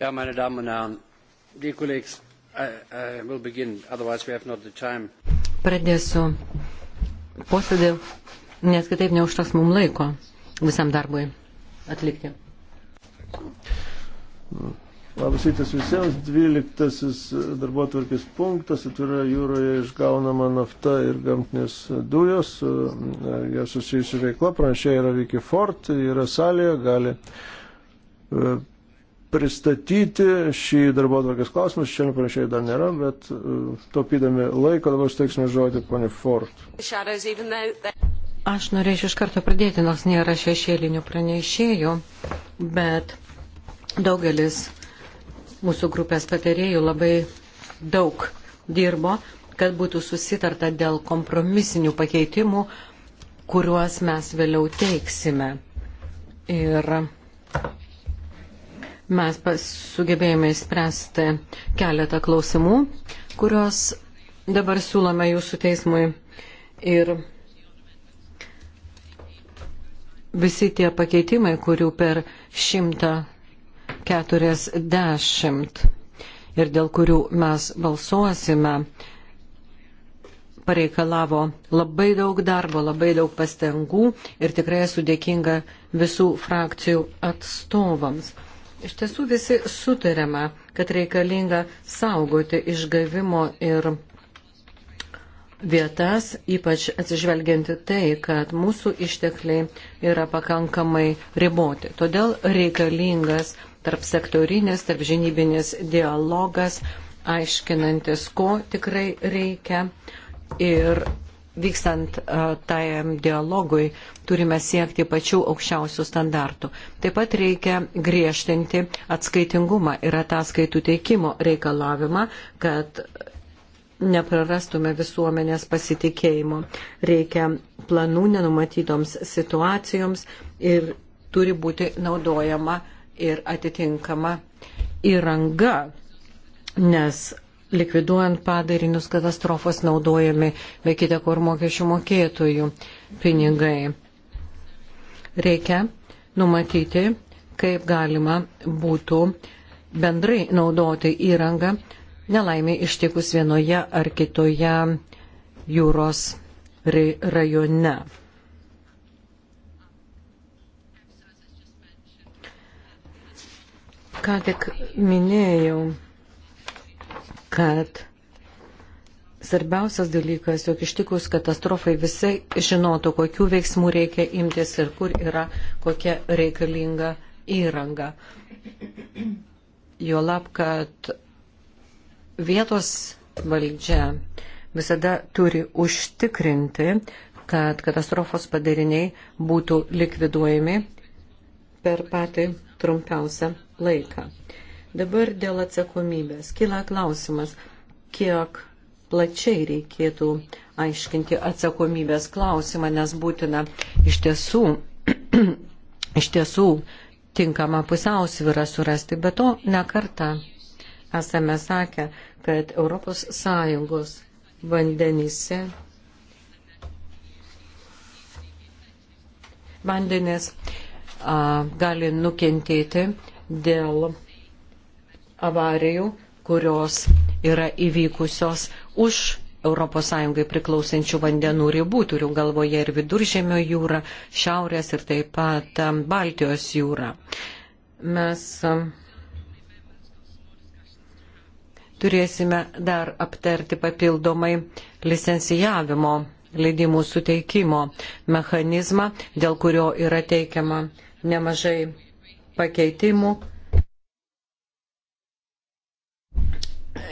Ja, meine Damen und Herren, die Kollegs, I, I will begin, otherwise we have not the time. Pradėsiu posėdį, nes kitaip neužteks mums laiko visam darbui atlikti. Labas rytas visiems, 12 darbo tvarkės punktas, atvira jūroje išgaunama nafta ir gamtinės dujos, jie susijusi veikla, pranešė yra Vicky Ford, yra salėje, gali e, pristatyti šį darbo atvarkės klausimą. Šiandien pranešėjai dar nėra, bet e, taupydami laiko dabar steiksime žodį ponė Ford. Aš norėčiau iš karto pradėti, nors nėra šešėlinių pranešėjų, bet daugelis mūsų grupės patarėjų labai daug dirbo, kad būtų susitarta dėl kompromisinių pakeitimų, kuriuos mes vėliau teiksime. Ir mes sugebėjome įspręsti keletą klausimų, kuriuos dabar siūlome jūsų teismui. Ir visi tie pakeitimai, kurių per 140 ir dėl kurių mes balsuosime, pareikalavo labai daug darbo, labai daug pastangų ir tikrai esu dėkinga visų frakcijų atstovams. Iš tiesų visi sutarėme, kad reikalinga saugoti išgavimo ir vietas, ypač atsižvelgianti tai, kad mūsų ištekliai yra pakankamai riboti. Todėl reikalingas tarp sektorinės, tarp žinybinis dialogas, aiškinantis, ko tikrai reikia ir vykstant e, tajam dialogui turime siekti pačių aukščiausių standartų. Taip pat reikia griežtinti atskaitingumą ir ataskaitų teikimo reikalavimą, kad neprarastume visuomenės pasitikėjimo. Reikia planų nenumatytoms situacijoms ir turi būti naudojama ir atitinkama įranga, nes likviduojant padarinius katastrofos naudojami, be kita kur mokesčių mokėtojų pinigai. Reikia numatyti, kaip galima būtų bendrai naudoti įrangą nelaimė ištikus vienoje ar kitoje jūros rajone. Ką tik minėjau, kad Svarbiausias dalykas, jog ištikus katastrofai visi žinotų, kokių veiksmų reikia imtis ir kur yra kokia reikalinga įranga. Juolab, kad vietos valdžia visada turi užtikrinti, kad katastrofos padariniai būtų likviduojami per patį trumpiausią laiką. Dabar dėl atsakomybės. Kila klausimas, kiek plačiai reikėtų aiškinti atsakomybės klausimą, nes būtina iš tiesų, iš tiesų tinkamą pusiausvyrą surasti. Be to, nekartą esame sakę, kad ES vandenyse vandenis a, gali nukentėti dėl avarijų, kurios yra įvykusios už ES priklausančių vandenų ribų, turiu galvoje ir viduržėmio jūrą, šiaurės ir taip pat um, Baltijos jūrą. Mes um, turėsime dar aptarti papildomai licencijavimo leidimų suteikimo mechanizmą, dėl kurio yra teikiama nemažai pakeitimų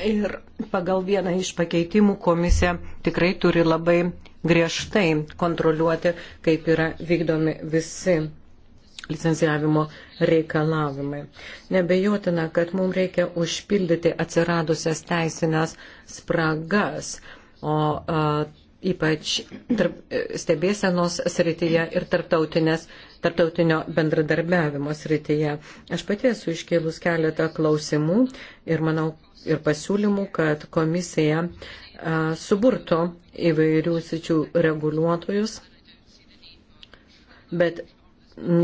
Ir pagal vieną iš pakeitimų komisija tikrai turi labai griežtai kontroliuoti, kaip yra vykdomi visi licencijavimo reikalavimai. Nebejotina, kad mums reikia užpildyti atsiradusias teisinės spragas, o a, ypač tarp, e, stebėsenos srityje ir tarptautinio bendradarbiavimo srityje. Aš pati esu iškėlus keletą klausimų ir manau, ir pasiūlymų, kad komisija suburtų įvairių sičių reguliuotojus, bet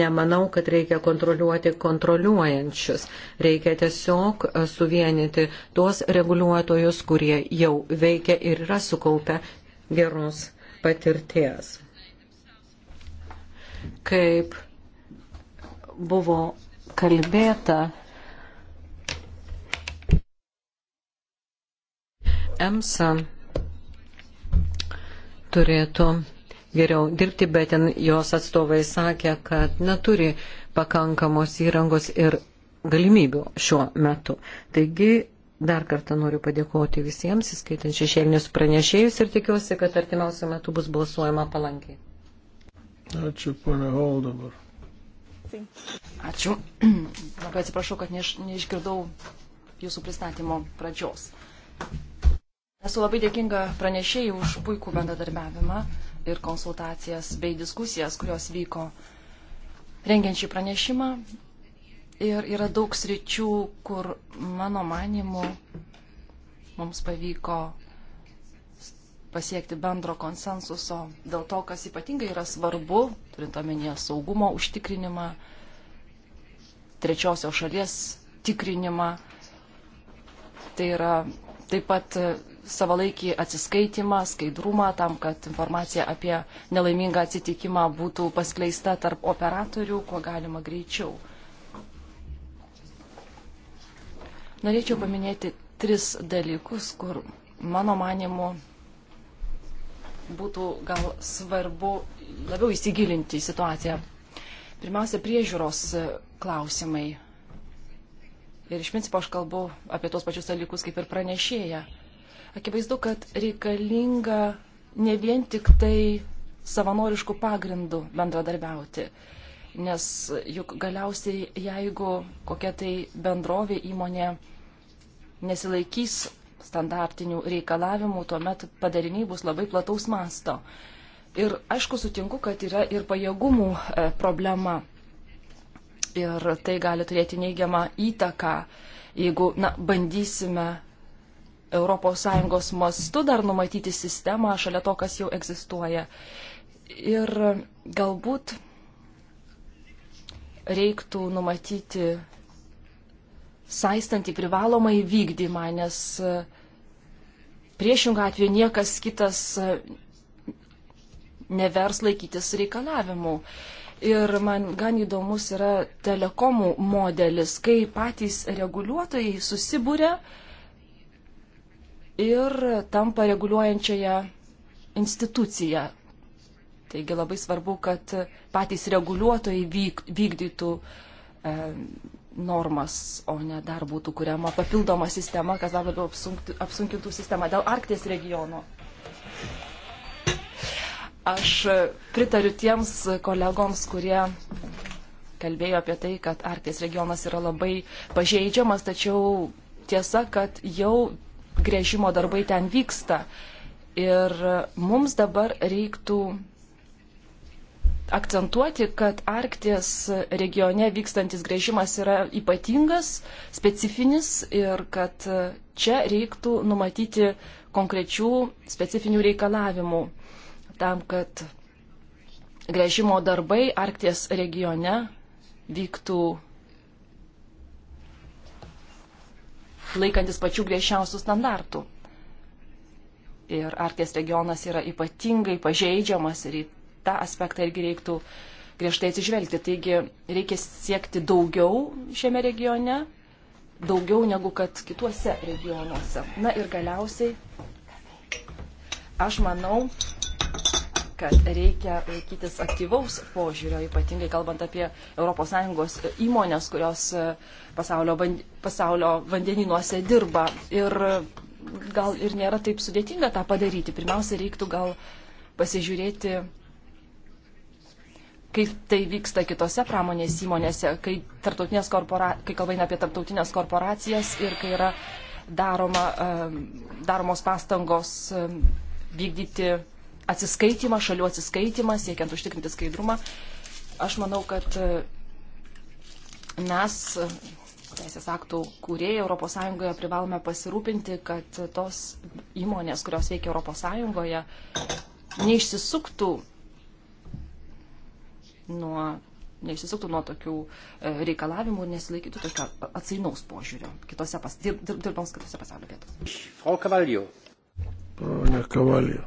nemanau, kad reikia kontroliuoti kontroliuojančius. Reikia tiesiog suvienyti tuos reguliuotojus, kurie jau veikia ir yra sukaupę geros patirties. Kaip buvo kalbėta EMSA turėtų geriau dirbti, bet ten jos atstovai sakė, kad neturi pakankamos įrangos ir galimybių šiuo metu. Taigi dar kartą noriu padėkoti visiems, įskaitant šešėlinius pranešėjus ir tikiuosi, kad artimiausiu metu bus balsuojama palankiai. Ačiū, ponia Hol dabar. Ačiū. Labai atsiprašau, kad neiš, neišgirdau jūsų pristatymo pradžios. Esu labai dėkinga pranešėjai už puikų bendradarbiavimą ir konsultacijas bei diskusijas, kurios vyko rengiant šį pranešimą. Ir yra daug sričių, kur mano manimu mums pavyko pasiekti bendro konsensuso dėl to, kas ypatingai yra svarbu, turint omenyje saugumo užtikrinimą, trečiosios šalies tikrinimą. Tai yra taip pat savalaikį atsiskaitimą, skaidrumą, tam, kad informacija apie nelaimingą atsitikimą būtų paskleista tarp operatorių, kuo galima greičiau. Norėčiau paminėti tris dalykus, kur mano manimu būtų gal svarbu labiau įsigilinti į situaciją. Pirmiausia, priežiūros klausimai. Ir iš principo aš kalbu apie tos pačius dalykus kaip ir pranešėja. Akivaizdu, kad reikalinga ne vien tik tai savanoriškų pagrindų bendradarbiauti, nes juk galiausiai jeigu kokia tai bendrovė įmonė nesilaikys standartinių reikalavimų, tuomet padariniai bus labai plataus masto. Ir aišku, sutinku, kad yra ir pajėgumų e, problema. Ir tai gali turėti neigiamą įtaką, jeigu na, bandysime ES mastu dar numatyti sistemą šalia to, kas jau egzistuoja. Ir galbūt reiktų numatyti saistantį privalomą įvykdymą, nes priešingų atveju niekas kitas nevers laikytis reikalavimų. Ir man gan įdomus yra telekomų modelis, kai patys reguliuotojai susibūrė, uh, ir tampa reguliuojančiaja institucija. Taigi labai svarbu, kad patys reguliuotojai vyk, vykdytų e, normas, o ne dar būtų kuriama papildoma sistema, kas dar labiau apsunkintų sistemą dėl Arkties regiono. Aš pritariu tiems kolegoms, kurie kalbėjo apie tai, kad Arkties regionas yra labai pažeidžiamas, tačiau tiesa, kad jau grėžimo darbai ten vyksta. Ir mums dabar reiktų akcentuoti, kad Arkties regione vykstantis grėžimas yra ypatingas, specifinis ir kad čia reiktų numatyti konkrečių specifinių reikalavimų tam, kad grėžimo darbai Arkties regione vyktų laikantis pačių griežčiausių standartų. Ir Arkties regionas yra ypatingai pažeidžiamas ir į tą aspektą irgi reiktų griežtai atsižvelgti. Taigi reikia siekti daugiau šiame regione, daugiau negu kad kituose regionuose. Na ir galiausiai, aš manau, kad reikia laikytis aktyvaus požiūrio, ypatingai kalbant apie ES įmonės, kurios e, pasaulio, van, pasaulio vandeninuose dirba. Ir e, gal ir nėra taip sudėtinga tą padaryti. Pirmiausia, reiktų gal pasižiūrėti, kaip tai vyksta kitose pramonės įmonėse, kai, korpora... kai kalbame apie tarptautinės korporacijas ir kai yra daroma, e, daromos pastangos vykdyti atsiskaitimą, šalių atsiskaitimą, siekiant užtikrinti skaidrumą. Aš manau, kad e, mes, e, teisės aktų kūrėjai ES, privalome pasirūpinti, kad tos įmonės, kurios veikia ES, neišsisuktų nuo, neišsisuktų nuo tokių e, reikalavimų ir nesilaikytų tokio atsainaus požiūrio kitose pas, dirb, dirbdamas kitose pasaulio vietose. Frau Kavalio. Pone Kavalio.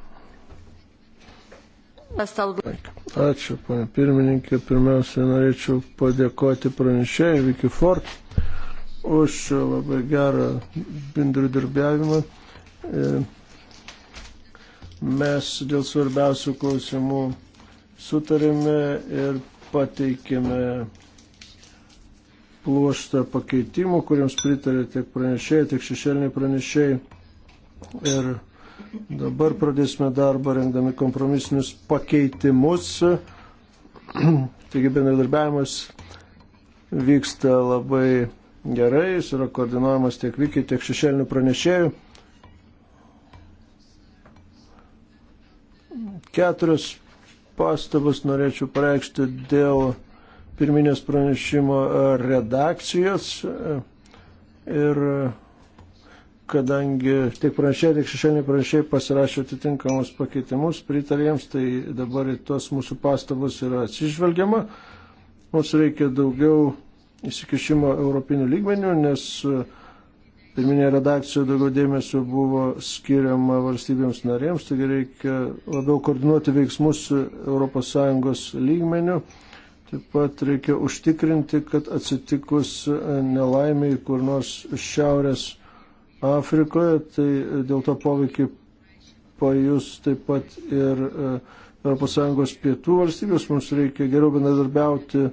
Ačiū, panė pirmininkė. Pirmiausia, norėčiau padėkoti pranešėjai Viki Ford už labai gerą bendradarbiavimą. E, mes dėl svarbiausių klausimų sutarėme ir pateikėme pluoštą pakeitimų, kuriems pritarė tiek pranešėjai, tiek šešėliniai pranešėjai. Ir Dabar pradėsime darbą rengdami kompromisinius pakeitimus. Taigi bendradarbiavimas vyksta labai gerai, jis yra koordinuojamas tiek Viki, tiek šešėlinių pranešėjų. Keturios pastabas norėčiau pareikšti dėl pirminės pranešimo redakcijos ir kadangi tiek pranešėjai, tiek šešėliniai pranešėjai pasirašė atitinkamus pakeitimus, pritarė jiems, tai dabar į tos mūsų pastabus yra atsižvelgiama. Mums reikia daugiau įsikišimo europinių lygmenių, nes e, pirminėje redakcijoje daugiau dėmesio buvo skiriama valstybėms narėms, taigi reikia labiau koordinuoti veiksmus ES lygmenių. Taip pat reikia užtikrinti, kad atsitikus nelaimiai kur nors šiaurės Afrikoje, tai dėl to poveikį pajus taip pat ir ES pietų valstybės. Mums reikia geriau bendradarbiauti,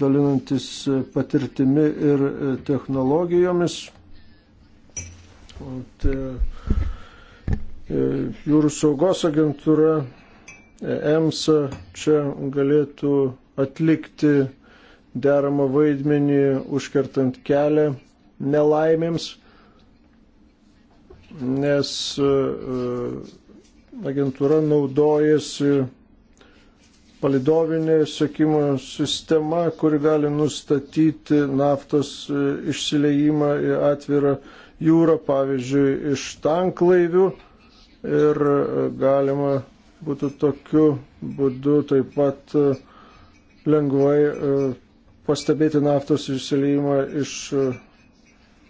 dalinantis e, patirtimi ir e, technologijomis. Tai jūrų saugos agentūra EMSA čia galėtų atlikti deramą vaidmenį užkertant kelią nelaimėms nes e, e, agentūra naudojasi palidovinė sekimo sistema, kuri gali nustatyti naftos e, išsileimą į atvirą jūrą, pavyzdžiui, iš tanklaivių ir galima būtų tokiu būdu taip pat lengvai pastebėti naftos išsileimą iš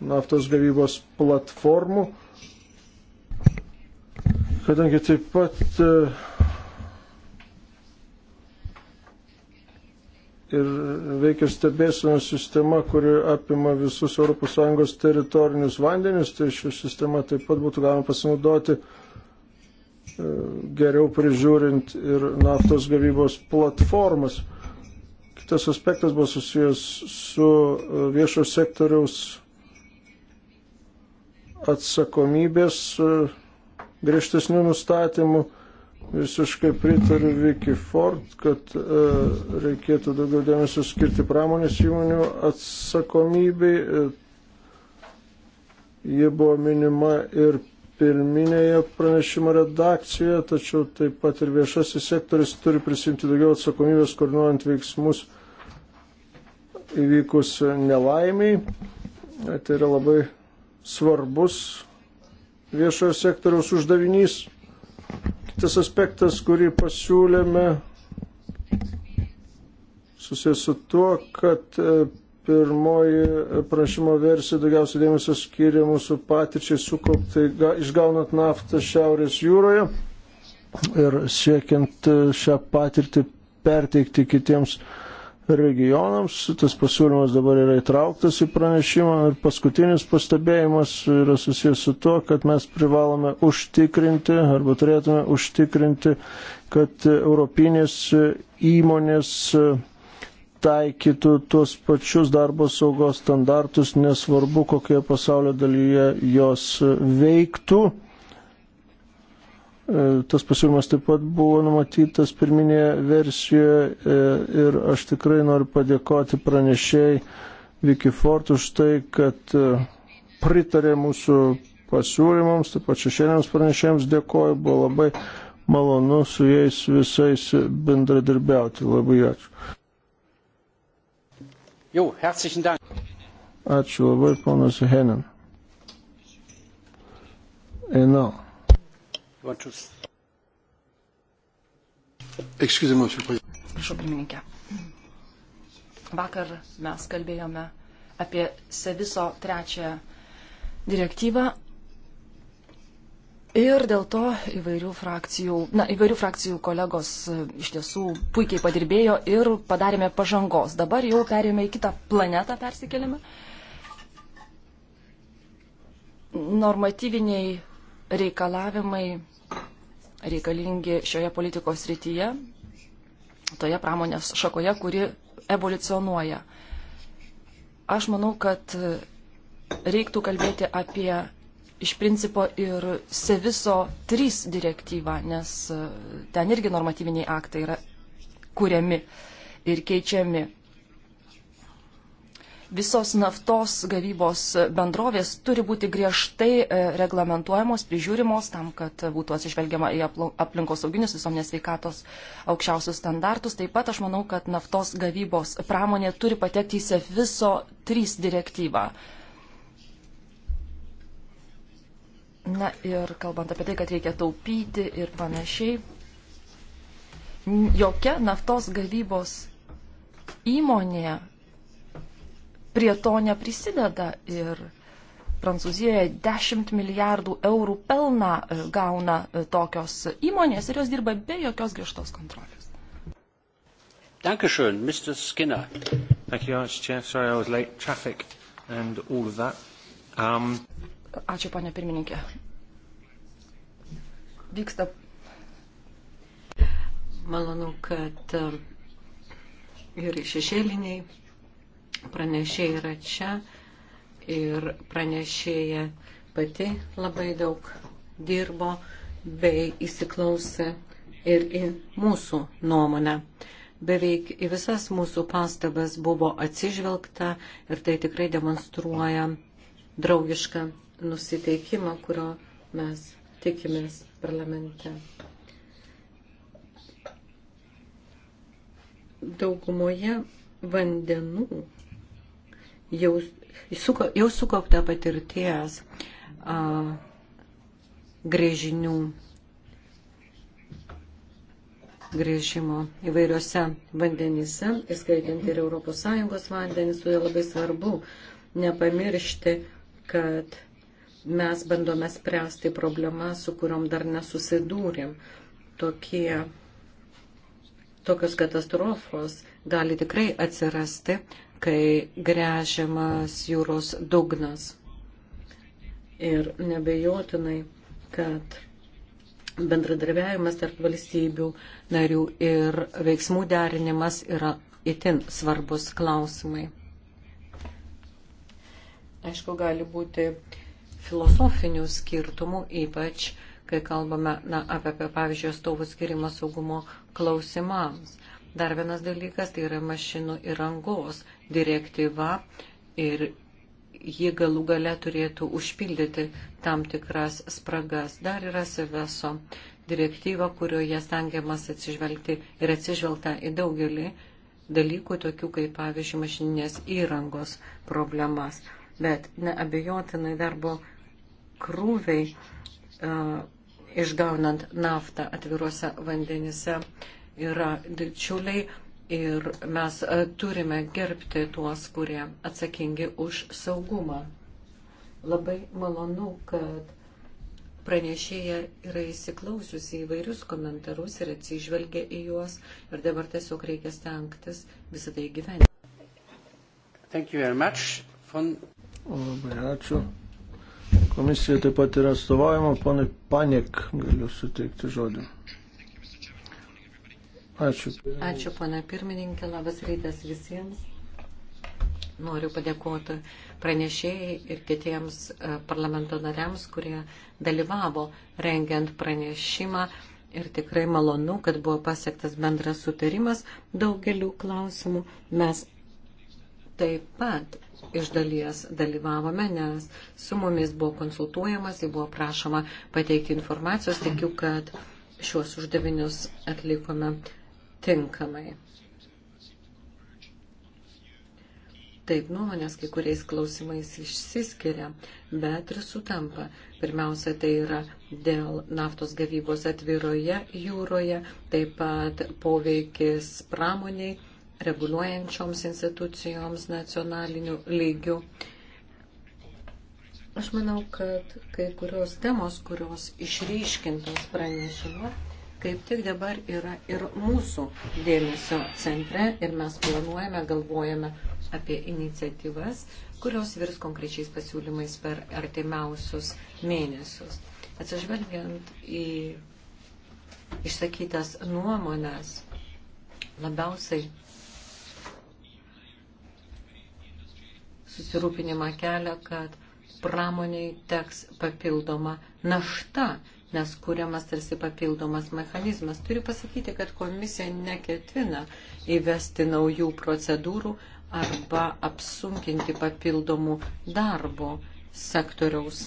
naftos gavybos platformų Kadangi taip pat e, ir veikia stebėsenos sistema, kuri apima visus ES teritorinius vandenius, tai šią sistemą taip pat būtų galima pasinaudoti e, geriau prižiūrint ir naftos gavybos platformas. Kitas aspektas buvo susijęs su e, viešo sektoriaus atsakomybės griežtesnių nustatymų. Visiškai pritariu Vicky Ford, kad e, reikėtų daugiau dėmesio skirti pramonės įmonių atsakomybei. E, jie buvo minima ir pirminėje pranešimo redakcijoje, tačiau taip pat ir viešasis sektoris turi prisimti daugiau atsakomybės, koordinuojant veiksmus įvykus nelaimiai. E, tai yra labai svarbus viešojo sektoriaus uždavinys. Tas aspektas, kurį pasiūlėme, susijęs su tuo, kad e, pirmoji e, prašymo versija daugiausiai dėmesio skiria mūsų patirčiai sukauptai išgaunant naftą Šiaurės jūroje ir siekiant e, šią patirtį perteikti kitiems regionams. Tas pasiūlymas dabar yra įtrauktas į pranešimą ir paskutinis pastebėjimas yra susijęs su to, kad mes privalome užtikrinti arba turėtume užtikrinti, kad europinės įmonės taikytų tuos pačius darbo saugos standartus, nesvarbu, kokioje pasaulio dalyje jos veiktų. E, tas pasiūlymas taip pat buvo numatytas pirminėje versijoje e, ir aš tikrai noriu padėkoti pranešėjai Vicky Fort už tai, kad e, pritarė mūsų pasiūlymams, taip pat šešėniams pranešėjams dėkoju, buvo labai malonu su jais visais bendradarbiauti. Labai ačiū. Jo, herzlichen Dank. Ačiū labai, ponas Henin. Einau. Prašau, pirmininkė. Vakar mes kalbėjome apie Seviso trečią direktyvą Ir dėl to įvairių frakcijų, na, įvairių frakcijų kolegos e, iš tiesų puikiai padirbėjo ir padarėme pažangos. Dabar jau perėjome į kitą planetą, persikeliame. Normatyviniai reikalavimai reikalingi šioje politikos rytyje, toje pramonės šakoje, kuri evoliucionuoja. Aš manau, kad reiktų kalbėti apie iš principo ir Seviso 3 direktyvą, nes e, ten irgi normatyviniai aktai yra kuriami ir keičiami visos naftos gavybos bendrovės turi būti griežtai e, reglamentuojamos, prižiūrimos tam, kad būtų atsižvelgiama į aplinkos sauginius visuomenės veikatos aukščiausius standartus. Taip pat aš manau, kad naftos gavybos pramonė turi patekti į viso 3 direktyvą. Na ir kalbant apie tai, kad reikia taupyti ir panašiai, jokia naftos gavybos įmonė prie to neprisideda ir Prancūzijoje 10 milijardų eurų pelną e, gauna e, tokios įmonės ir jos dirba be jokios griežtos kontrolės. Dankeschön, Mr. Skinner. Thank you, Arch Chair. Sorry, I was late. Traffic and all of that. Um... Ačiū, ponia pirmininkė. Vyksta. Malonu, kad um, ir šešėliniai pranešėja yra čia ir pranešėja pati labai daug dirbo bei įsiklausė ir į mūsų nuomonę. Beveik į visas mūsų pastabas buvo atsižvelgta ir tai tikrai demonstruoja draugišką nusiteikimą, kurio mes tikimės parlamente. Daugumoje vandenų jau, suka, jau sukaupta patirties a, grėžinių grėžimo įvairiose vandenyse, įskaitant ir ES vandenis, todėl labai svarbu nepamiršti, kad mes bandome spręsti problemas, su kuriuom dar nesusidūrėm. Tokie, tokios katastrofos gali tikrai atsirasti kai grežiamas jūros dugnas. Ir nebejotinai, kad bendradarbiavimas tarp valstybių narių ir veiksmų derinimas yra itin svarbus klausimai. Aišku, gali būti filosofinių skirtumų, ypač kai kalbame na, apie, apie, pavyzdžiui, stovų skirimą saugumo klausimams. Dar vienas dalykas tai yra mašinų įrangos direktyva ir ji galų gale turėtų užpildyti tam tikras spragas. Dar yra Seveso direktyva, kurioje stengiamas atsižvelgti ir atsižvelgta į daugelį dalykų, tokių kaip, pavyzdžiui, mašininės įrangos problemas. Bet neabejotinai darbo krūviai uh, išgaunant naftą atviruose vandenise uh, yra didžiuliai ir mes e, turime gerbti tuos, kurie atsakingi už saugumą. Labai malonu, kad pranešėja yra įsiklausiusi į vairius komentarus ir atsižvelgia į juos ir dabar tiesiog reikia stengtis visą tai gyventi. Von... Labai ačiū. Komisija taip pat yra atstovaujama, ponai Panik, galiu suteikti žodį. Ačiū. Ačiū, pana pirmininkė, labas rytas visiems. Noriu padėkoti pranešėjai ir kitiems e, parlamento nariams, kurie dalyvavo rengiant pranešimą. Ir tikrai malonu, kad buvo pasiektas bendras sutarimas daugeliu klausimų. Mes taip pat iš dalies dalyvavome, nes su mumis buvo konsultuojamas, jį buvo prašoma pateikti informacijos. Tikiu, kad šiuos uždavinius atlikome tinkamai. Taip, nuomonės kai kuriais klausimais išsiskiria, bet ir sutampa. Pirmiausia, tai yra dėl naftos gavybos atviroje jūroje, taip pat poveikis pramoniai, reguliuojančioms institucijoms nacionaliniu lygiu. Aš manau, kad kai kurios temos, kurios išryškintos pranešimo, kaip tik dabar yra ir mūsų dėmesio centre ir mes planuojame, galvojame apie iniciatyvas, kurios virs konkrečiais pasiūlymais per artimiausius mėnesius. Atsižvelgiant į išsakytas nuomonės, labiausiai susirūpinimą kelia, kad pramoniai teks papildoma našta nes kuriamas tarsi papildomas mechanizmas. Turiu pasakyti, kad komisija neketina įvesti naujų procedūrų arba apsunkinti papildomų darbo sektoriaus,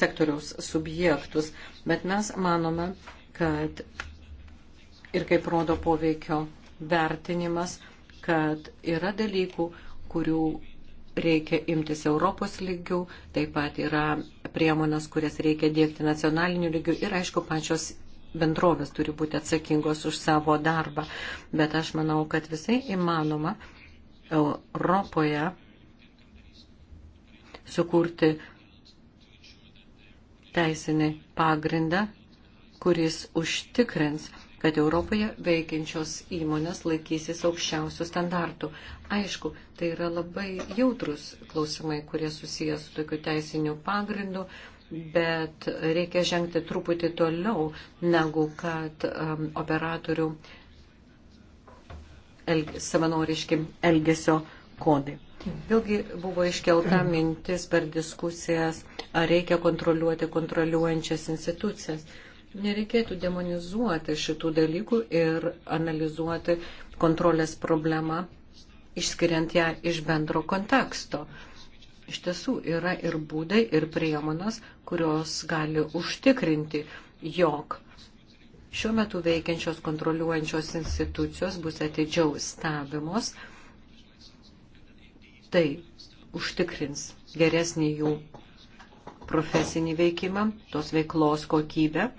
sektoriaus subjektus, bet mes manome, kad ir kaip rodo poveikio vertinimas, kad yra dalykų, kurių reikia imtis Europos lygių, taip pat yra priemonės, kurias reikia dėkti nacionaliniu lygiu ir, aišku, pačios bendrovės turi būti atsakingos už savo darbą. Bet aš manau, kad visai įmanoma Europoje sukurti teisinį pagrindą, kuris užtikrins, kad Europoje veikiančios įmonės laikysis aukščiausių standartų. Aišku, tai yra labai jautrus klausimai, kurie susijęs su tokiu teisiniu pagrindu, bet reikia žengti truputį toliau, negu kad um, operatorių elg savanoriški elgesio kodai. Vėlgi buvo iškelta mintis per diskusijas, ar reikia kontroliuoti kontroliuojančias institucijas. Nereikėtų demonizuoti šitų dalykų ir analizuoti kontrolės problemą, išskiriant ją iš bendro konteksto. Iš tiesų yra ir būdai, ir priemonas, kurios gali užtikrinti, jog šiuo metu veikiančios kontroliuojančios institucijos bus atidžiau stebimos. Tai užtikrins geresnį jų profesinį veikimą, tos veiklos kokybę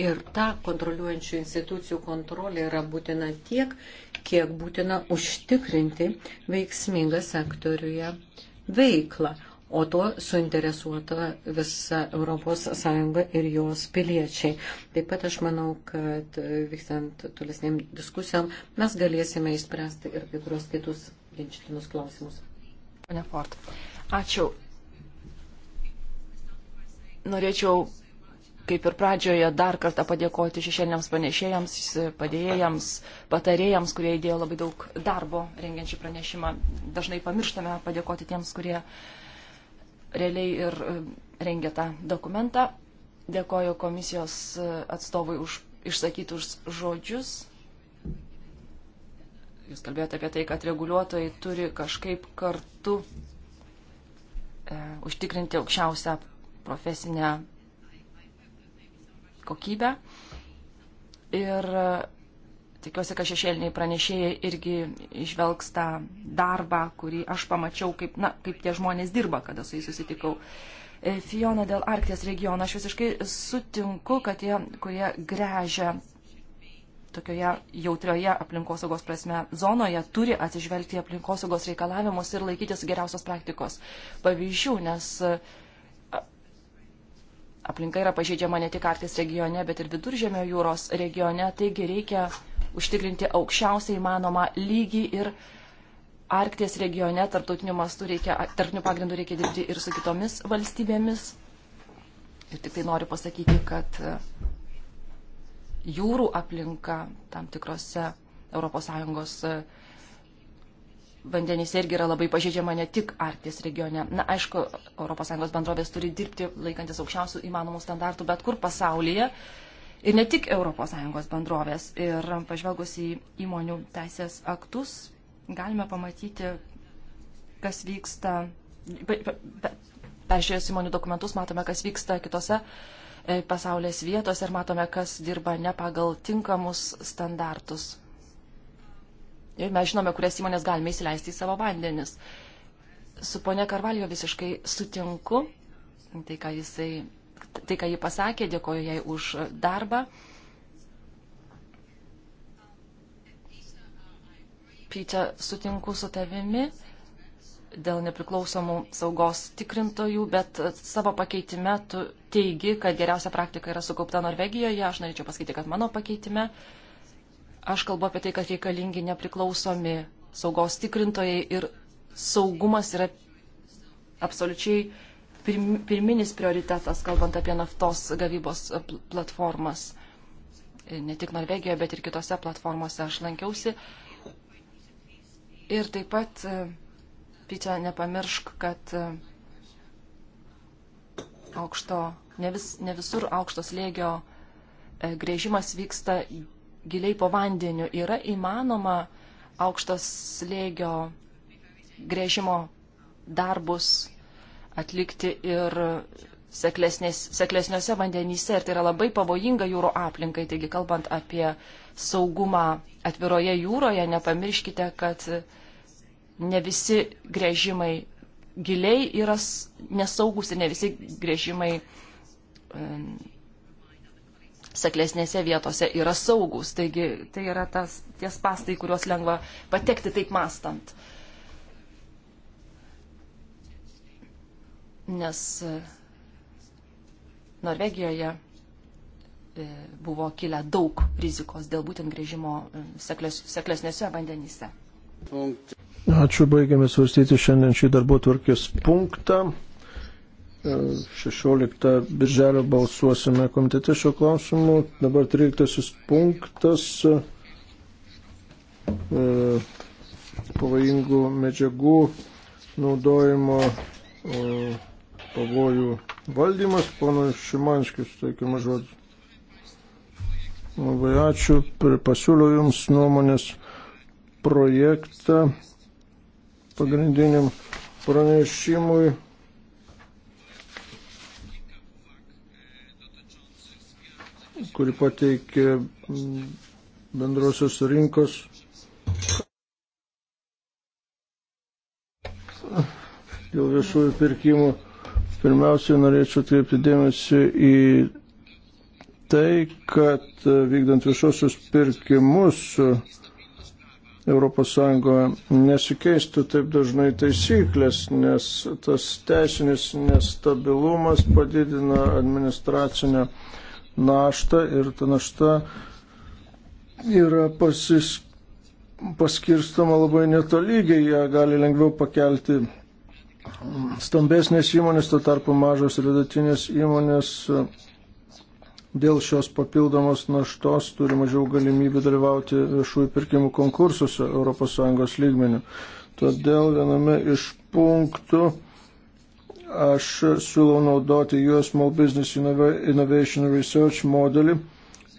Ir ta kontroliuojančių institucijų kontrolė yra būtina tiek, kiek būtina užtikrinti veiksmingą sektoriuje veiklą, o tuo suinteresuota visa ES ir jos piliečiai. Taip pat aš manau, kad vykstant tolesniam diskusijam mes galėsime įspręsti ir kai kurios kitus ginčytinus klausimus. Pane Fort, ačiū. Norėčiau kaip ir pradžioje, dar kartą padėkoti šešėliniams panešėjams, padėjėjams, patarėjams, kurie įdėjo labai daug darbo rengiant šį pranešimą. Dažnai pamirštame padėkoti tiems, kurie realiai ir e, rengia tą dokumentą. Dėkoju komisijos e, atstovui už išsakytus žodžius. Jūs kalbėjote apie tai, kad reguliuotojai turi kažkaip kartu e, užtikrinti aukščiausią profesinę kokybę. Ir e, tikiuosi, kad šešėliniai pranešėjai irgi išvelgs tą darbą, kurį aš pamačiau, kaip, na, kaip tie žmonės dirba, kada su jais susitikau. E, Fiona dėl Arkties regiono, aš visiškai sutinku, kad tie, kurie grežia tokioje jautrioje aplinkosaugos prasme zonoje turi atsižvelgti aplinkosaugos reikalavimus ir laikytis geriausios praktikos pavyzdžių, nes aplinka yra pažeidžiama ne tik Arktis regione, bet ir viduržėmio jūros regione, taigi reikia užtikrinti aukščiausią įmanomą lygį ir Arkties regione tarptautiniu mastu reikia, tarptautiniu pagrindu reikia dirbti ir su kitomis valstybėmis. Ir tik tai noriu pasakyti, kad e, jūrų aplinka tam tikrose ES vandenys irgi yra labai pažeidžiama ne tik Arkties regione. Na, aišku, ES bendrovės turi dirbti laikantis aukščiausių įmanomų standartų bet kur pasaulyje. Ir ne tik ES bendrovės. Ir pažvelgus į įmonių teisės aktus, galime pamatyti, kas vyksta. Peržiūrėjus įmonių dokumentus, matome, kas vyksta kitose e, pasaulės vietose ir matome, kas dirba ne pagal tinkamus standartus Ir mes žinome, kurias įmonės galime įsileisti į savo vandenis. Su ponia Karvalio visiškai sutinku. Tai, ką, jisai, tai, ką jį pasakė, dėkoju jai už darbą. Pyčia, sutinku su tavimi dėl nepriklausomų saugos tikrintojų, bet savo pakeitime tu teigi, kad geriausia praktika yra sukaupta Norvegijoje. Aš norėčiau pasakyti, kad mano pakeitime uh, Aš kalbu apie tai, kad reikalingi nepriklausomi saugos tikrintojai ir saugumas yra absoliučiai pirminis prioritetas, kalbant apie naftos gavybos platformas. Ne tik Norvegijoje, bet ir kitose platformose aš lankiausi. Ir taip pat, Pyčia, nepamiršk, kad aukšto, ne, vis, ne visur aukštos lėgio e, grėžimas vyksta giliai po vandeniu, yra įmanoma aukštas slėgio grėžimo darbus atlikti ir seklesniuose vandenyse ir tai yra labai pavojinga jūro aplinkai. Taigi, kalbant apie saugumą atviroje jūroje, nepamirškite, kad ne visi grėžimai giliai yra nesaugus ir ne visi grėžimai saklesnėse vietose yra saugus. Taigi tai yra tas, tie pastai, kuriuos lengva patekti taip mastant. Nes e, Norvegijoje e, buvo kilę daug rizikos dėl būtent grėžimo e, sekles, seklesnėse vandenyse. Ačiū, baigiame svarstyti šiandien šį darbo tvarkės punktą. 16 birželio balsuosime komitete šio klausimu. Dabar 13 punktas e, pavojingų medžiagų naudojimo e, pavojų valdymas. Pana Šimanskis, teikiamas žodis. Labai ačiū. Pasiūliau Jums nuomonės projektą pagrindiniam pranešimui kurį pateikė mm, bendrosios rinkos dėl viešųjų pirkimų. Pirmiausiai norėčiau atkreipti dėmesį į tai, kad e, vykdant viešosius pirkimus ES nesikeistų taip dažnai taisyklės, nes tas teisinis nestabilumas padidina administracinę naštą ir ta našta yra pasis, paskirstama labai netolygiai, ją gali lengviau pakelti stambesnės įmonės, tuo tarpu mažos ir vidutinės įmonės e, dėl šios papildomos naštos turi mažiau galimybių dalyvauti viešųjų pirkimų konkursuose ES lygmenių. Todėl viename iš punktų Aš siūlau naudoti US Small Business Innovation Research modelį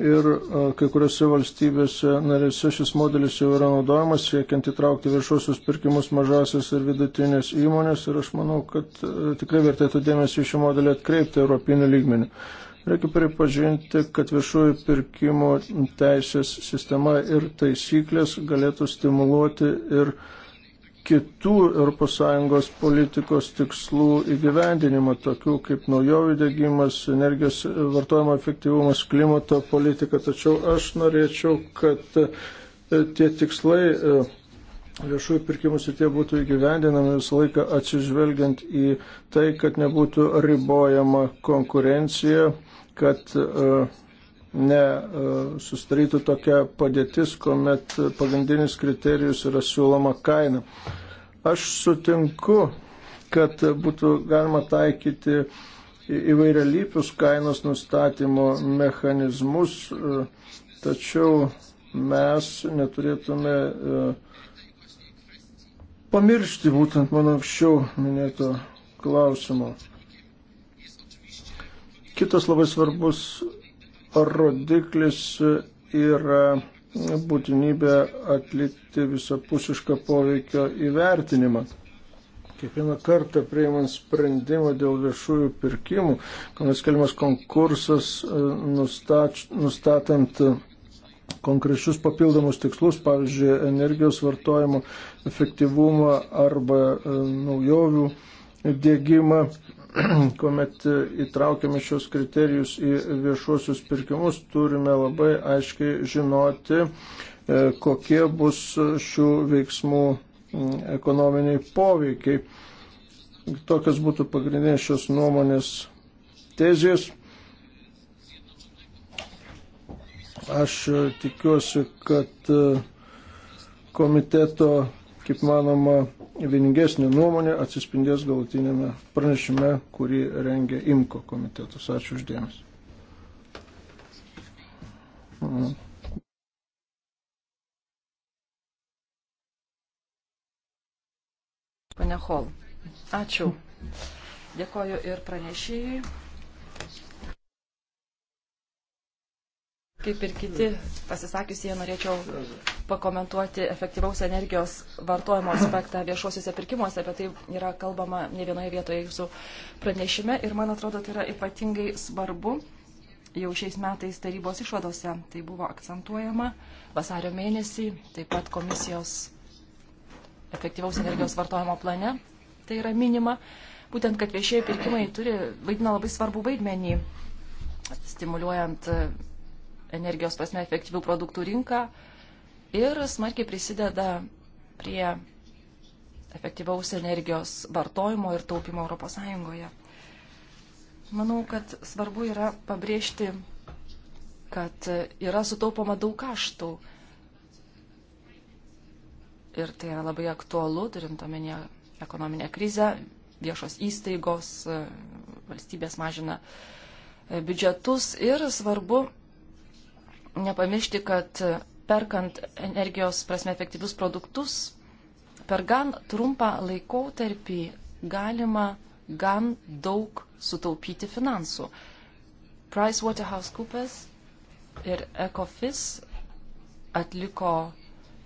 ir e, kai kuriuose valstybėse narėse šis modelis jau yra naudojamas, siekiant įtraukti viešuosius pirkimus mažasias ir vidutinės įmonės ir aš manau, kad e, tikrai vertėtų dėmesį šį modelį atkreipti europinių lygmenių. Reikia pripažinti, kad viešųjų pirkimų teisės sistema ir taisyklės galėtų stimuluoti ir uh, kitų ES politikos tikslų įgyvendinimą, tokių kaip naujovių dėgymas, energijos vartojimo efektyvumas, klimato politika. Tačiau aš norėčiau, kad e, tie tikslai e, viešųjų pirkimų sitie būtų įgyvendinami visą laiką atsižvelgiant į tai, kad nebūtų ribojama konkurencija, kad uh, nesustarytų e, tokia padėtis, kuomet pagrindinis kriterijus yra siūloma kaina. Aš sutinku, kad būtų galima taikyti įvairialypius kainos nustatymo mechanizmus, e, tačiau mes neturėtume e, pamiršti būtent mano anksčiau minėto klausimo. Kitas labai svarbus rodiklis yra būtinybė atlikti visapusišką poveikio įvertinimą. Kiekvieną kartą prieimant sprendimą dėl viešųjų pirkimų, kuomet skeliamas konkursas e, nustač, nustatant konkrečius papildomus tikslus, pavyzdžiui, energijos vartojimo efektyvumą arba e, naujovių dėgymą, kuomet įtraukiame šios kriterijus į viešuosius pirkimus, turime labai aiškiai žinoti, e, kokie bus šių veiksmų ekonominiai poveikiai. Tokios būtų pagrindinės šios nuomonės tezijos. Aš e, tikiuosi, kad e, komiteto, kaip manoma, vieningesnė nuomonė atsispindės galutinėme pranešime, kurį rengia IMKO komitetas. Ačiū uždėmesi. Pane Hol, ačiū. Dėkoju ir pranešėjai. Kaip ir kiti pasisakiusie, norėčiau pakomentuoti efektyvaus energijos vartojimo aspektą viešuosiuose pirkimuose, apie tai yra kalbama ne vienoje vietoje jūsų pranešime ir man atrodo tai yra ypatingai svarbu. Jau šiais metais tarybos išvadose tai buvo akcentuojama vasario mėnesį, taip pat komisijos efektyvaus energijos vartojimo plane tai yra minima, būtent kad viešieji pirkimai turi, vaidina labai svarbų vaidmenį, stimuliuojant energijos prasme efektyvių produktų rinką ir smarkiai prisideda prie efektyvaus energijos vartojimo ir taupimo ES. Manau, kad svarbu yra pabrėžti, kad yra sutaupoma daug kaštų. Ir tai yra labai aktualu, turint omenyje ekonominę krizę, viešos įstaigos, valstybės mažina biudžetus ir svarbu nepamiršti, kad perkant energijos prasme efektyvius produktus, per gan trumpą laikotarpį galima gan daug sutaupyti finansų. PricewaterhouseCoopers ir ECOFIS atliko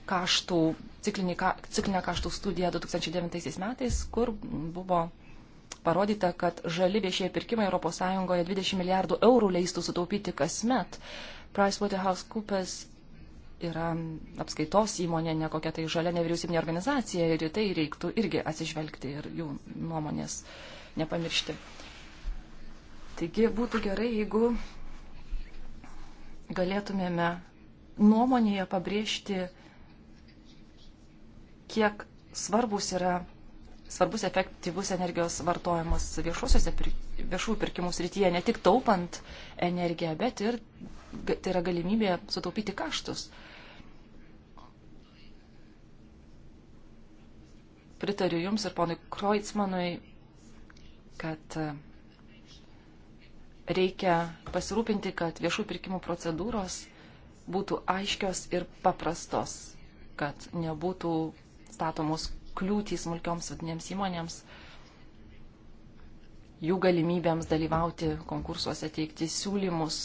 kaštų, ciklinį, ciklinę kaštų studiją 2009 metais, kur buvo parodyta, kad žali viešieji pirkimai ES 20 milijardų eurų leistų sutaupyti kasmet. PricewaterhouseCoopers yra apskaitos įmonė, ne kokia tai žalia nevyriausybinė organizacija ir į tai reiktų irgi atsižvelgti ir jų nuomonės nepamiršti. Taigi būtų gerai, jeigu galėtumėme nuomonėje pabrėžti, kiek svarbus yra svarbus efektyvus energijos vartojimas viešuosiuose pir, viešųjų pirkimų srityje, ne tik taupant energiją, bet ir tai yra galimybė sutaupyti kaštus. Pritariu Jums ir ponui Kreutzmanui, kad reikia pasirūpinti, kad viešų pirkimų procedūros būtų aiškios ir paprastos, kad nebūtų statomos kliūtys smulkioms vidinėms įmonėms, jų galimybėms dalyvauti konkursuose, teikti siūlymus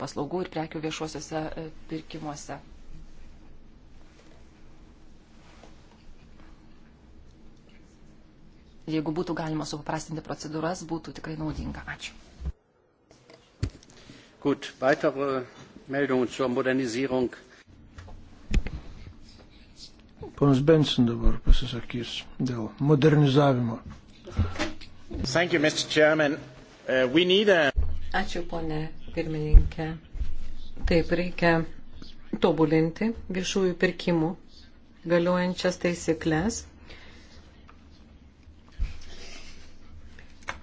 paslaugų ir prekių viešuosiuose e, pirkimuose. Jeigu būtų galima supaprastinti procedūras, būtų tikrai naudinga. Ačiū. Gut, weitere Meldungen zur Modernisierung Ponas Bensin dabar pasisakys dėl modernizavimo. Thank you, Mr. Chairman. Uh, we need a... Ačiū, ponė pirmininkė. Taip reikia tobulinti viešųjų pirkimų galiojančias taisyklės.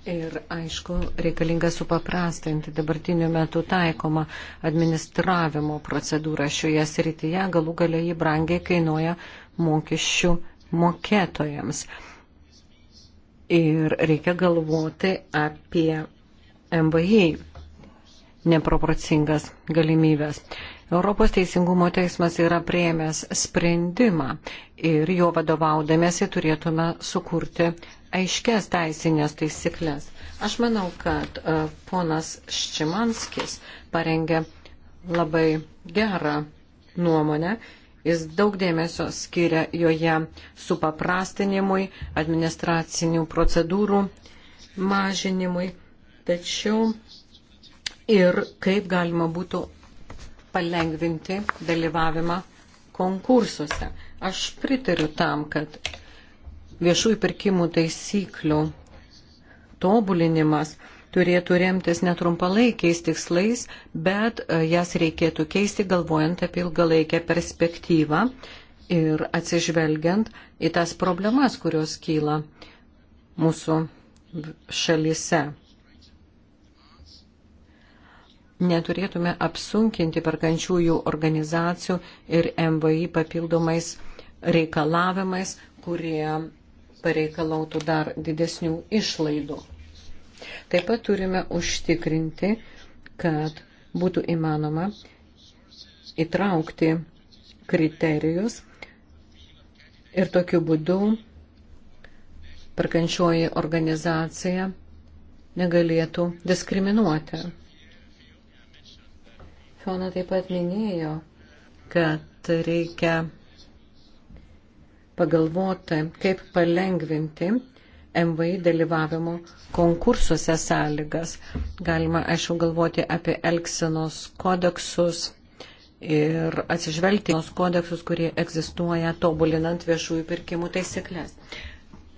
Ir aišku, reikalinga supaprastinti dabartiniu metu taikomą administravimo procedūrą šioje srityje, galų galia jį brangiai kainuoja mokesčių mokėtojams. Ir reikia galvoti apie MVI neproporcingas galimybės. Europos Teisingumo teismas yra prieimęs sprendimą ir jo vadovaudamėsi turėtume sukurti aiškės teisinės taisyklės. Aš manau, kad e, ponas Ščimanskis parengė labai gerą nuomonę Jis daug dėmesio skiria joje supaprastinimui, administracinių procedūrų mažinimui, tačiau ir kaip galima būtų palengvinti dalyvavimą konkursuose. Aš pritariu tam, kad viešųjų pirkimų taisyklių tobulinimas turėtų remtis netrumpalaikiais tikslais, bet e, jas reikėtų keisti galvojant apie ilgalaikę perspektyvą ir atsižvelgiant į tas problemas, kurios kyla mūsų šalise. Neturėtume apsunkinti perkančiųjų organizacijų ir MVI papildomais reikalavimais, kurie pareikalautų dar didesnių išlaidų. Taip pat turime užtikrinti, kad būtų įmanoma įtraukti kriterijus ir tokiu būdu perkančioji organizacija negalėtų diskriminuoti. Fiona taip pat minėjo, kad reikia pagalvoti, kaip palengvinti MVI dalyvavimo konkursuose sąlygas. Galima, aišku, galvoti apie elksenos kodeksus ir atsižvelgti tos kodeksus, kurie egzistuoja tobulinant viešųjų pirkimų taisyklės.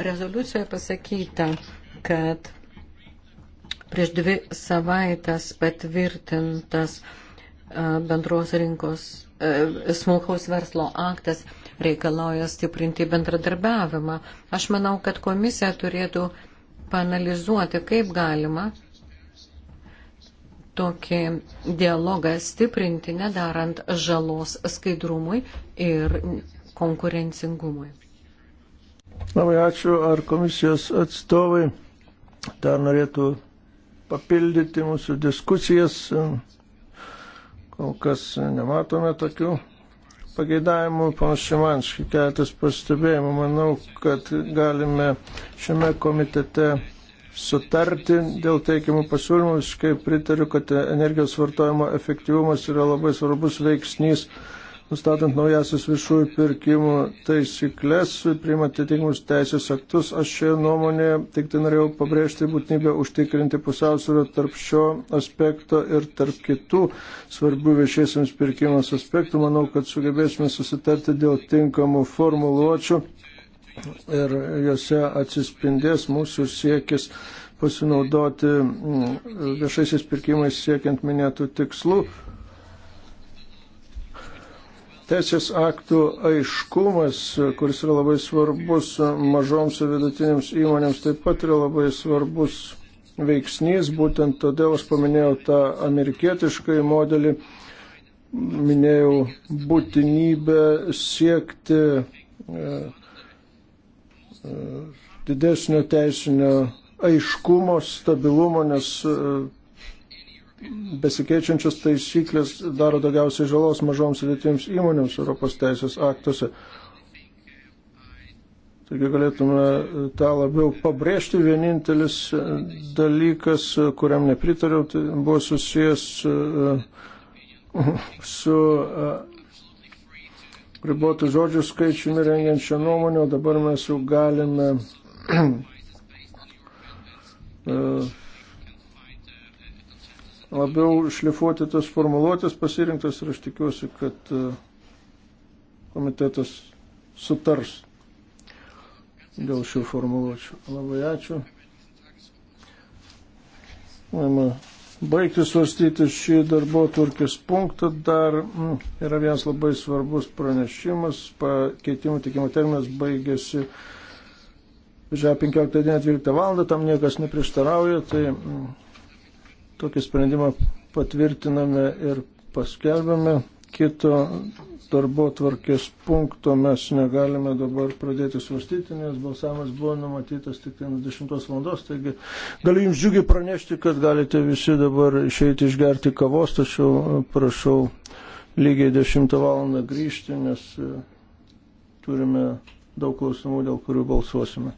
Rezoliucijoje pasakyta, kad prieš dvi savaitės patvirtintas bendros rinkos smulkaus verslo aktas reikalauja stiprinti bendradarbiavimą. Aš manau, kad komisija turėtų panalizuoti, kaip galima tokį dialogą stiprinti, nedarant žalos skaidrumui ir konkurencingumui. Labai ačiū. Ar komisijos atstovai dar norėtų papildyti mūsų diskusijas? Kol kas nematome tokių pageidavimų, panas Šimanski, keletas pastebėjimų. Manau, kad galime šiame komitete sutarti dėl teikiamų pasiūlymų. Visiškai pritariu, kad energijos vartojimo efektyvumas yra labai svarbus veiksnys nustatant naujasias viešųjų pirkimų taisyklės, priimant atitinkamus teisės aktus. Aš šioje nuomonėje tik tai norėjau pabrėžti būtinybę užtikrinti pusiausvyrą tarp šio aspekto ir tarp kitų svarbių viešiesiams pirkimams aspektų. Manau, kad sugebėsime susitarti dėl tinkamų formuluočių ir juose atsispindės mūsų siekis pasinaudoti mm, viešaisiais pirkimais siekiant minėtų tikslų teisės aktų aiškumas, kuris yra labai svarbus mažoms ir vidutinėms įmonėms, taip pat yra labai svarbus veiksnys. Būtent todėl aš paminėjau tą amerikietiškai modelį, minėjau būtinybę siekti e, e, didesnio teisinio aiškumo, stabilumo, nes e, besikeičiančios taisyklės daro daugiausiai žalos mažoms ir vietiems įmonėms Europos teisės aktuose. Taigi galėtume tą labiau pabrėžti. Vienintelis dalykas, kuriam nepritariau, tai buvo susijęs su e, ribotų žodžių skaičiumi rengiančią nuomonę, o dabar mes jau galime e, labiau šlifuoti tas formuluotės pasirinktas ir aš tikiuosi, kad e, komitetas sutars dėl šių formuluočių. Labai ačiū. Galima baigti svarstyti šį darbo turkis punktą. Dar mm, yra vienas labai svarbus pranešimas. Pakeitimų tikimo terminas baigėsi žia 15 dieną 12 val. Tam niekas neprieštarauja. Tai mm, Tokį sprendimą patvirtiname ir paskelbėme. Kito darbo tvarkės punkto mes negalime dabar pradėti svarstyti, nes balsavimas buvo numatytas tik 10 valandos, taigi galiu jums džiugiai pranešti, kad galite visi dabar išeiti išgerti kavos, tačiau prašau lygiai 10 valandą grįžti, nes e, turime daug klausimų, dėl kurių balsuosime.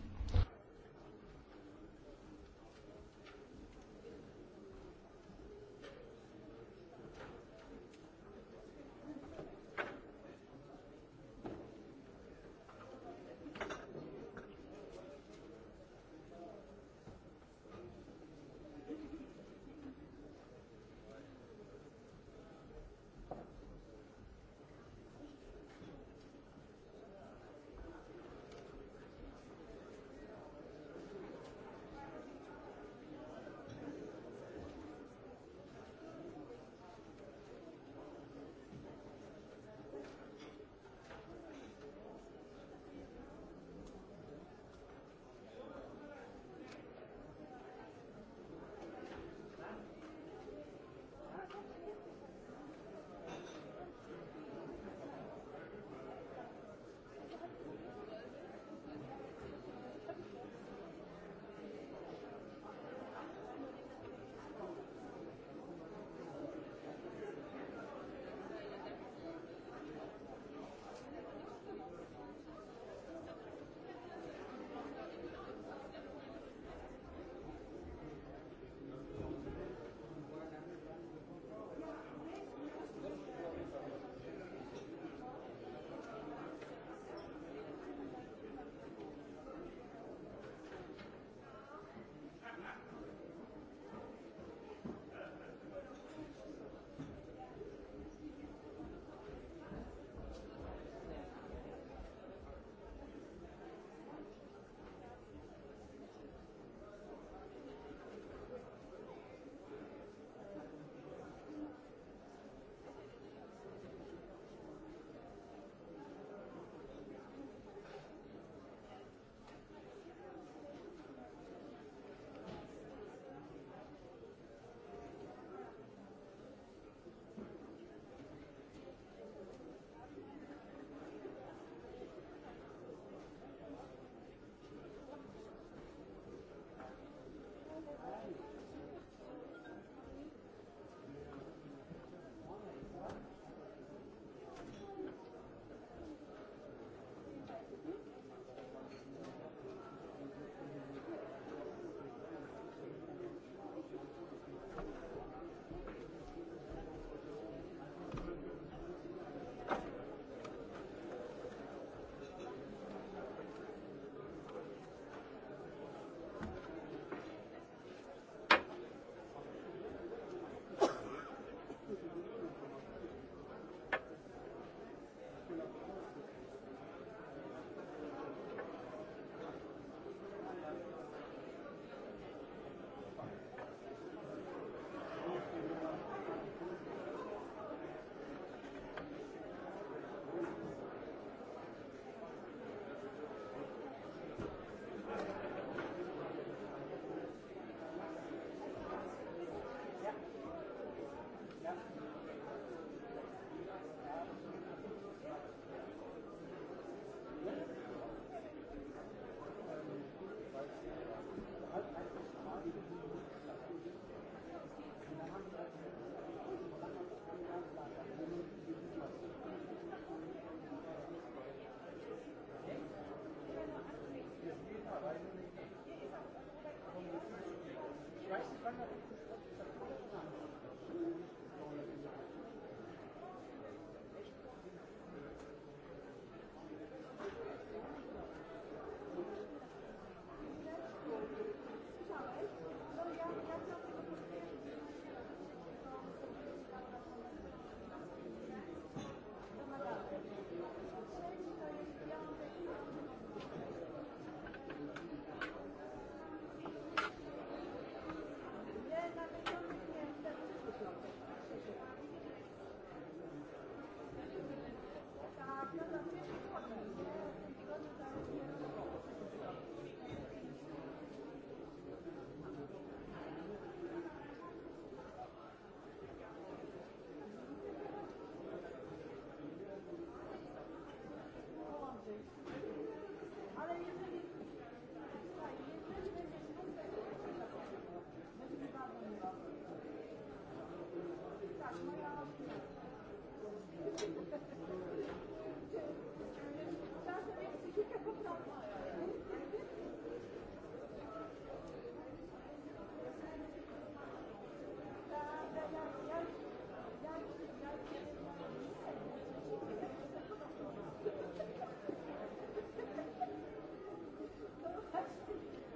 No właśnie,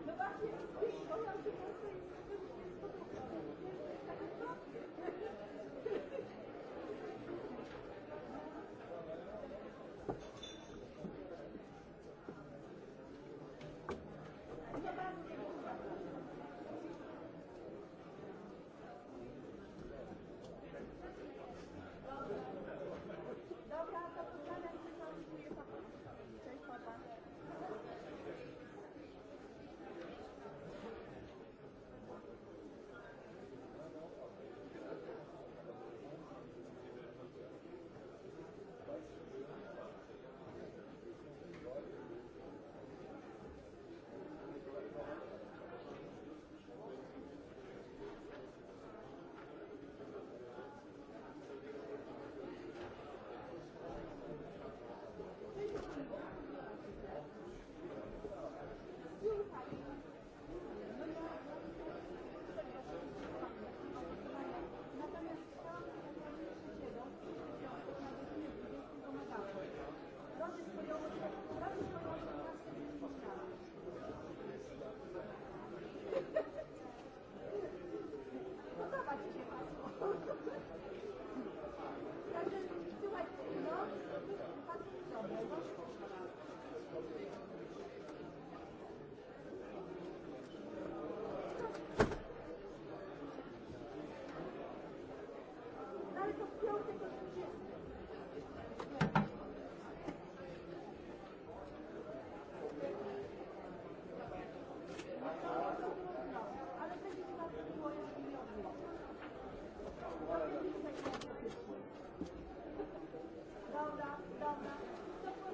no właśnie, no właśnie, no właśnie.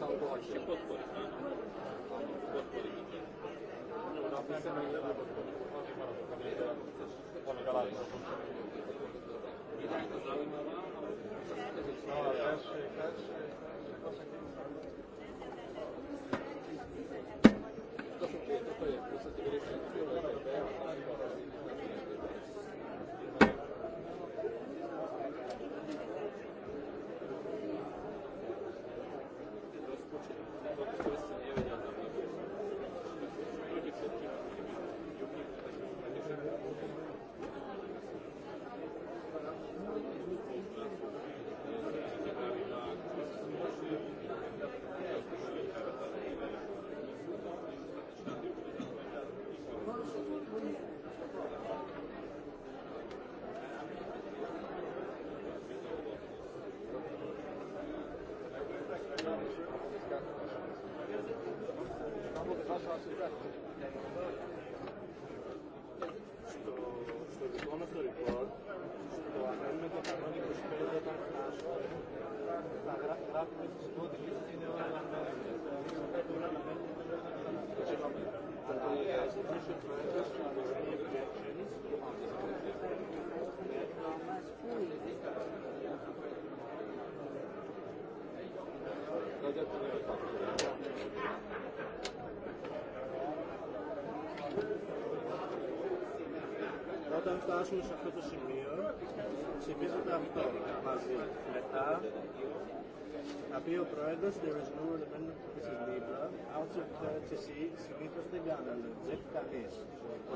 salvați. Ce pot politic? Pot politic. No, też, też, to są te, to jest, to są te, to jest, to jest, to jest, αύξηση συνήθως δεν κάνανε τζεκ κανείς.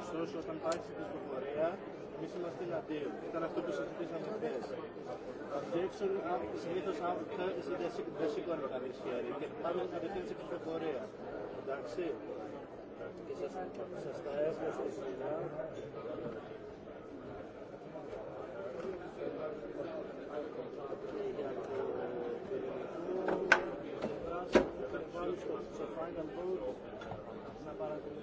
Ωστόσο, όταν υπάρχει πληροφορία, εμείς είμαστε εναντίον. Ήταν αυτό που συζητήσαμε χθες. Το objection συνήθως δεν σήκωνε κανείς χέρι και πάμε κατευθείαν σε πληροφορία. Εντάξει. Και σας, σας τα έχω στο σημείο. Thank you.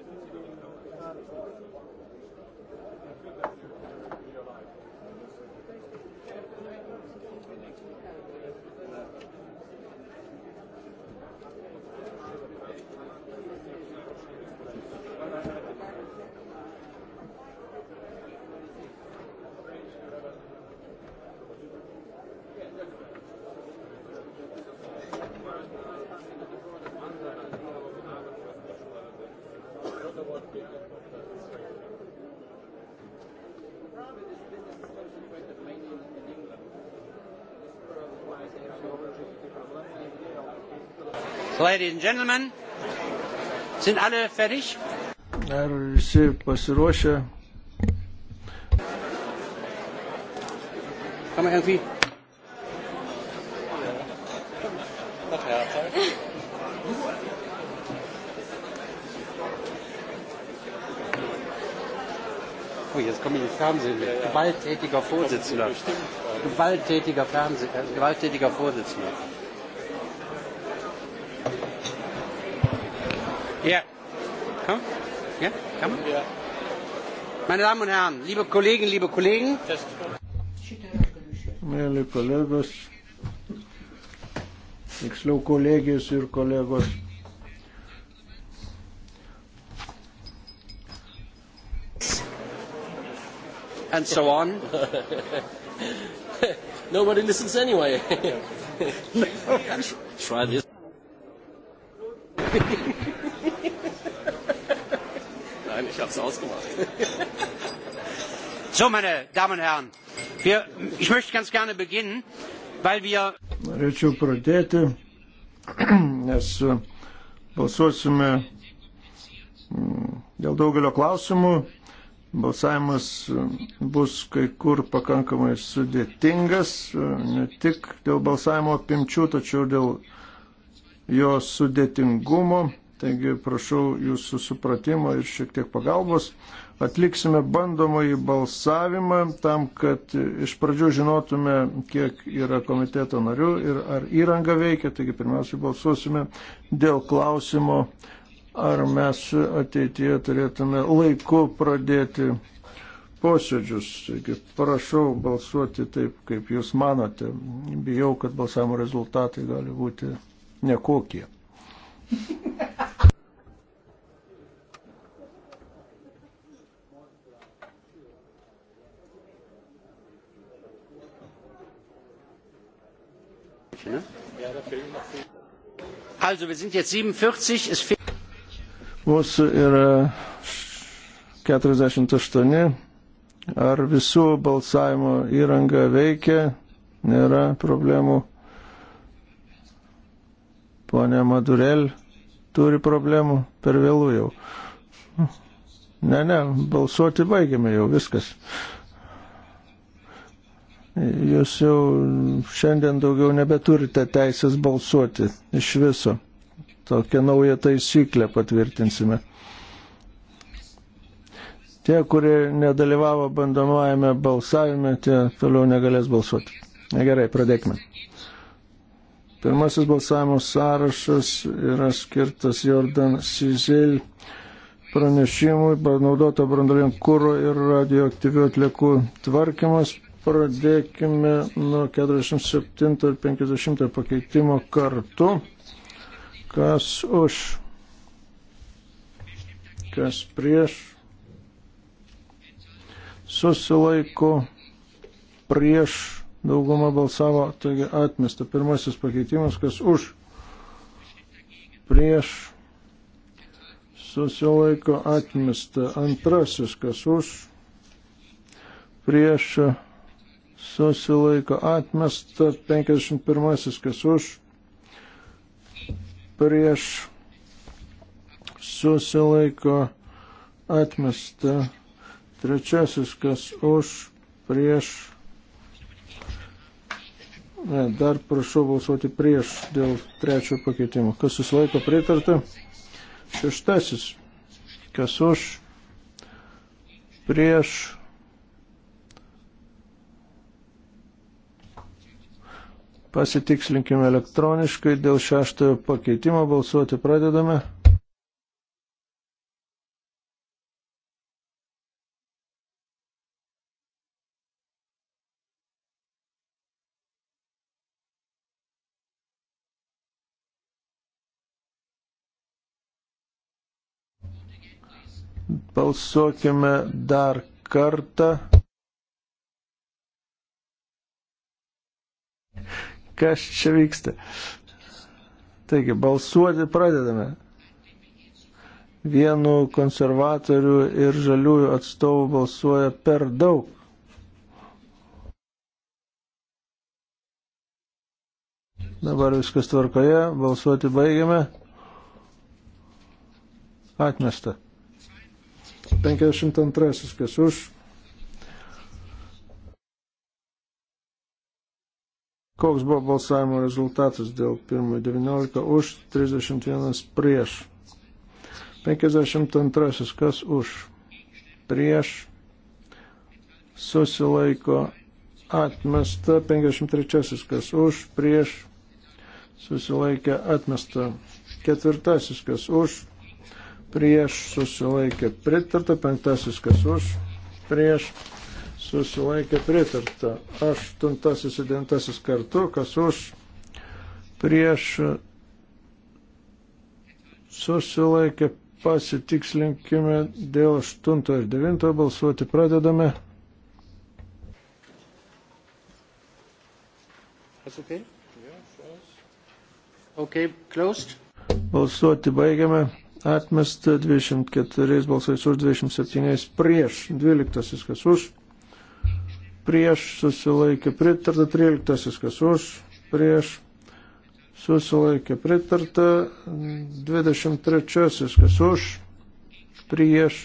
Ladies and gentlemen, sind alle fertig? Ar visi pasiruošę? Kann man irgendwie. Oh, jetzt komme ich ins Fernsehen mit. Ja, ja. Gewalttätiger Vorsitzender. Gewalttätiger, Fernseh, äh, gewalttätiger Vorsitzender. Kann? Ja? Kann man? Ja. Meine Damen und Herren, liebe Kollegen, liebe Kollegen. Mėly kolegos, tiksliau kolegijos ir kolegos. And so on. Nobody listens anyway. Try this. habe es ausgemacht. so, meine Damen und Herren, wir, ich möchte ganz gerne beginnen, weil wir. Norėčiau pradėti, nes e, balsuosime mm, dėl daugelio klausimų. Balsavimas e, bus kai kur pakankamai sudėtingas, e, ne tik dėl balsavimo apimčių, tačiau dėl jo sudėtingumo Taigi prašau jūsų supratimo ir šiek tiek pagalbos. Atliksime bandomąjį balsavimą tam, kad iš pradžių žinotume, kiek yra komiteto narių ir ar įranga veikia. Taigi pirmiausiai balsuosime dėl klausimo, ar mes ateityje turėtume laiku pradėti posėdžius. Taigi prašau balsuoti taip, kaip jūs manote. Bijau, kad balsavimo rezultatai gali būti nekokie. Ne? Also, wir sind jetzt 47, es fehlt. Mūsų yra 48. Ar visų balsavimo įranga veikia? Nėra problemų. Pone Madurel turi problemų per vėlų jau. Ne, ne, balsuoti baigiame jau, viskas jūs jau šiandien daugiau nebeturite teisės balsuoti iš viso. Tokią naują taisyklę patvirtinsime. Tie, kurie nedalyvavo bandomajame balsavime, tie toliau negalės balsuoti. Gerai, pradėkime. Pirmasis balsavimo sąrašas yra skirtas Jordan Sizil pranešimui, panaudoto brandolinio kūro ir radioaktyvių atliekų tvarkymas. Pradėkime nuo 47 ir 50 pakeitimo kartu. Kas už? Kas prieš? Susilaiko prieš dauguma balsavo, taigi atmesta pirmasis pakeitimas, kas už, prieš, susilaiko atmesta antrasis, kas už, prieš, susilaiko atmesta 51 kas už prieš susilaiko atmesta trečiasis kas už prieš ne, dar prašau balsuoti prieš dėl trečio pakeitimo kas susilaiko pritarta šeštasis kas už prieš Pasitikslinkime elektroniškai dėl šeštojo pakeitimo. Balsuoti pradedame. Balsuokime dar kartą. kas čia vyksta. Taigi, balsuoti pradedame. Vienu konservatorių ir žaliųjų atstovų balsuoja per daug. Dabar viskas tvarkoje, balsuoti baigiame. Atmesta. 52. Kas už? Koks buvo balsavimo rezultatas dėl pirmo 19 už, 31 prieš. 52 kas už, prieš, susilaiko atmesta, 53 kas už, prieš, susilaikė atmesta, ketvirtasis kas už, prieš, susilaikė pritarta, penktasis kas už, prieš, susilaikė pritarta. Aštuntasis ir dentasis kartu, kas už, prieš, susilaikė pasitikslinkime dėl aštunto ir devinto balsuoti pradedame. Okay. Okay, closed. Balsuoti baigiame. Atmesta 24 balsais už 27 prieš 12 kas už prieš susilaikė pritarta, 13 kas už, prieš susilaikė pritarta, 23 kas už, prieš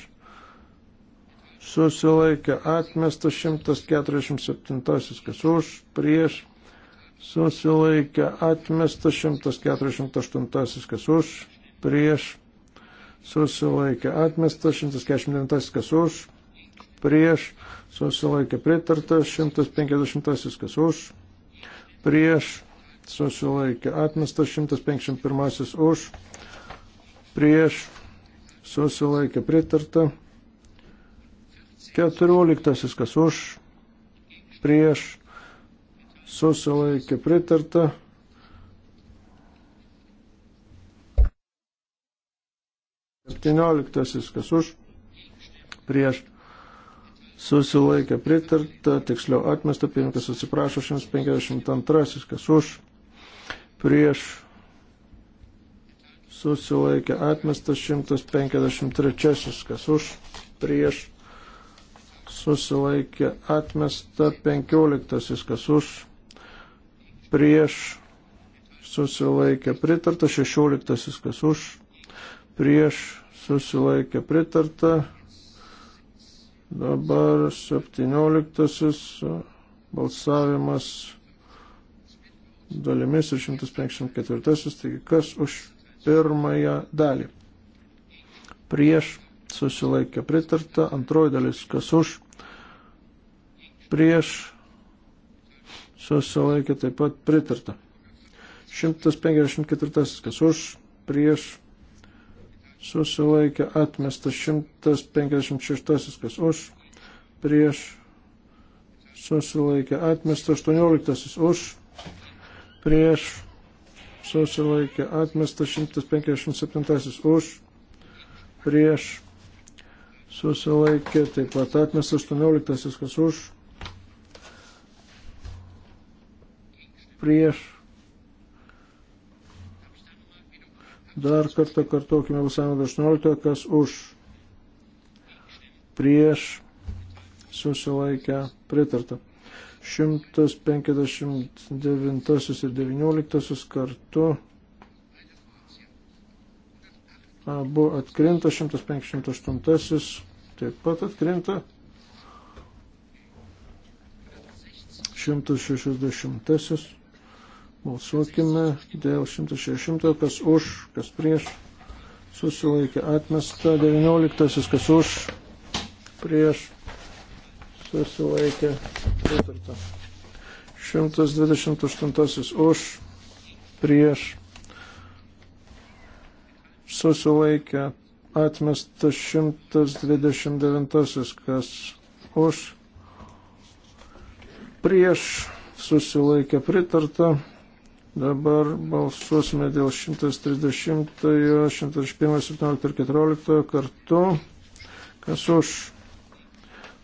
susilaikė atmestas, 147 kas už, prieš susilaikė atmestas, 148 kas už, prieš susilaikė atmestas, 149 kas už, prieš susilaikė pritarta, 150 kas už, prieš, susilaikė atmestas, 151 už, prieš, susilaikė pritarta, 14 kas už, prieš, susilaikė pritarta. Septynioliktasis kas už, prieš susilaikė pritarta, tiksliau atmesta, pirmininkas atsiprašo, 152, kas už, prieš, susilaikė atmestas, 153, kas už, prieš, susilaikė atmesta, 15, kas už, prieš, susilaikė pritarta, 16, kas už, prieš, susilaikė pritarta, Dabar 17 balsavimas dalimis ir 154, taigi kas už pirmąją dalį. Prieš susilaikė pritarta, antroji dalis kas už. Prieš susilaikė taip pat pritarta. 154 kas už, prieš susilaikė atmestas 156, kas už, prieš susilaikė atmestas 18, už, prieš susilaikė atmestas 157, už, prieš susilaikė taip pat atmestas 18, kas už, prieš Dar kartą kartokime balsavimą 18, kas už, prieš, susilaikę, pritarta. 159 ir 19 kartu. Abu atkrinta, 158 taip pat atkrinta. 160. Balsuokime dėl 160, kas už, kas prieš. Susilaikė atmesta 19, kas už, prieš. Susilaikė pritarta. 128 už, prieš. Susilaikė atmestas 129, kas už, prieš susilaikė pritarta, Dabar balsuosime dėl 130, 101, 17 ir 14 kartu. Kas už?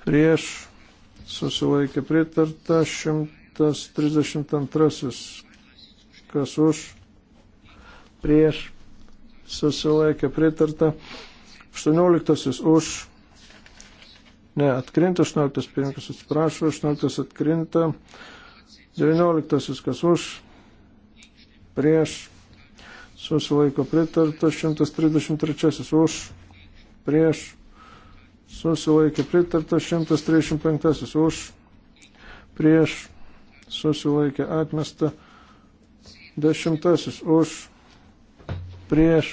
Prieš susilaikė pritarta 132. Kas už? Prieš susilaikė pritarta 18. Už. Ne, atkrinta 18. Pirmininkas atsiprašo, 18 atkrinta. 19. Kas už? prieš, susilaiko pritarta, 133 už, prieš, susilaikė pritarta, 135 už, prieš, susilaikė atmesta, 10 už, prieš,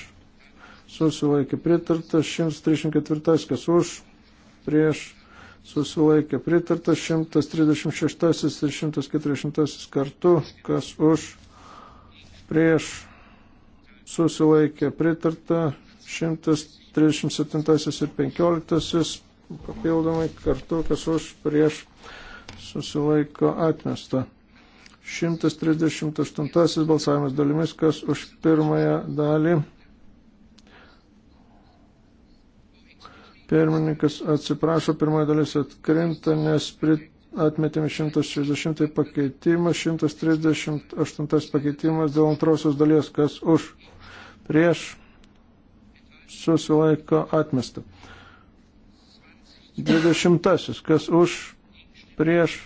susilaikė pritarta, 134 kas už, prieš, susilaikė pritarta, 136 ir 140 kartu, kas už, prieš susilaikė pritarta 137 ir 15 papildomai kartu, kas už prieš susilaiko atmesta. 138 balsavimas dalimis, kas už pirmąją dalį. Pirmininkas atsiprašo, pirmoji dalis atkrinta, nes prit, atmetėme 160 pakeitimą, 138 pakeitimas dėl antrosios dalies, kas už, prieš, susilaiko atmestą. 20. Kas už, prieš,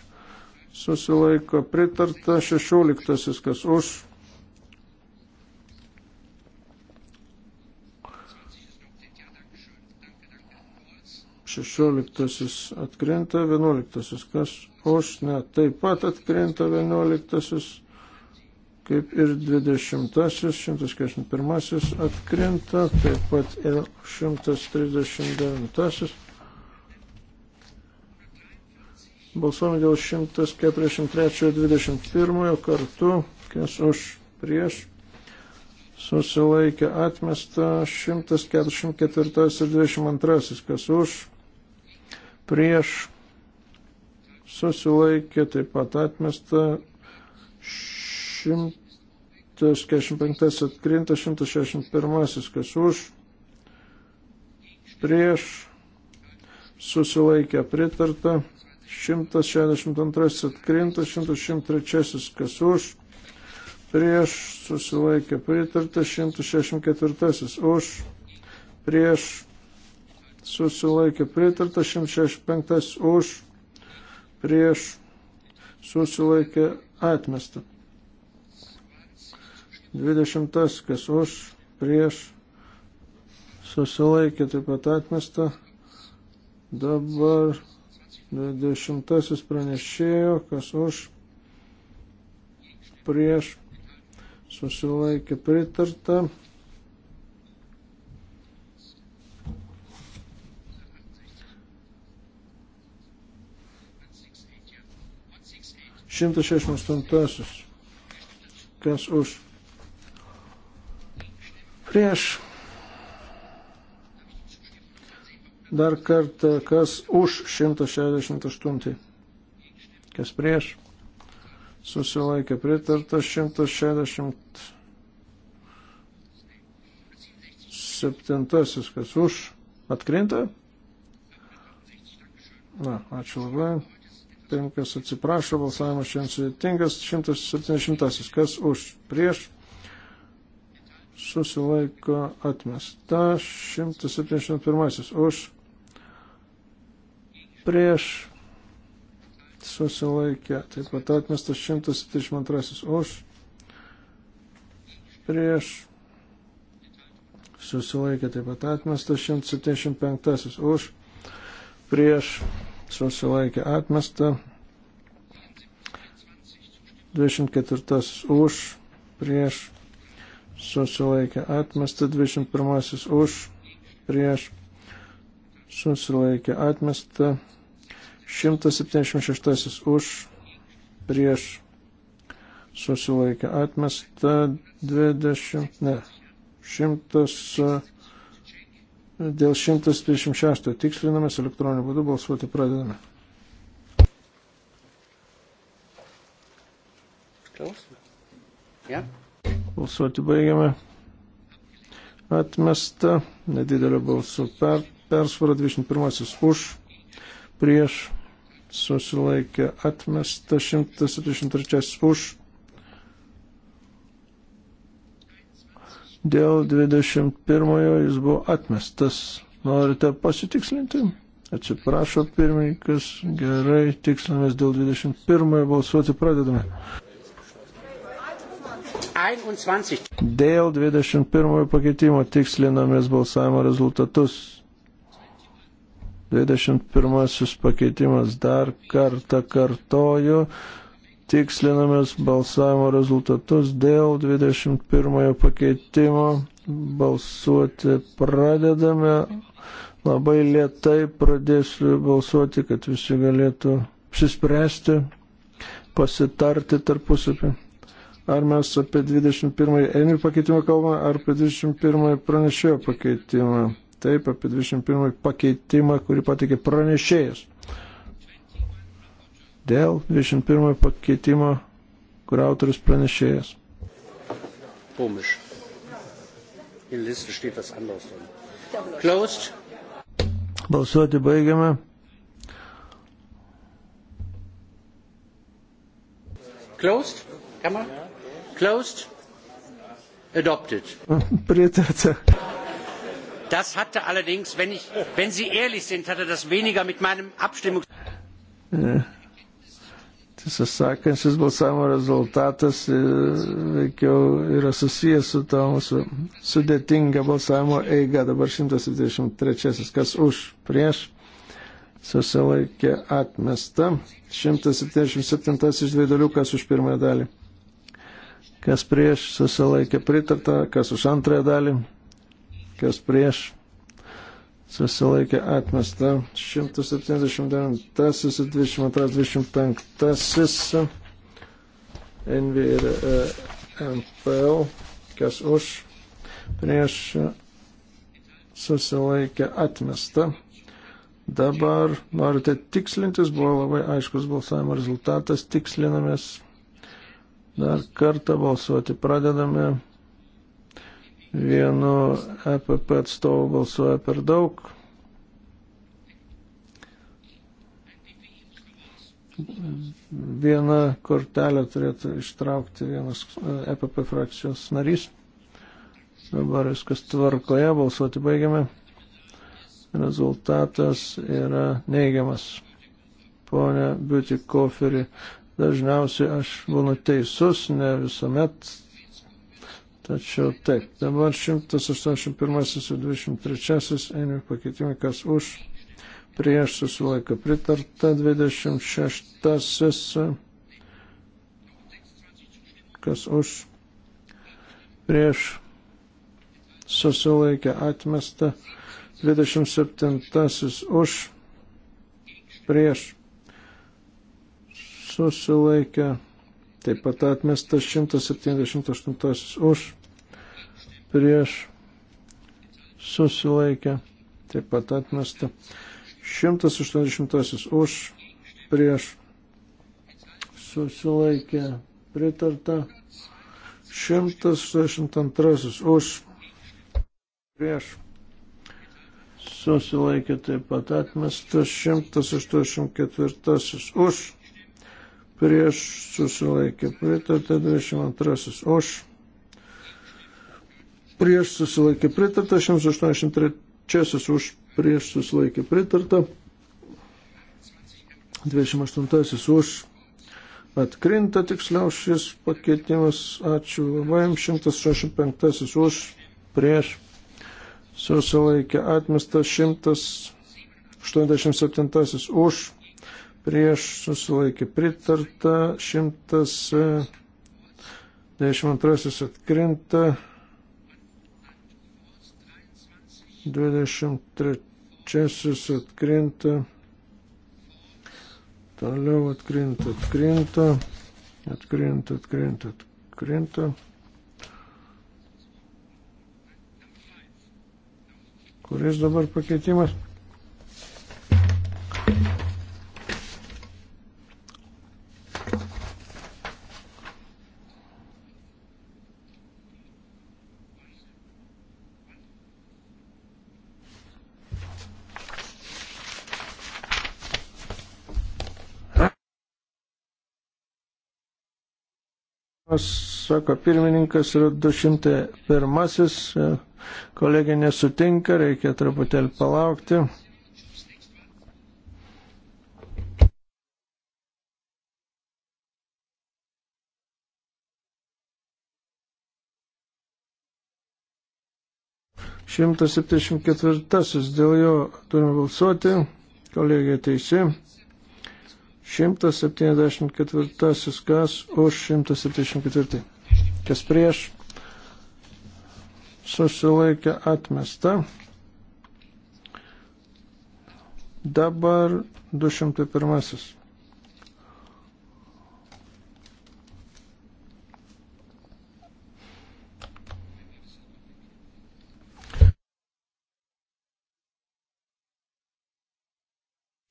susilaiko pritarta. 16. Kas už, 16 atkrenta, 11 kas už, ne, taip pat atkrenta 11, kaip ir 20, 141 atkrenta, taip pat ir 139. Balsuojame dėl 143 ir 21 kartu, kas už prieš susilaikė atmesta 144 ir 22, kas už, prieš susilaikė, taip pat atmesta 145 atkrinta, 161 kas už, prieš susilaikė pritarta, 162 atkrinta, 163 kas už, prieš susilaikė pritarta, 164 už, prieš susilaikė pritarta, 165 už, prieš susilaikė atmesta. 20 kas už, prieš susilaikė taip pat atmesta. Dabar 20 pranešėjo, kas už, prieš susilaikė pritarta. 168. Kas už? Prieš. Dar kartą, kas už 168. Kas prieš? Susilaikė pritartas 167. Kas už? Atkrinta? Na, ačiū labai. Pirmkas atsiprašo, balsavimas šiandien sudėtingas. 170. Kas už? Prieš. Susilaiko atmesta. 171. Už. Prieš. Susilaikė. Taip pat atmestas 172. Už. Prieš. Susilaikė. Taip pat atmestas 175. Už. Prieš susilaikė atmesta. 24 už, prieš, susilaikė atmesta. 21 už, prieš, susilaikė atmesta. 176 už, prieš, susilaikė atmesta. 20, ne, 100. Dėl 136 tikslinamės elektroniniu būdu balsuoti pradedame. Ja. Balsuoti baigiame. Atmesta nedidelio balsų per, persvara 21 už, prieš susilaikė atmesta 173 už Dėl 21-ojo jis buvo atmestas. Norite pasitikslinti? Atsiprašo pirmininkas. Gerai, tikslinamės dėl 21-ojo balsuoti pradedame. Dėl 21 pakeitimo tikslinamės balsavimo rezultatus. 21 pakeitimas dar kartą kartoju tikslinamės balsavimo rezultatus dėl 21 pakeitimo. Balsuoti pradedame. Labai lietai pradėsiu balsuoti, kad visi galėtų apsispręsti, pasitarti tarpusapį. Ar mes apie 21 Enil pakeitimą kalbame, ar apie 21 pranešėjo pakeitimą. Taip, apie 21 pakeitimą, kurį patikė pranešėjas dėl 21 pakeitimo, kur autorius pranešėjas. Pomiš. In liste steht das anders. Closed. Balsuoti baigiame. Closed. Kann man? Closed. Adopted. Pritarta. Das hatte allerdings, wenn, ich, wenn Sie ehrlich sind, hatte das weniger mit meinem Abstimmungs... Ja. Tiesą sakant, šis balsavimo rezultatas e, veikiau yra susijęs su to mūsų sudėtinga balsavimo eiga. Dabar 173. Kas už, prieš, susilaikė atmesta. 177. iš dviejų dalių, kas už pirmąją dalį. Kas prieš, susilaikė pritarta. Kas už antrąją dalį. Kas prieš, susilaikė atmesta 179, 22, 25, NV ir e, MPL, kas už, prieš susilaikė atmesta. Dabar norite tikslintis, buvo labai aiškus balsavimo rezultatas, tikslinamės. Dar kartą balsuoti pradedame vienu EPP atstovu balsuoja per daug. Vieną kortelę turėtų ištraukti vienas EPP e frakcijos narys. Dabar viskas tvarkoje, balsuoti baigiame. Rezultatas yra neigiamas. Pone Biutikoferi, dažniausiai aš būnu teisus, ne visuomet Tačiau taip, dabar 181-23 eini pakeitimai, kas už, prieš susilaiko pritarta, 26 kas už, prieš susilaikė atmesta, 27 už, prieš susilaikė atmesta Taip pat atmestas 178 už prieš susilaikę. Taip pat atmesta 180 už prieš susilaikę pritarta. 162 už prieš susilaikė taip pat atmestas 184 už prieš susilaikė pritarta 22 už, prieš susilaikė pritarta 183 už, prieš susilaikė pritarta 28 už, atkrinta tiksliau šis pakeitimas, ačiū labai, 165 už, prieš susilaikė atmestas 187 už prieš susilaikė pritarta, 192 e, atkrinta, 23 atkrinta, toliau atkrinta, atkrinta, atkrinta, atkrinta, atkrinta. Kuris dabar pakeitimas? pakeitimas, sako pirmininkas, yra 201. Kolegė nesutinka, reikia truputėlį palaukti. Šimtas septyniasdešimt ketvirtasis, dėl jo turime balsuoti, kolegė teisė. 174 kas už 174. Kas prieš susilaikė atmesta. Dabar 201.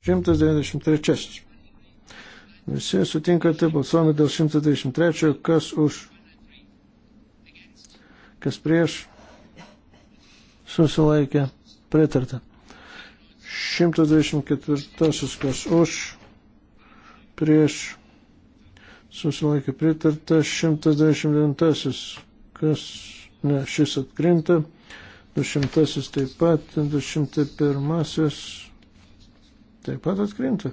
Šimtas devyniasdešimt trečiasis. Visi sutinkate, balsuojame dėl 123, kas už, kas prieš, susilaikė, pritarta. 124, kas už, prieš, susilaikė, pritarta. 129, kas, ne, šis atkrinta. 200 taip pat, 201 taip pat atkrinta.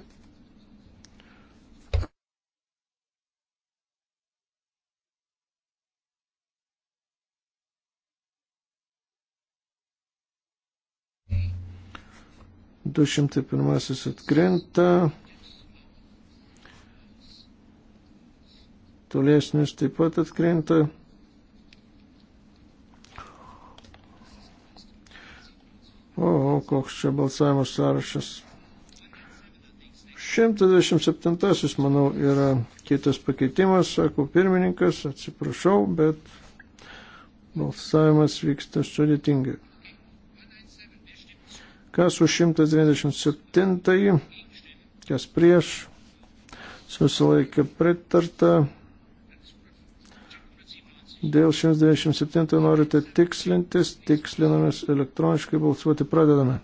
201 atkrinta. Tolesnis taip pat atkrinta. O, koks čia balsavimo sąrašas. 127, manau, yra kitas pakeitimas, sako pirmininkas, atsiprašau, bet balsavimas vyksta sudėtingai. Kas už 197, kas prieš, susilaikė pritarta. Dėl 197 norite tikslintis, tikslinamės elektroniškai balsuoti pradedame.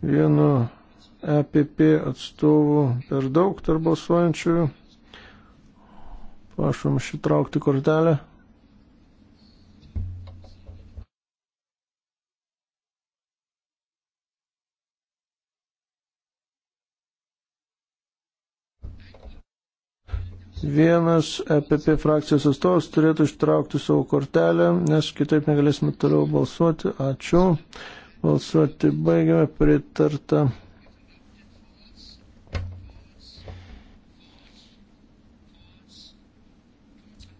Vienu EPP atstovu per daug tarp balsuojančiųjų. Prašom šitraukti kortelę. Vienas EPP frakcijos atstovas turėtų ištraukti savo kortelę, nes kitaip negalėsime toliau balsuoti. Ačiū. Balsuoti baigiame. Pritarta.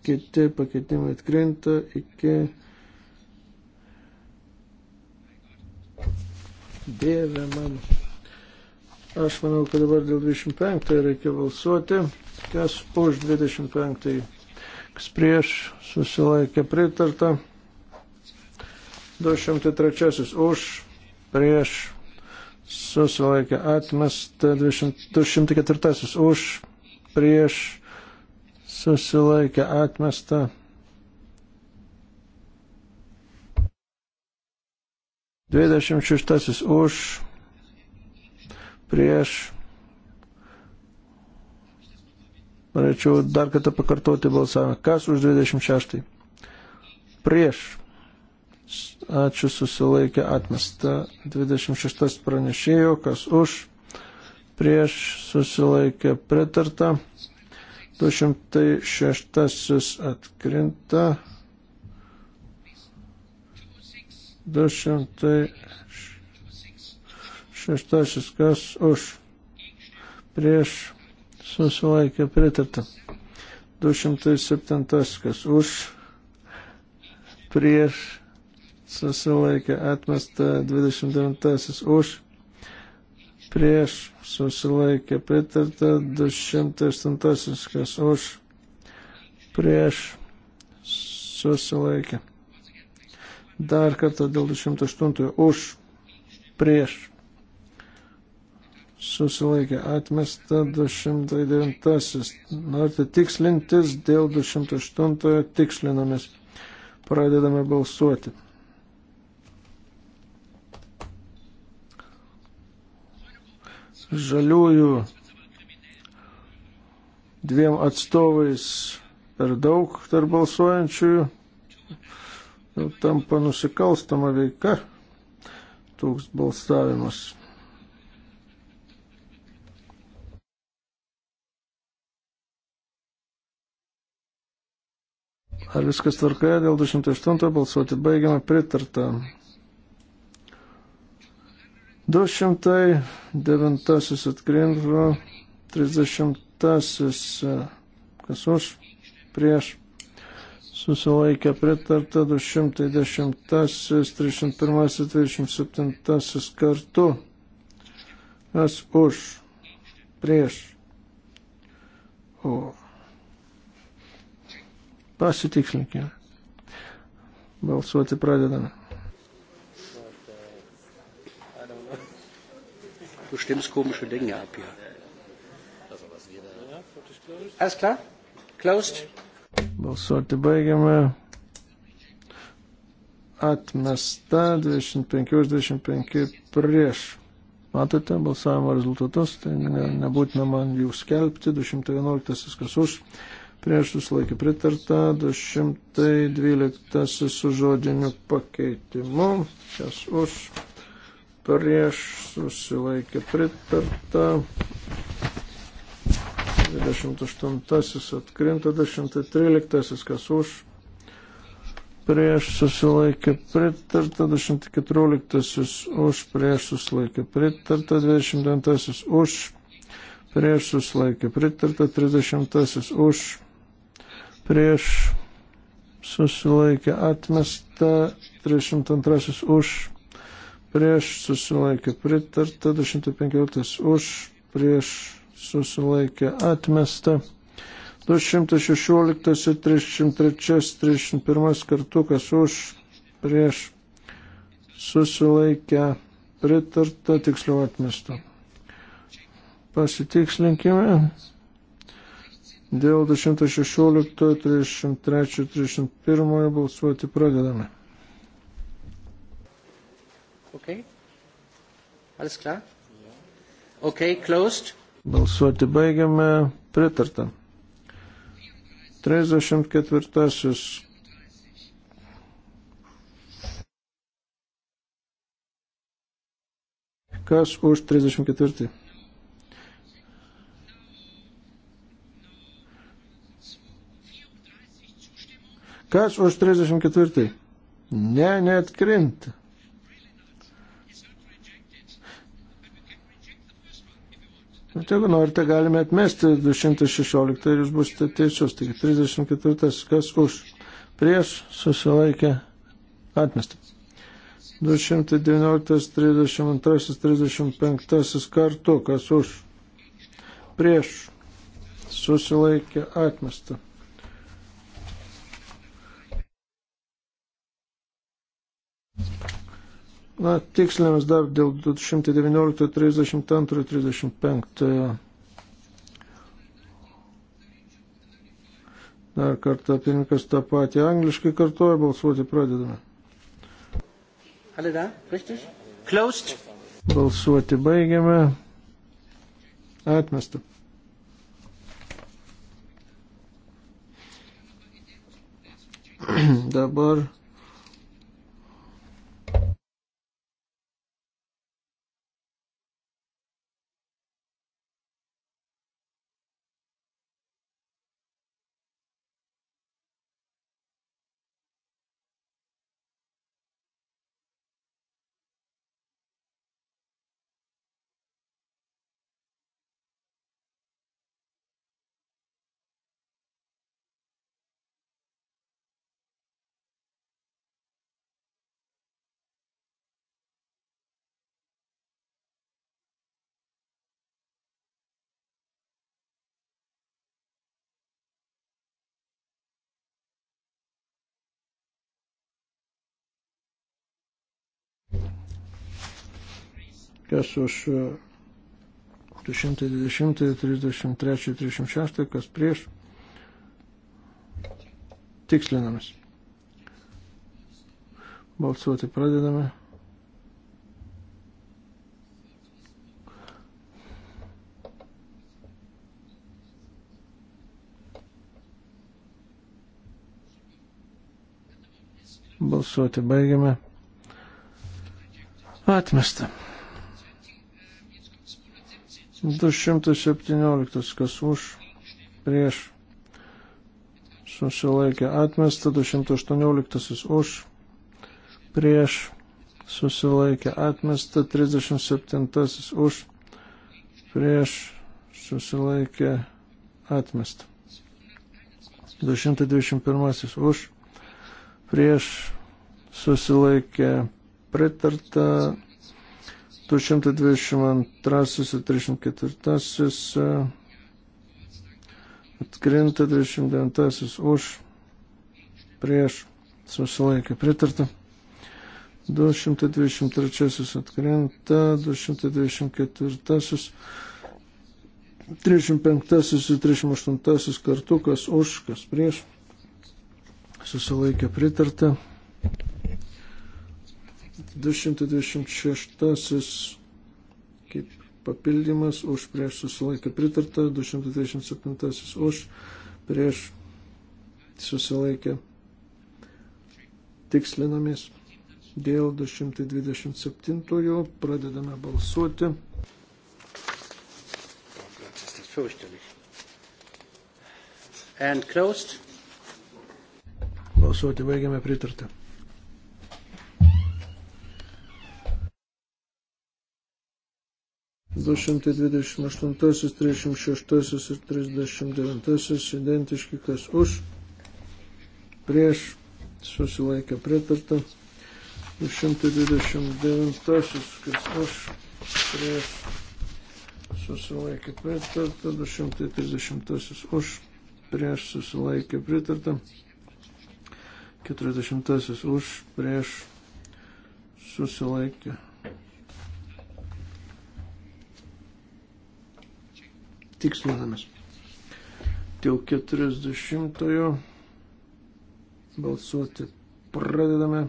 kiti pakeitimai atkrinta iki Dieve man. Aš manau, kad dabar dėl 25 reikia balsuoti kas už 25, kas prieš susilaikė pritarta, 203 už, prieš susilaikė atmesta, 204 už, prieš susilaikė atmesta. Dvidešimt šeštasis už, prieš Norėčiau dar kartą pakartoti balsavimą. Kas už 26? Prieš. Ačiū susilaikė atmesta. 26 pranešėjo. Kas už? Prieš susilaikė pritarta. 206 atkrinta. 206 kas už? Prieš susilaikė pritarta. 207 kas už, prieš susilaikė atmesta 29 už, prieš susilaikė pritarta 208 kas už, prieš susilaikė. Dar kartą dėl 208 už, prieš susilaikė atmesta 209. Norite tikslintis dėl 208 tikslinomis. Pradedame balsuoti. Žaliųjų dviem atstovais per daug tarp balsuojančiųjų. Tampa nusikalstama veika toks balsavimas. Ar viskas tvarkoje? Dėl 208 balsuoti baigiama pritarta. 209 atkrinvo, 30 kas už, prieš susilaikė pritarta 210, 301, 37 kartu. Kas už, prieš. O. Pasitikslinkime. Balsuoti pradedame. Du stimmst komische Dinge ab hier. Alles klar? Closed? Balsuoti baigiame. Atmesta 25 už 25 prieš. Matote balsavimo rezultatus, tai ne, nebūtina man jų skelbti. 211 kas už, prieš susilaikė pritarta, 212 su žodiniu pakeitimu, kas už, prieš susilaikė pritarta, 28 atkrinta, 113 kas už, prieš susilaikė pritarta, 214 už, prieš susilaikė pritarta, 29 už, prieš susilaikė pritarta, 30 už, prieš susilaikė atmesta, 302 už, prieš susilaikė pritarta, 215 už, prieš susilaikė atmesta. 216 ir 303, 301 kartukas už, prieš susilaikę pritarta, tiksliau atmesta. Pasitikslinkime. Dėl 216, 33, 31 balsuoti pradedame. Okay. Alles klar? Okay, closed. Balsuoti baigiame. Pritarta. 34. Kas už 34? Kas už 34? Ne, neatkrinta. Bet jeigu norite, galime atmesti 216 ir jūs būsite teisus. Taigi 34, kas už, prieš, susilaikė, atmesti. 219, 32, 35 kartu, kas už, prieš, susilaikė, atmesti. Na, tikslinėms dar dėl 219, 32, 35. Dar kartą pirmininkas tą patį angliškai kartuoja, balsuoti pradedame. Balsuoti baigiame. Atmesta. Dabar kas už 220, 33, 36, kas prieš. Tikslinamas. Balsuoti pradedame. Balsuoti baigiame. Atmesta. 217, kas už, prieš, susilaikė atmesta, 218 už, prieš, susilaikė atmesta, 37 už, prieš, susilaikė atmesta. 221 už, prieš, susilaikė pritarta, 122 ir 34 e, atkrinta, 29 už, prieš, susilaikė pritarta. 223 atkrinta, 224, 35 ir 38 kartu, kas už, kas prieš, susilaikė pritarta. 226 kaip papildymas už prieš susilaikę pritarta, 227 už prieš susilaikę tikslinamis. Dėl 227 pradedame balsuoti. Balsuoti baigiame pritartą. 228, 36 ir 39 identiški, kas už, prieš, susilaikė pritarta. 229, kas už, prieš, susilaikė pritarta. 230 už, prieš, susilaikė pritarta. 40 už, prieš, susilaikė pritarta tikslinamės. Dėl 40-ojo balsuoti pradedame.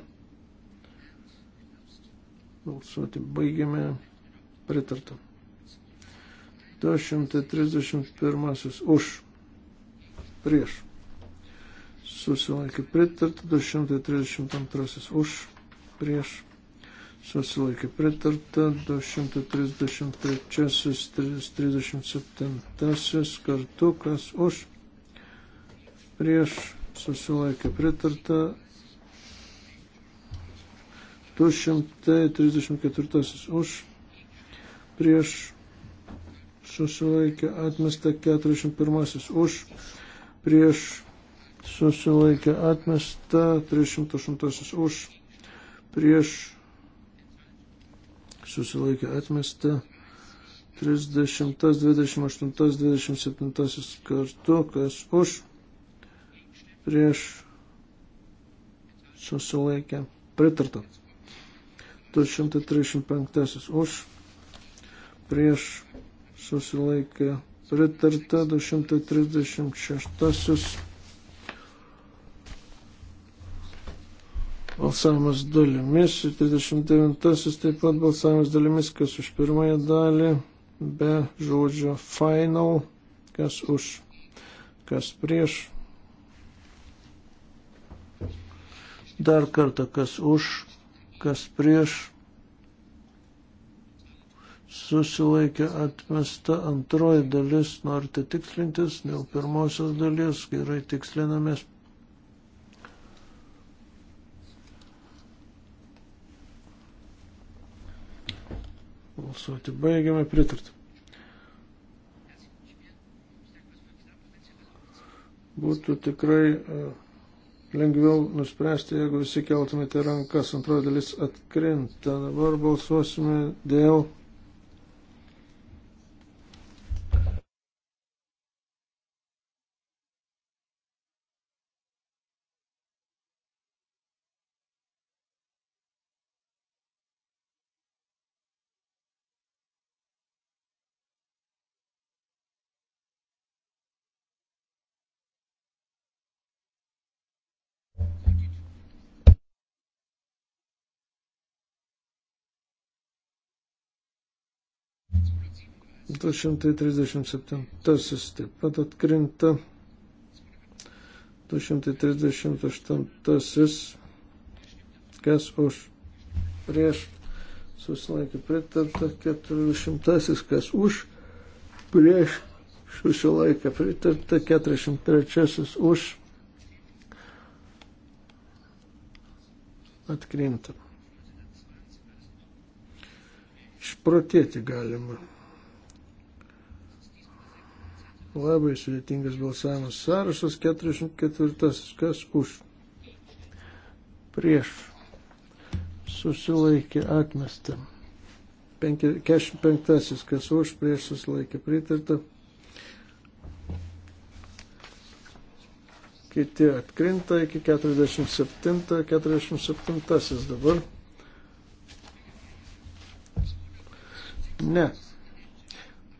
Balsuoti baigiame. Pritarta. 231 už. Prieš. Susilaikė pritarta. 232 už. Prieš susilaikė pritarta, 233-37 kartu, kas už, prieš susilaikė pritarta, 234 už, prieš susilaikė atmesta 41 už, prieš susilaikė atmesta 308 už, prieš susilaikė atmesta. 30, 28, 27 kartu, kas už, prieš susilaikė pritarta. 235 už, prieš susilaikė pritarta. 236 Balsavimas dalimis, 39-asis taip pat balsavimas dalimis, kas už pirmąją dalį, be žodžio final, kas už, kas prieš. Dar kartą, kas už, kas prieš. Susilaikė atmesta antroji dalis, norite tikslintis, dėl pirmosios dalies gerai tikslinamės Balsuoti baigiame pritarti. Būtų tikrai e, lengviau nuspręsti, jeigu visi keltumėte rankas. Antroji dalis atkrinta. Dabar balsuosime dėl 237 taip pat atkrinta. 238 kas už prieš susilaikė pritarta, 40 kas už prieš susilaikė pritarta, 43 už atkrinta. Išprotėti galima. Labai sudėtingas balsavimas. Sąrašas 44. Kas už? Prieš. Susilaikė atmestą. 45. Kas už? Prieš susilaikė pritarta. Kiti atkrinta iki 47. 47. Dabar. Ne.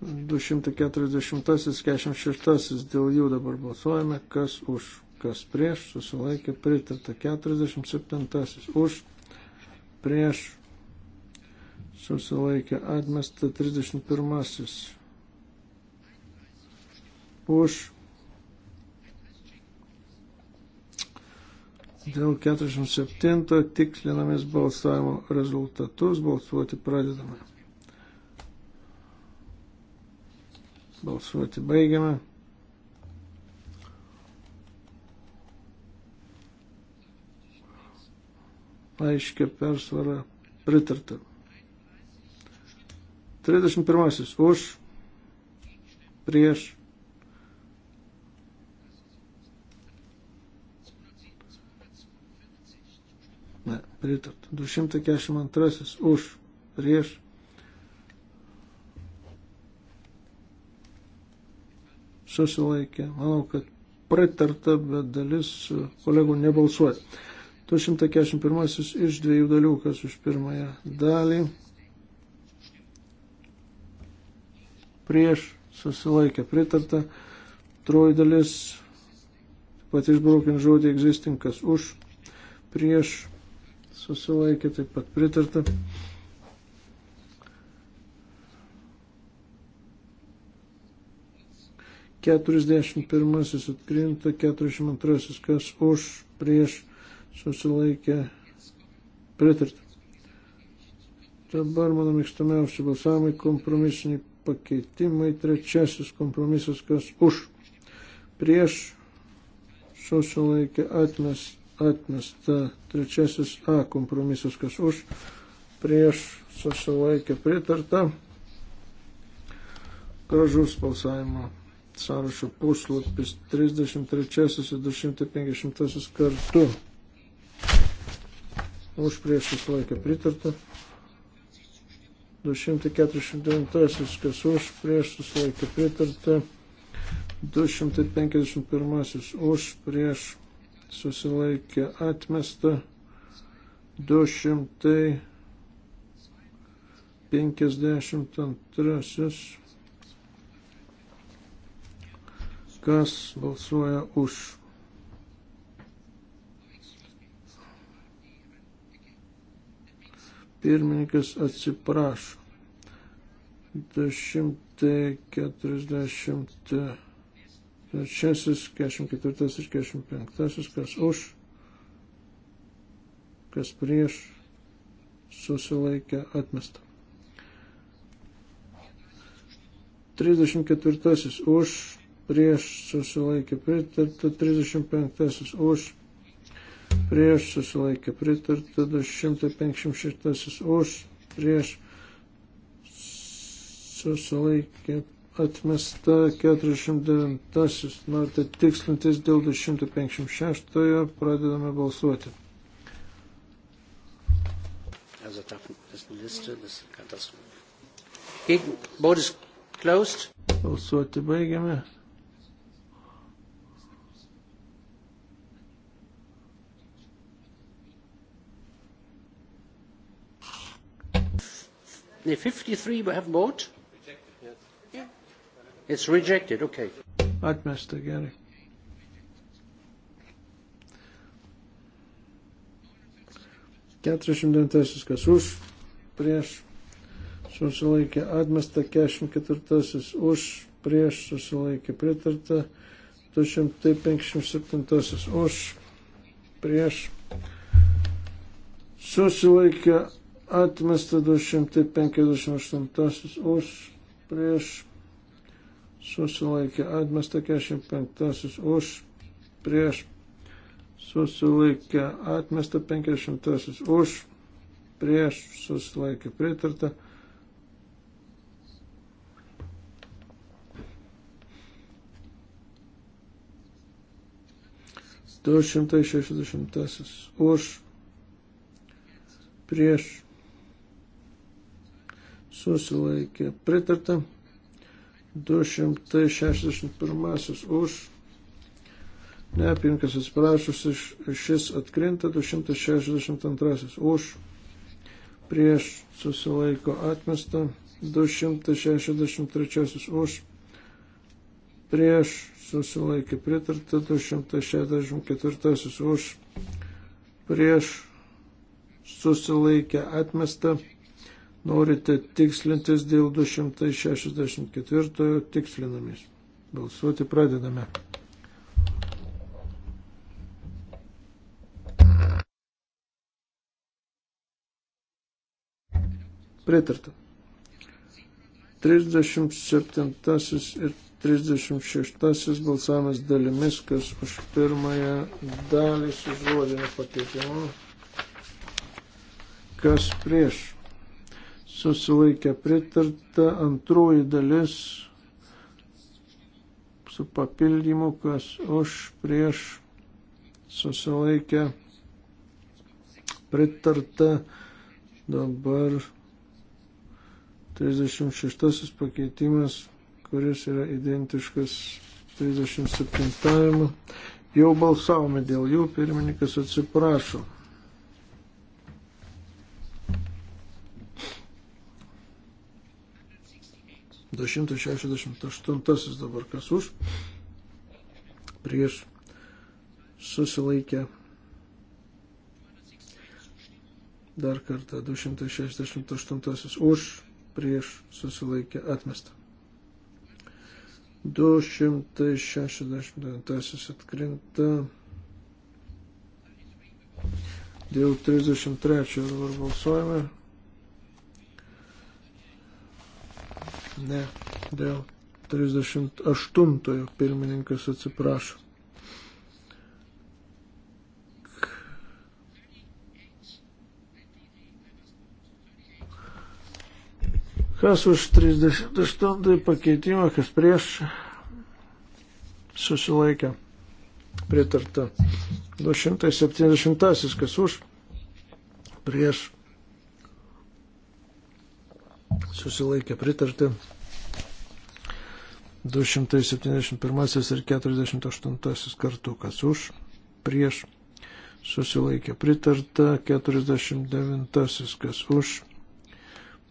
240-46 dėl jų dabar balsuojame, kas už, kas prieš, susilaikė pritarta 47 už, prieš, susilaikė atmesta 31 už. Dėl 47 tikslinamės balsavimo rezultatus balsuoti pradedame. Balsuoti baigiame. Aiškia persvara pritarta. 31. Už, prieš. Ne, pritarta. 242. Už, prieš susilaikė. Manau, kad pritarta, bet dalis kolegų nebalsuoja. 241 iš dviejų dalių, kas už pirmąją dalį. Prieš susilaikė pritarta. Troji dalis, pat išbraukiant žodį existing, kas už. Prieš susilaikė taip pat pritarta. 41 atkrinta, 42 kas už, prieš susilaikė pritarta. Dabar mano mėgstamiausi balsavimai kompromisiniai pakeitimai. Trečiasis kompromisas kas už, prieš susilaikė atmes, atmesta. Trečiasis A kompromisas kas už, prieš susilaikė pritarta. Gražus balsavimo sąrašo puslapis 33 ir 250 kartu. Už prieš visą laiką pritarta. 249, kas už prieš visą laiką pritarta. 251 už prieš susilaikė atmesta. 252 Kas balsuoja už? Pirmininkas atsiprašo. 240. 6, 44 ir 45, kas už, kas prieš, susilaikė atmestą. 34 už, prieš susilaikė pritarta, 35 už, prieš susilaikė pritarta, 256 už, prieš susilaikė atmesta 49. Norite tikslintis dėl 256. Pradedame balsuoti. Balsuoti baigiame. The 53 we have bought? Rejected, yes. Yeah. It's rejected, okay. Atmesta, gerai. 49 kas už, prieš susilaikė atmesta, 44 už, prieš susilaikė pritarta, 257 už, prieš susilaikė atmesta 258 už, prieš susilaikė, atmesta 45 už, prieš susilaikė, atmesta 50 už, prieš susilaikė, pritarta. Du šimtai šešiasdešimtasis už prieš susilaikė pritarta. 261 už. Ne, pinkas atsiprašus, šis atkrinta, 262 už. Prieš susilaiko atmesta, 263 už. Prieš susilaikė pritarta, 264 už. Prieš susilaikė atmesta, Norite tikslintis dėl 264 tikslinamis. Balsuoti pradedame. Pritarta. 37 ir 36 balsavimas dalimis, kas už pirmąją dalį su žodiniu pakeitimu, kas prieš susilaikė pritarta, antroji dalis su papildymu, kas už, prieš, susilaikė pritarta, dabar 36 pakeitimas, kuris yra identiškas 37. Jau balsavome dėl jų, pirmininkas atsiprašo. 268 dabar kas už, prieš susilaikę. Dar kartą 268 už, prieš susilaikę atmestą. 269 atkrinta. Dėl 33 dabar balsuojame. Ne, dėl 38 pirmininkas atsiprašo. Kas už 38 pakeitimą, kas prieš susilaikė pritarta. 270 kas už prieš susilaikė pritarta. 271 ir 48 kartu, kas už, prieš, susilaikė pritarta, 49 kas už,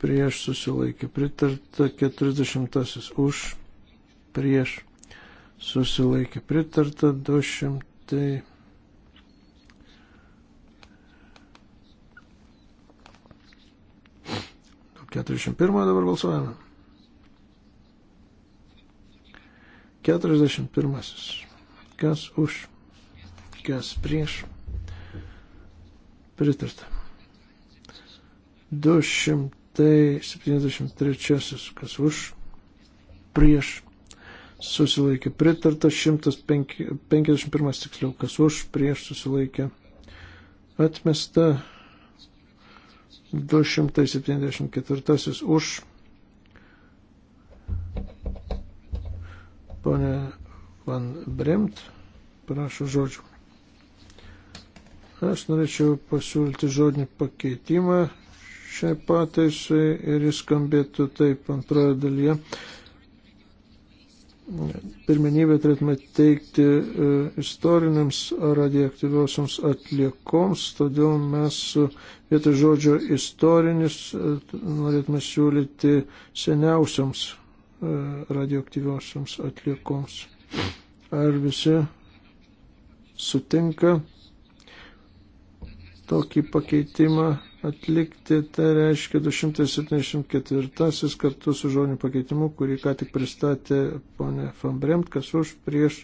prieš, susilaikė pritarta, 40 už, prieš, susilaikė pritarta, 200. 41 dabar balsuojame. 41. Kas už, kas prieš. Pritarta. 273. Kas už, prieš. Susilaikė pritarta. 151. Tiksliau, kas už, prieš susilaikė. Atmesta. 274 už Pone Van Bremt, prašau žodžių. Aš norėčiau pasiūlyti žodinį pakeitimą šiai pataisai ir jis skambėtų taip antroje dalyje. Pirmenybė turėtume teikti e, istoriniams radioaktyviosioms atliekoms, todėl mes vietoj žodžio istorinis e, norėtume siūlyti seniausiams E, radioaktyviosiams atliekoms. Ar visi sutinka tokį pakeitimą atlikti, tai reiškia 274 kartu su žodiniu pakeitimu, kurį ką tik pristatė ponė Fambremt, kas už prieš.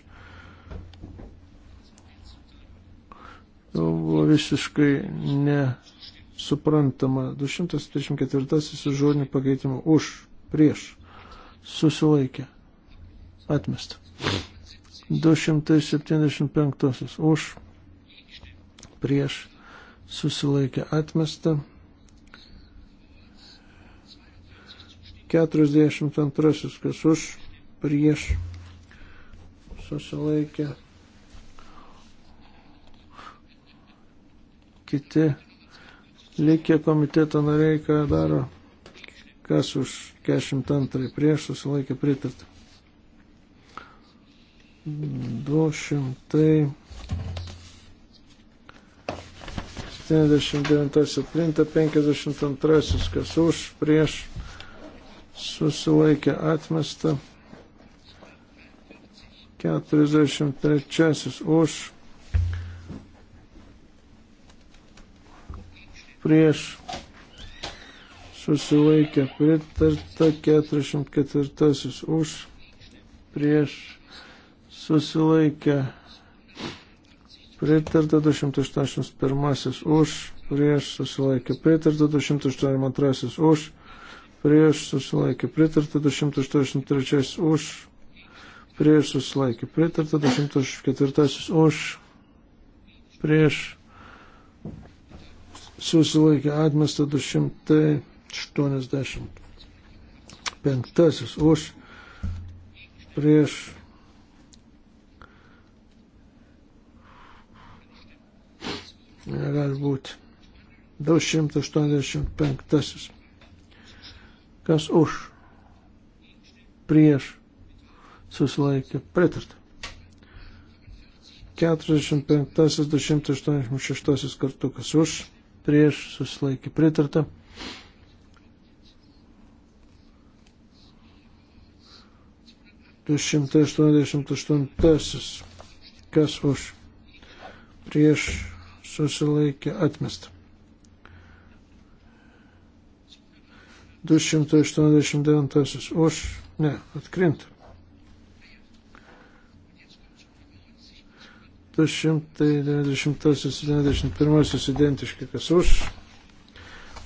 Jau nu, buvo visiškai nesuprantama. 234 su žodiniu pakeitimu už prieš susilaikė, atmesta. 275 už, prieš, susilaikė, atmesta. 42 kas už, prieš, susilaikė. Kiti likę komiteto nariai, ką daro, kas už 42 prieš susilaikė pritarta. 279 plinta 52, kas už, prieš susilaikė atmesta. 43 už, prieš susilaikė pritarta 44 už prieš susilaikė pritarta 281 už prieš susilaikė pritarta 282 už prieš susilaikė pritarta 283 už prieš susilaikė pritarta 204 už prieš susilaikė atmesta 200 85 už prieš negali būti 285 kas už prieš susilaikė pritarta 45 286 kartu kas už prieš susilaikė pritarta 188. Kas už prieš susilaikė atmestą. 289 už, ne, atkrinta. 290-91 identiški, kas už,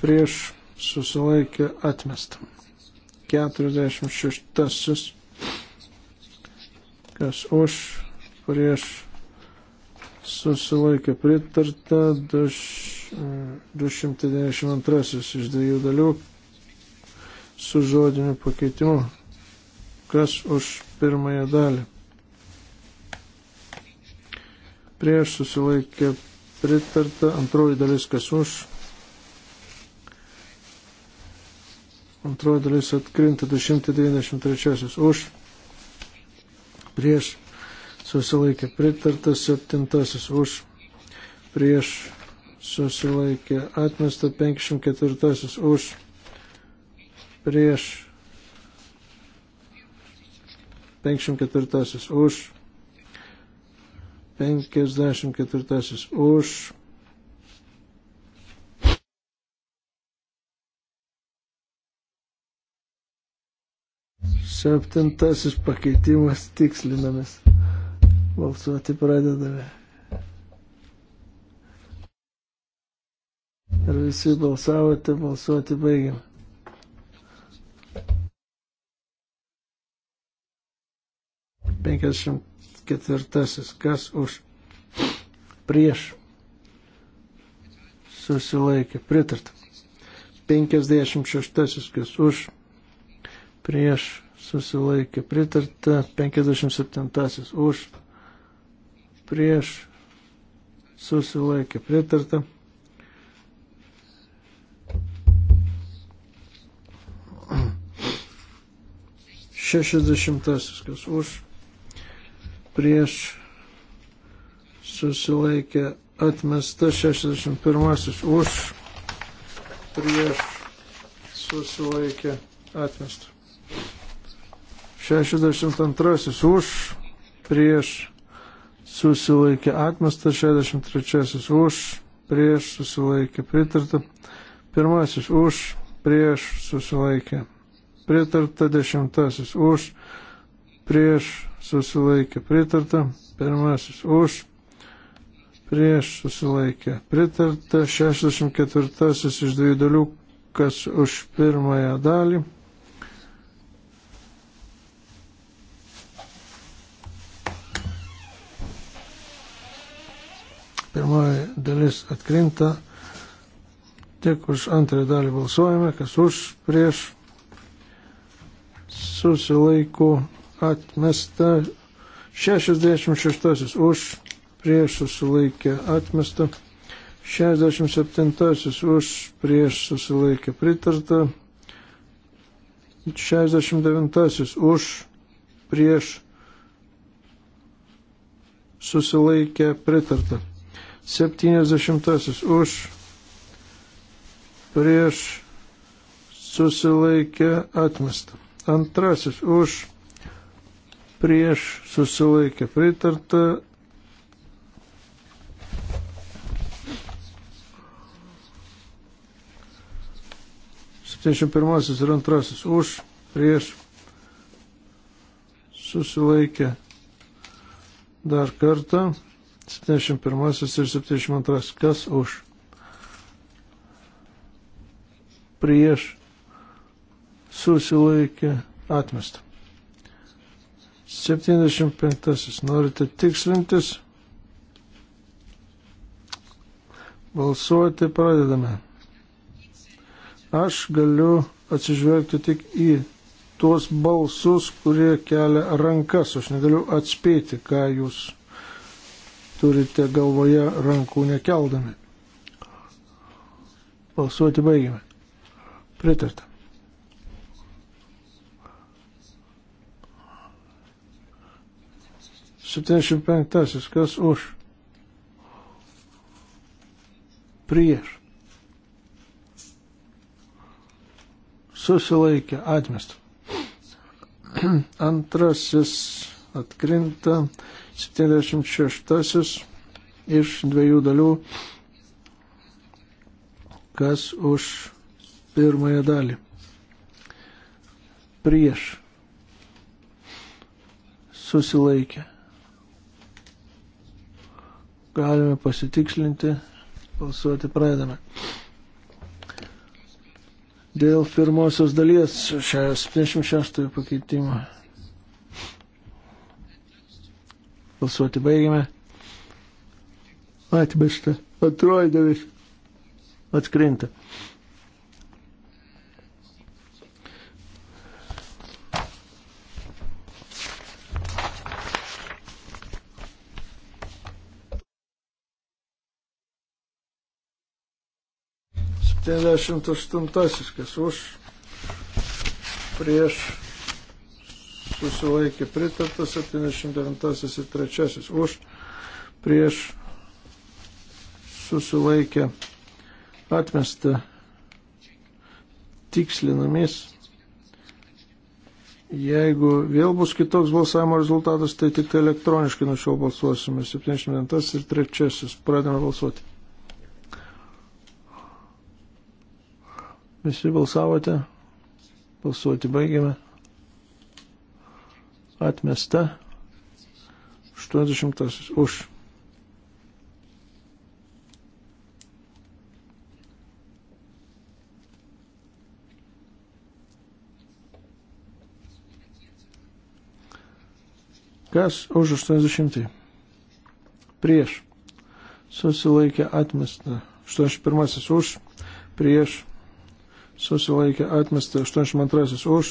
prieš susilaikė atmestą. 46 kas už, prieš susilaikė pritarta 292 iš dviejų dalių su žodiniu pakeitimu, kas už pirmąją dalį. Prieš susilaikė pritarta antroji dalis, kas už. Antroji dalis atkrinta 293 už prieš susilaikė pritartas, septintasis už prieš susilaikė atmesta, penkšim ketvirtasis už prieš penkšim ketvirtasis už penkiasdešimt ketvirtasis už Septintasis pakeitimas tikslinamis. Balsuoti pradedame. Ar visi balsavote, balsuoti baigiam. Penkiasdešimt ketvirtasis. Kas už? Prieš. Susilaikė. Pritarta. Penkiasdešimt šeštasis. Kas už? Prieš susilaikė pritarta 57 už prieš susilaikė pritarta. Šešiasdešimtasis, kas už, prieš susilaikė atmesta, šešiasdešimt pirmasis, už, prieš susilaikė atmesta. 62 už, prieš susilaikė atmestas, 63 už, prieš susilaikė pritarta, pirmasis už, prieš susilaikė pritarta, dešimtasis už, prieš susilaikė pritarta, pirmasis už, prieš susilaikė pritarta, 64 iš dviejų dalių, kas už pirmąją dalį Pirmoji dalis atkrinta. Tik už antrąją dalį balsuojame, kas už, prieš, susilaiko atmesta. 66 už, prieš susilaikė atmesta. 67 už, prieš susilaikė pritarta. 69 už, prieš susilaikė pritarta. 70 už prieš susilaikė atmestą. Antrasis už prieš susilaikė pritarta. Septyniasdešimt pirmasis ir antrasis už prieš susilaikė dar kartą. 71 ir 72. Kas už? Prieš susilaikė atmestą. 75. Norite tikslintis? Balsuoti pradedame. Aš galiu atsižvelgti tik į tuos balsus, kurie kelia rankas. Aš negaliu atspėti, ką jūs turite galvoje rankų nekeldami. Balsuoti baigime. Pritarta. Septyniasdešimt penktasis, kas už? Prieš. Susilaikė, atmestas. Antrasis atkrinta. 76 iš dviejų dalių, kas už pirmąją dalį. Prieš susilaikė. Galime pasitikslinti, balsuoti pradedame. Dėl pirmosios dalies 76 pakeitimo. Balsuoti baigiame. Atmesta. Antroji dalis. Atskrinta. Septyniasdešimt aštuntasis, kas už prieš susilaikė pritarta, 79 ir 3 už, prieš susilaikė atmesta tikslinamis. Jeigu vėl bus kitoks balsavimo rezultatas, tai tik elektroniškai nuo šiol balsuosime. 79 ir 3 pradėme balsuoti. Visi balsavote? Balsuoti baigėme atmesta. 80 už. Kas už 80? Prieš. Susilaikė atmesta. 81 už. Prieš. Susilaikė atmesta. 82 už.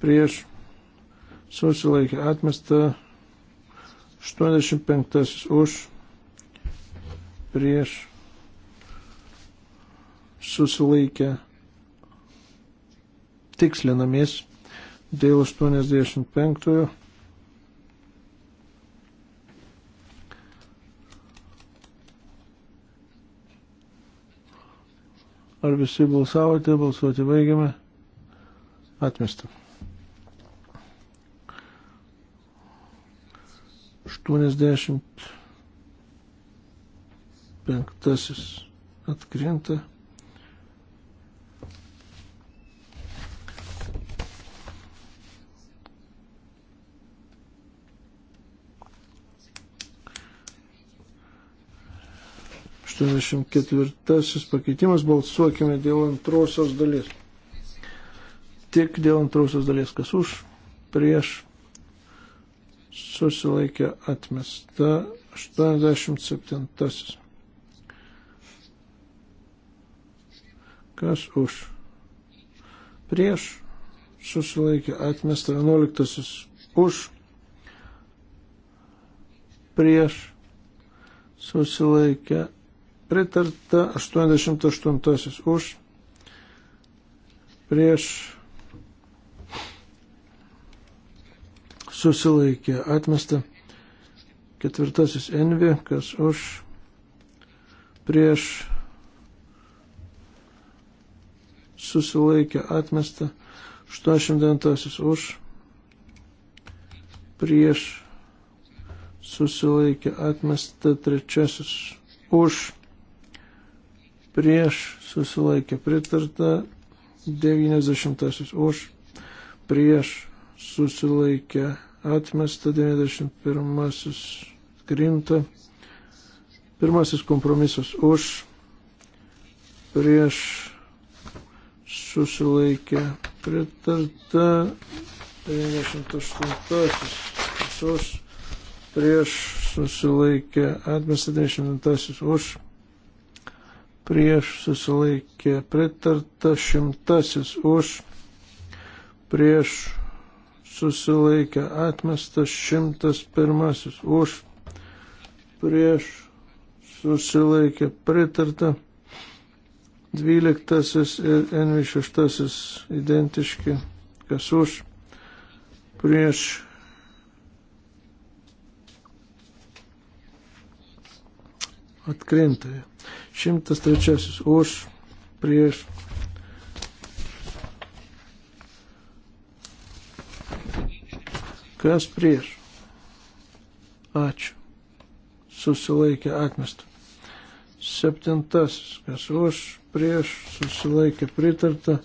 Prieš susilaikė atmesta 85 už prieš susilaikė tikslinamis dėl 85 Ar visi balsavote, balsuoti baigiame. Atmestam. 85 atkrinta. Aštuoniasdešimt ketvirtasis pakeitimas balsuokime dėl antrosios dalies. Tik dėl antrosios dalies, kas už, prieš, susilaikė atmesta 87. Kas už? Prieš susilaikė atmesta 11. Už. Prieš susilaikė pritarta 88. Už. Prieš susilaikė atmesta. Ketvirtasis Envi, kas už, prieš, susilaikė atmesta. 89 už, prieš, susilaikė atmesta. Trečiasis už, prieš, susilaikė pritarta. 90 už, prieš, susilaikė atmesta 91 krinta. Pirmasis kompromisas už, prieš susilaikė pritarta 98 už, prieš susilaikė atmesta 99 už, prieš susilaikė pritarta 100 už, prieš susilaikė atmestas 101 už, prieš susilaikė pritarta 12 ir N6 identiški, kas už, prieš atkrintoje. 103 už, prieš Kas prieš? Ačiū. Susilaikė atmestą. Septintasis. Kas už? Prieš. Susilaikė pritarta.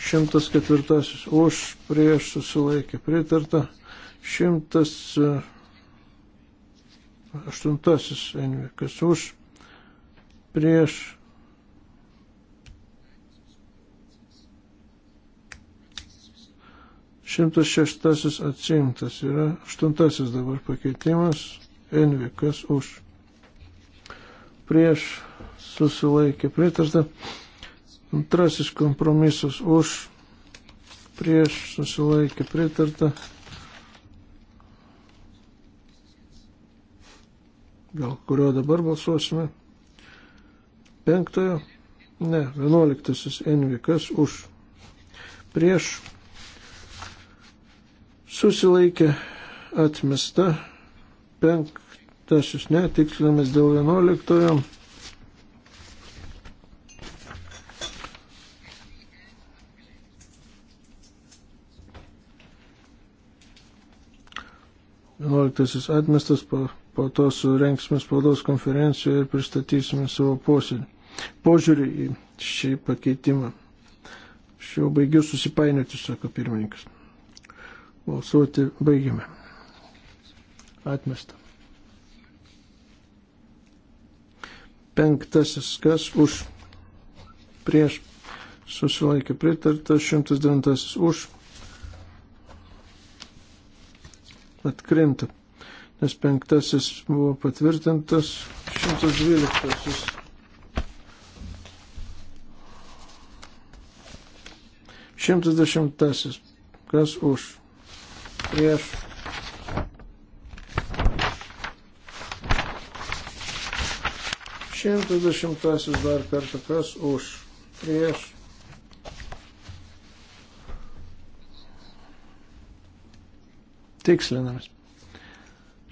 Šimtas ketvirtasis. Už. Prieš. Susilaikė pritarta. Šimtas e, aštuntasis. Kas už? Prieš 106 atsimtas yra 8 dabar pakeitimas. Envi, kas už. Prieš susilaikė pritarta. Antrasis kompromisas už. Prieš susilaikė pritarta. Gal kurio dabar balsuosime? Penktojo. Ne, vienuoliktasis Envi, kas už. Prieš susilaikė atmesta, penktasis netikslinamas dėl vienuoliktojo. Vienuoliktasis atmestas, po, po to surenksime spaudos konferenciją ir pristatysime savo posėdį. Požiūrį į šį pakeitimą. Aš jau baigiu susipainioti, sako pirmininkas. Balsuoti baigiame. Atmesta. Penktasis, kas už prieš susilaikė pritarta, 109 už atkrinta, nes penktasis buvo patvirtintas, 112. 110. Kas už? prieš šimtas dešimtasis dar kartą kas už prieš tikslinamas.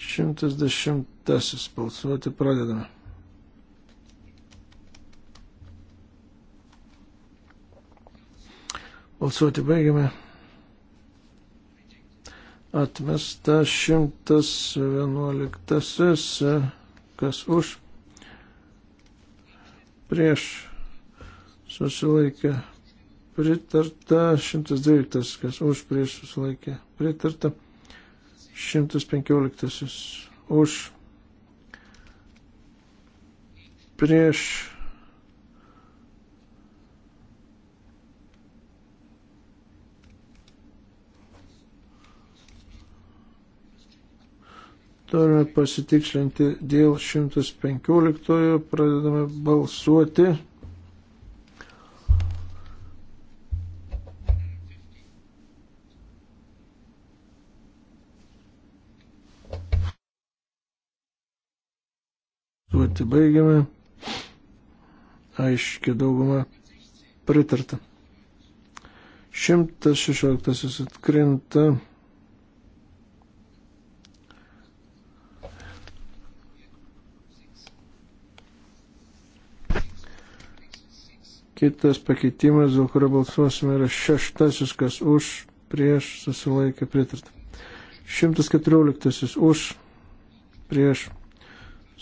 110 balsuoti pradedame. Balsuoti baigiame. Atmesta 111. Kas už? Prieš susilaikė. Pritarta 112. Kas už? Prieš susilaikė. Pritarta 115. Už. Prieš Turime pasitikslinti dėl 115, pradedame balsuoti. Tuoti baigiame. Aiškiai daugumą pritarta. 116 atkrinta. Kitas pakeitimas, dėl kurio balsuosime, yra šeštasis, kas už, prieš, susilaikė pritarta. 114 už, prieš,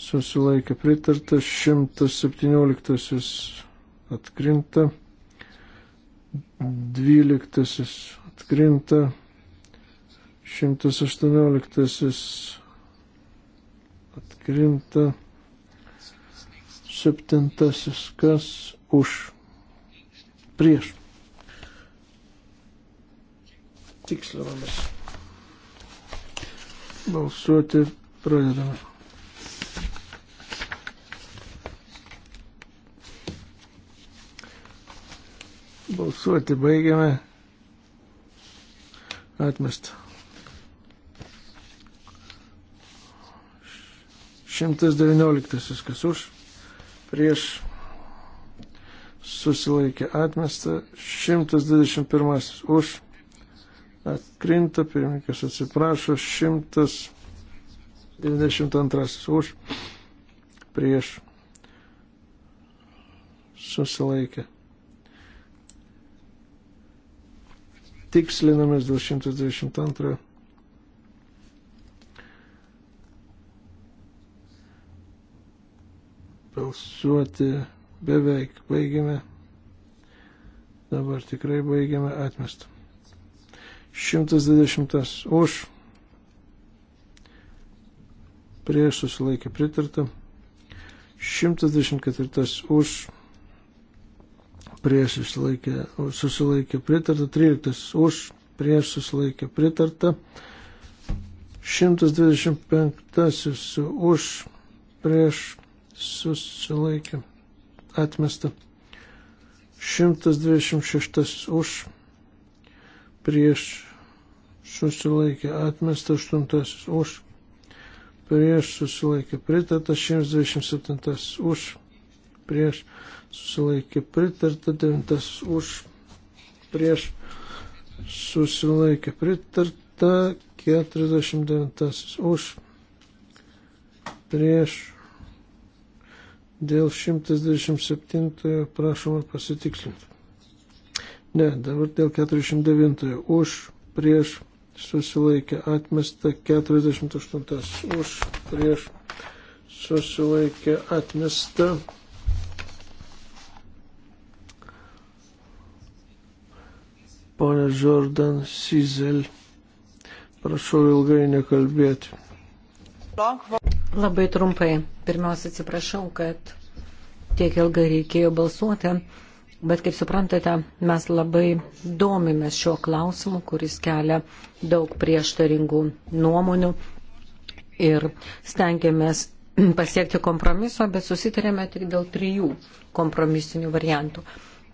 susilaikė pritarta. 117 atkrinta. 12 atkrinta. 118 atkrinta. Septintasis kas už prieš. Tikslinamas. Balsuoti pradedame. Balsuoti baigiame. Atmesta. 119. Kas už? Prieš susilaikė atmesta, 121 už, atkrinta, pirmininkas atsiprašo, 122 už, prieš, susilaikė. Tikslinamės 222. Balsuoti Beveik baigėme. Dabar tikrai baigėme atmestą. 120 už. Prieš susilaikė pritarta. 124 už. Prieš susilaikė, susilaikė pritarta. 13 už. Prieš susilaikė pritarta. 125 už. Prieš susilaikė pritarta atmesta. 126 už, prieš susilaikė atmesta, 8 už, prieš susilaikė pritarta, 127 už, prieš susilaikė pritarta, 9 už, prieš susilaikė pritarta, 49 už, prieš Dėl 127 prašoma pasitikslinti. Ne, dabar dėl 49. Už, prieš, susilaikė, atmesta 48. Už, prieš, susilaikė, atmesta. Pone Jordan Sizel, prašau ilgai nekalbėti. Labai trumpai. Pirmiausia, atsiprašau, kad tiek ilgai reikėjo balsuoti, bet kaip suprantate, mes labai domimės šiuo klausimu, kuris kelia daug prieštaringų nuomonių ir stengiamės pasiekti kompromiso, bet susitarėme tik dėl trijų kompromisinių variantų.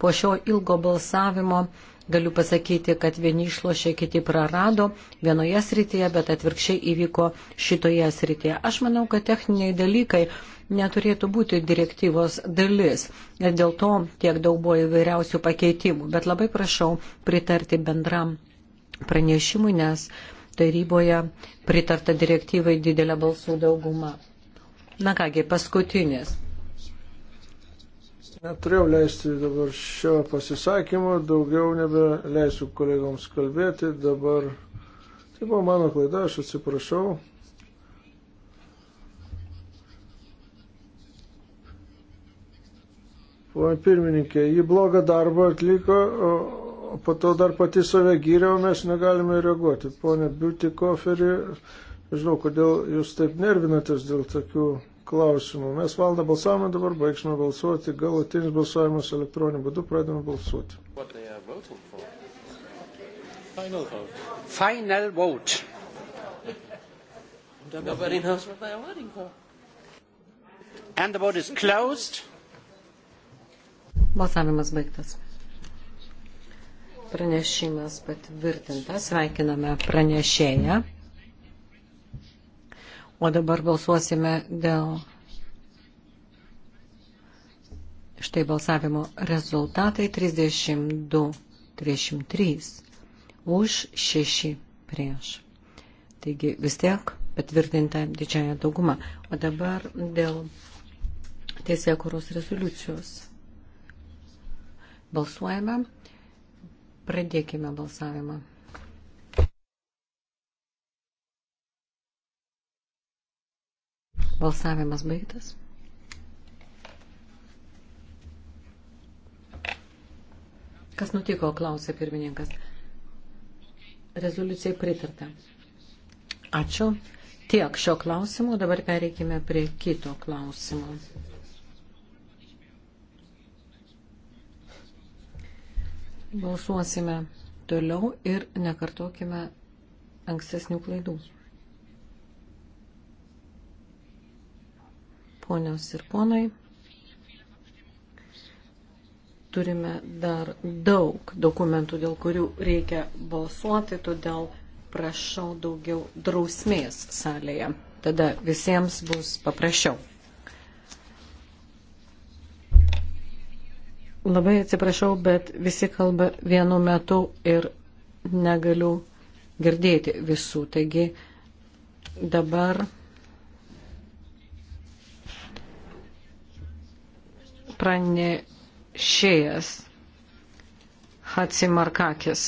Po šio ilgo balsavimo uh, galiu pasakyti, kad vieni išlošė, kiti prarado vienoje srityje, bet atvirkščiai įvyko šitoje srityje. Aš manau, kad techniniai dalykai neturėtų būti direktyvos dalis ir dėl to tiek daug buvo įvairiausių pakeitimų, bet labai prašau pritarti bendram pranešimui, nes taryboje pritarta direktyvai didelė balsų dauguma. Na kągi, paskutinis Neturėjau leisti dabar šio pasisakymo, daugiau nebeleisiu kolegoms kalbėti. Dabar tai buvo mano klaida, aš atsiprašau. Pone pirmininkė, jį blogą darbą atliko, o po to dar pati save gyrė, o mes negalime reaguoti. Pone Biutikoferi, žinau, kodėl jūs taip nervinatės dėl tokių klausimų. Mes valdą balsavimą dabar baigsime balsuoti. Galutinis balsavimas elektroniniu būdu pradėme balsuoti. Final vote. Final vote. Nobody knows what they are voting for. And the vote is closed. Balsavimas baigtas. Pranešimas patvirtintas. Sveikiname pranešėją. O dabar balsuosime dėl štai balsavimo rezultatai 32, 33 už 6 prieš. Taigi vis tiek patvirtinta didžiaja dauguma. O dabar dėl teisėkuros rezoliucijos. Balsuojame. Pradėkime balsavimą. Balsavimas baigtas. Kas nutiko, klausė pirmininkas. Rezoliucijai pritarta. Ačiū. Tiek šio klausimo, dabar pereikime prie kito klausimo. Balsuosime toliau ir nekartokime ankstesnių klaidų. ponios ir ponai. Turime dar daug dokumentų, dėl kurių reikia balsuoti, todėl prašau daugiau drausmės salėje. Tada visiems bus paprasčiau. Labai atsiprašau, bet visi kalba vienu metu ir negaliu girdėti visų. Taigi dabar pranešėjas Hatsimarkakis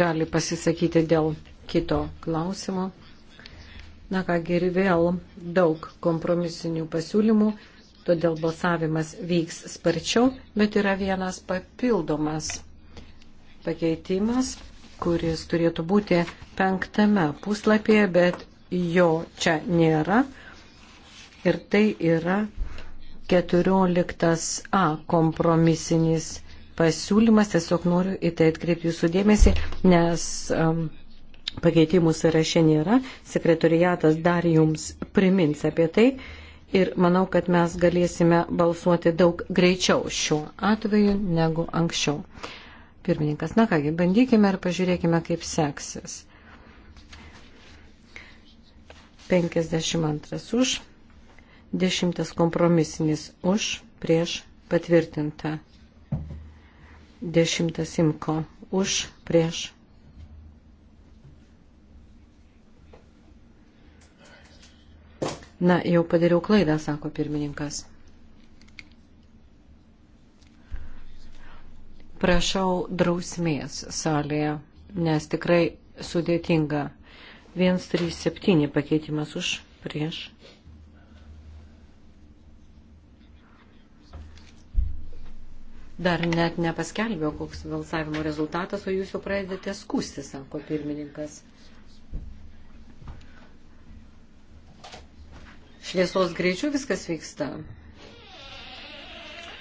gali pasisakyti dėl kito klausimo. Na kągi ir vėl daug kompromisinių pasiūlymų, todėl balsavimas vyks sparčiau, bet yra vienas papildomas pakeitimas, kuris turėtų būti penktame puslapyje, bet jo čia nėra. Ir tai yra 14a kompromisinis pasiūlymas, tiesiog noriu į tai atkreipti jūsų dėmesį, nes um, pakeitimų sąraše nėra, sekretoriatas dar jums primins apie tai ir manau, kad mes galėsime balsuoti daug greičiau šiuo atveju negu anksčiau. Pirmininkas, na kągi, bandykime ir pažiūrėkime, kaip seksis. 52 už Dešimtas kompromisinis už, prieš, patvirtinta. Dešimtas imko už, prieš. Na, jau padariau klaidą, sako pirmininkas. Prašau drausmės salėje, nes tikrai sudėtinga. 137 pakeitimas už, prieš, Dar net nepaskelbėjau, koks balsavimo rezultatas, o jūs jau pradedate skusti, sako pirmininkas. Šviesos greičiu viskas vyksta.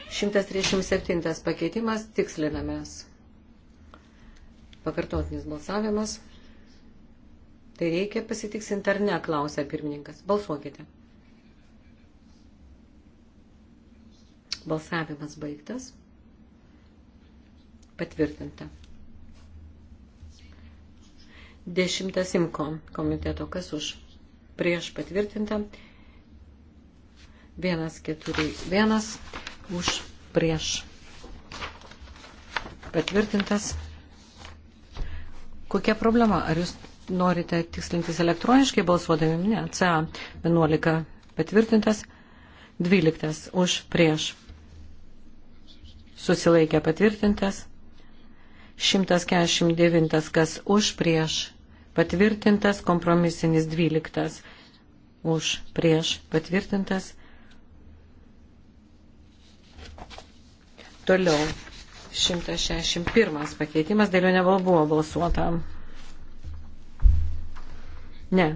137 pakeitimas tikslinamės. Pakartotinis balsavimas. Tai reikia pasitiksinti ar ne, klausia pirmininkas. Balsuokite. Balsavimas baigtas. Patvirtinta. Dešimtas imko komiteto kas už. Prieš patvirtinta. Vienas keturi vienas už prieš. Patvirtintas. Kokia problema? Ar jūs norite tikslintis elektroniškai balsuodami? Ne, CA 11 patvirtintas, 12 už prieš. Susilaikė patvirtintas, 149 kas už prieš patvirtintas, kompromisinis 12 už prieš patvirtintas. Toliau 161 pakeitimas, dėl jo nebuvo balsuota. Ne,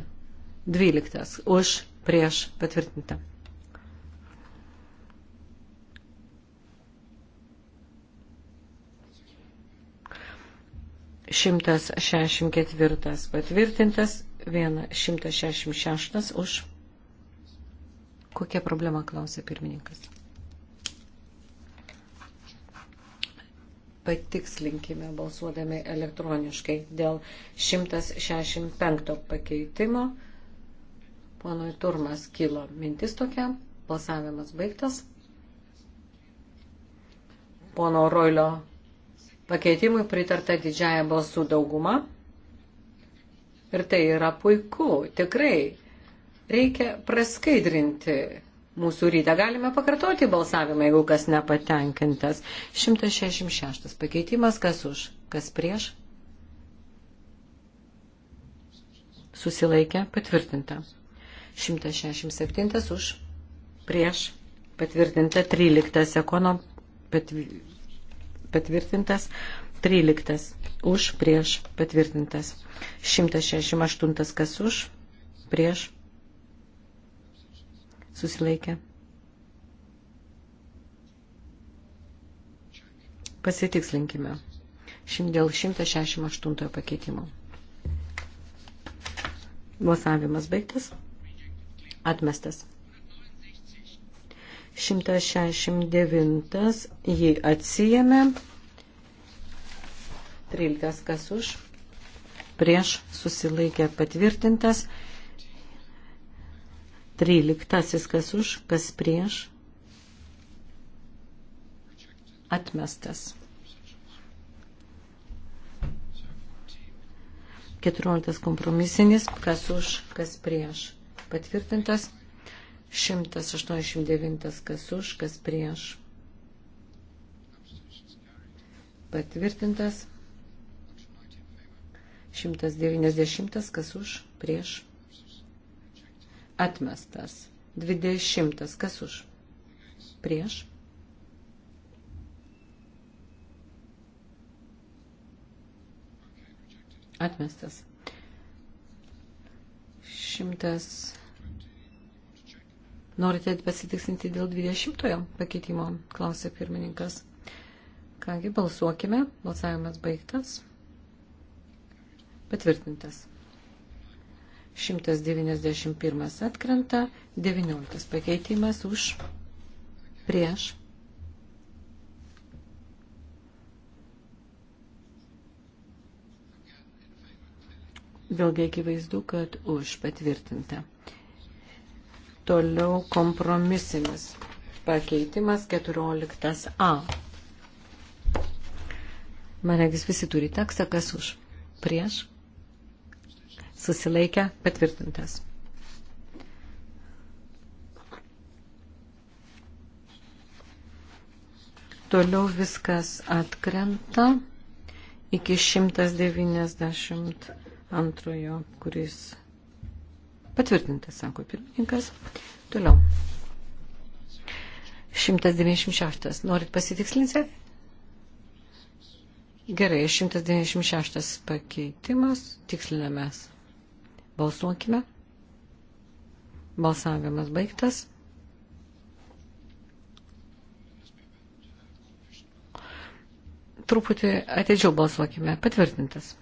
12 už prieš patvirtinta. 164 patvirtintas, 166 už. Kokia problema, klausė pirmininkas. Patikslinkime balsuodami elektroniškai dėl 165 pakeitimo. Ponui Turmas kilo mintis tokia, balsavimas baigtas. Pono Roilio Pakeitimui pritarta didžiaja balsų dauguma. Ir tai yra puiku, tikrai. Reikia praskaidrinti mūsų rytą. Galime pakartoti balsavimą, jeigu kas nepatenkintas. 166 pakeitimas, kas už, kas prieš. Susilaikė, patvirtinta. 167 už, prieš, patvirtinta 13 ekono, patvirtinta patvirtintas, 13 už, prieš patvirtintas, 168 kas už, prieš susilaikė. Pasitikslinkime dėl 168 pakeitimo. Balsavimas baigtas. Atmestas. 169 jį atsijėmė. 13 kas už. Prieš susilaikė patvirtintas. 13 kas už, kas prieš. Atmestas. 14 kompromisinis, kas už, kas prieš. Patvirtintas. 189 kas už, kas prieš. Patvirtintas. 190 kas už, prieš. Atmestas. 20 kas už, prieš. Atmestas. 100. Norite pasitiksinti dėl 20 pakeitimo, klausė pirmininkas. Kągi, balsuokime. Balsavimas baigtas. Patvirtintas. 191 atkrenta, 19 pakeitimas už prieš. Vėlgi akivaizdu, kad už patvirtinta. Toliau kompromisinis pakeitimas 14a. Man regis visi turi tekstą, kas už. Prieš. Susilaikę patvirtintas. Toliau viskas atkrenta iki 192, kuris Patvirtintas, sako pirmininkas. Toliau. 196. Norit pasitikslinti? Gerai, 196 pakeitimas. Tikslinamės. Balsuokime. Balsavimas baigtas. Truputį atidžiau balsuokime. Patvirtintas.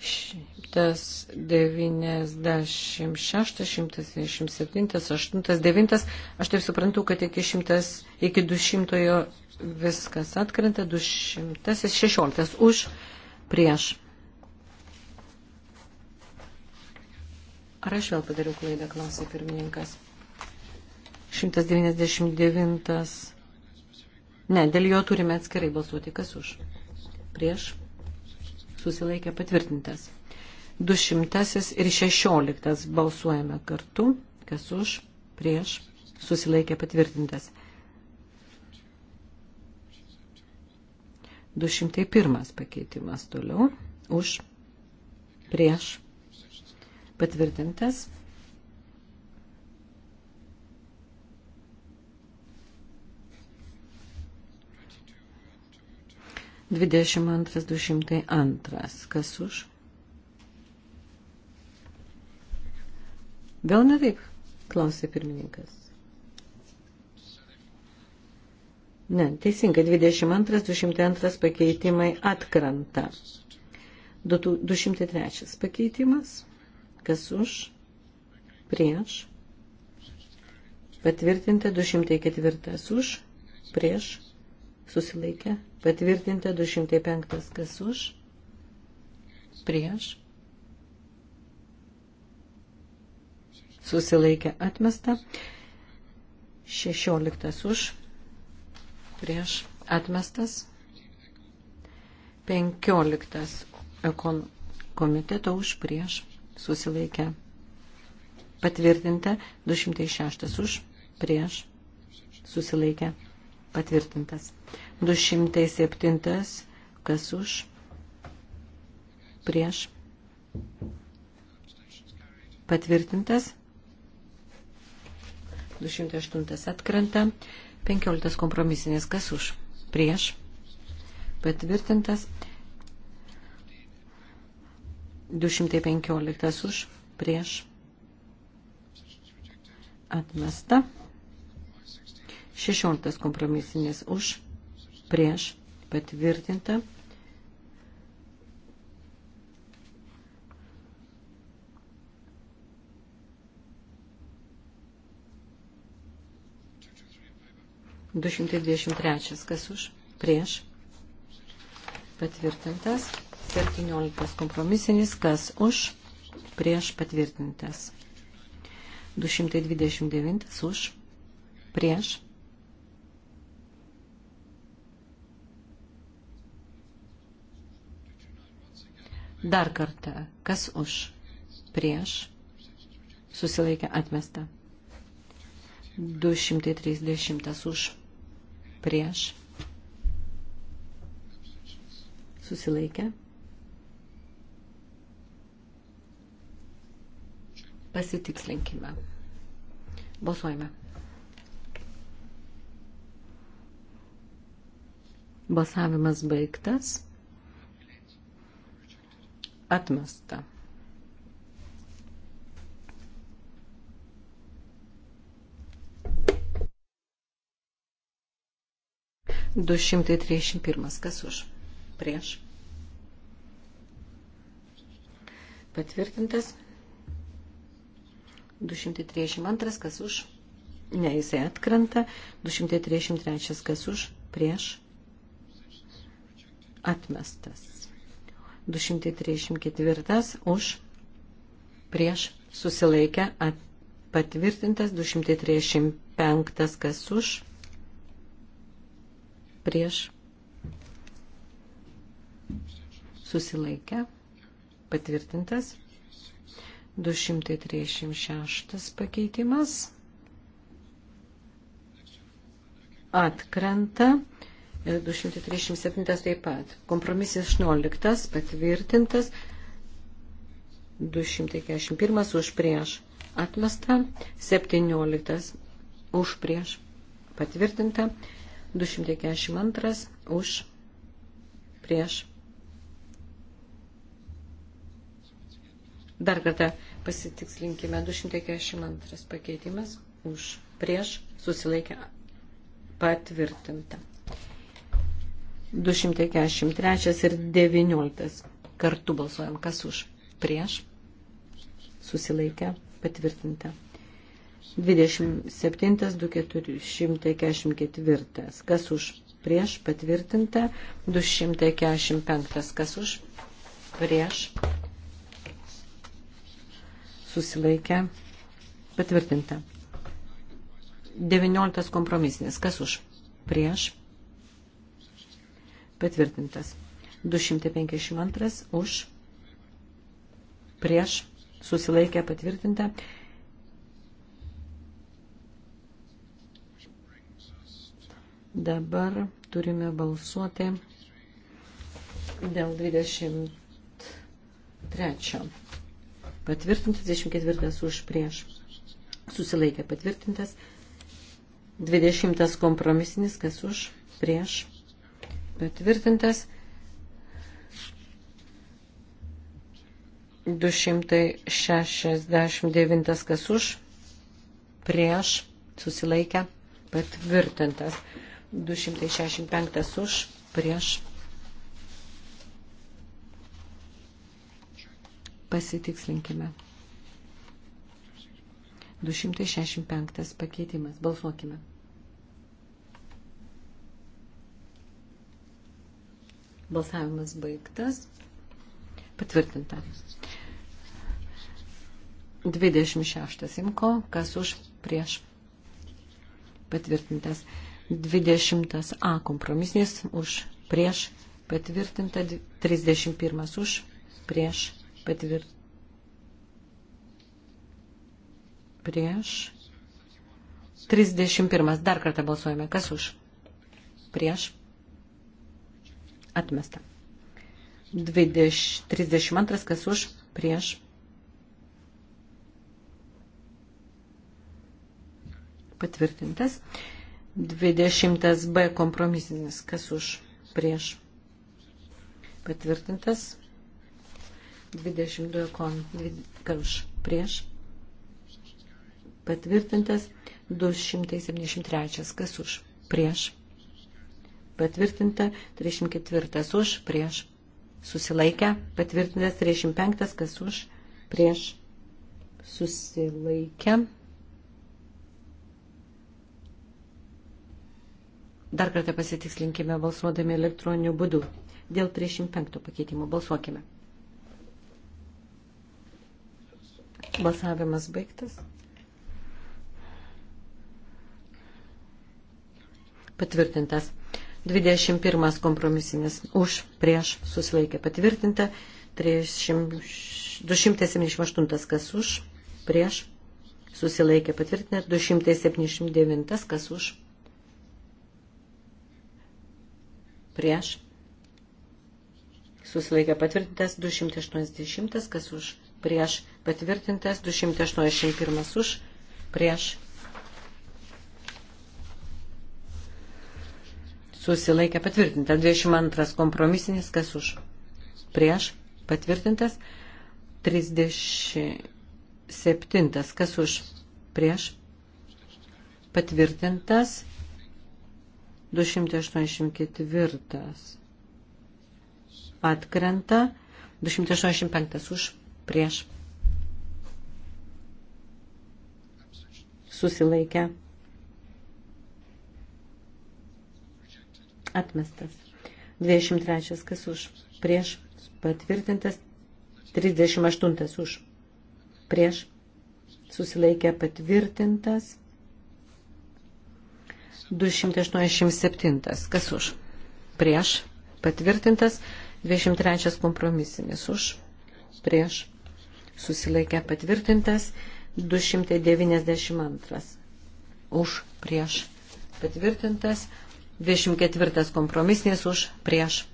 Ši. 196, 127, 8, 9. Aš taip suprantu, kad iki, 100, iki 200 viskas atkrenta, 216 už prieš. Ar aš vėl padariau klaidą, klausė pirmininkas. 199. Ne, dėl jo turime atskirai balsuoti. Kas už? Prieš? Susilaikė patvirtintas. 200 ir 16 balsuojame kartu, kas už, prieš, susilaikė patvirtintas. 201 pakeitimas toliau, už, prieš, patvirtintas. Dvidešimt antras, du šimtai antras. Kas už? Vėl ne taip, klausė pirmininkas. Ne, teisinga, 22-202 pakeitimai atkranta. 203 pakeitimas, kas už, prieš, patvirtinta 204 už, prieš, susilaikė, patvirtinta 205 kas už, prieš, susilaikė atmesta, 16 už, prieš atmestas, 15 ekon komiteto už, prieš susilaikė patvirtinta, 206 už, prieš susilaikė patvirtintas, 207 kas už, prieš patvirtintas, 208 atkrenta, 15 kompromisinis kas už, prieš, patvirtintas, 215 už, prieš, atmesta, 16 kompromisinis už, prieš, patvirtinta, 223. Kas už? Prieš. Patvirtintas. 17. Kompromisinis. Kas už? Prieš patvirtintas. 229. Už. Prieš. Dar kartą. Kas už? Prieš. Susilaikė atmesta. 230 už prieš, susilaikę. Pasitikslinkime. Balsuojame. Balsavimas baigtas. Atmesta. 231. Kas už? Prieš. Patvirtintas. 232. Kas už? Ne, jisai atkrenta. 233. Kas už? Prieš. Atmestas. 234. Už. Prieš. Susilaikę. At, patvirtintas. 235. Kas už? prieš susilaikę patvirtintas 236 pakeitimas atkrenta 237 taip pat. Kompromisas 18 patvirtintas 241 už prieš atmesta 17 už prieš patvirtinta 242 už prieš. Dar kartą pasitikslinkime 242 pakeitimas už prieš susilaikę patvirtinta. 243 ir 19 kartu balsuojam, kas už prieš susilaikę patvirtinta. 27.244. Kas už prieš patvirtinta. 245. Kas už prieš susilaikę patvirtinta. 19 kompromisinis. Kas už? Prieš. Patvirtintas. 252 už. Prieš. Susilaikę patvirtinta. Dabar turime balsuoti dėl 23. Patvirtintas 24 už prieš. Susilaikė patvirtintas. 20 kompromisinis, kas už prieš. Patvirtintas. 269 kas už prieš susilaikę patvirtintas. 265 už, prieš. Pasitikslinkime. 265 pakeitimas. Balsuokime. Balsavimas baigtas. Patvirtinta. 26 imko, kas už prieš. Patvirtintas. 20 A kompromisnis už prieš patvirtinta, 31 už prieš patvirtinta. Prieš 31. Dar kartą balsuojame. Kas už? Prieš. Atmesta. 20, 32. Kas už? Prieš. Patvirtintas. 20b kompromisinis, kas už prieš patvirtintas, 22 kon, kas už prieš patvirtintas, 273, kas už prieš patvirtinta, 34 už prieš susilaikę, patvirtintas, 35, kas už prieš susilaikę Dar kartą pasitikslinkime balsuodami elektroniniu būdu. Dėl 35 pakeitimo balsuokime. Balsavimas baigtas. Patvirtintas. 21 kompromisinis už prieš susilaikė patvirtinta. 300, 278 kas už prieš susilaikė patvirtinta. 279 kas už prieš, susilaikė patvirtintas 280, kas už, prieš, patvirtintas 281 už, prieš, susilaikė patvirtintas 22 kompromisinis, kas už, prieš, patvirtintas 37, kas už, prieš, patvirtintas 284 atkrenta, 285 už prieš susilaikę atmestas. 23 kas už prieš patvirtintas, 38 už prieš susilaikę patvirtintas. 287. Kas už? Prieš. Patvirtintas. 23 kompromisinis už. Prieš. Susilaikę patvirtintas. 292. Už. Prieš. Patvirtintas. 24 kompromisinis už. Prieš.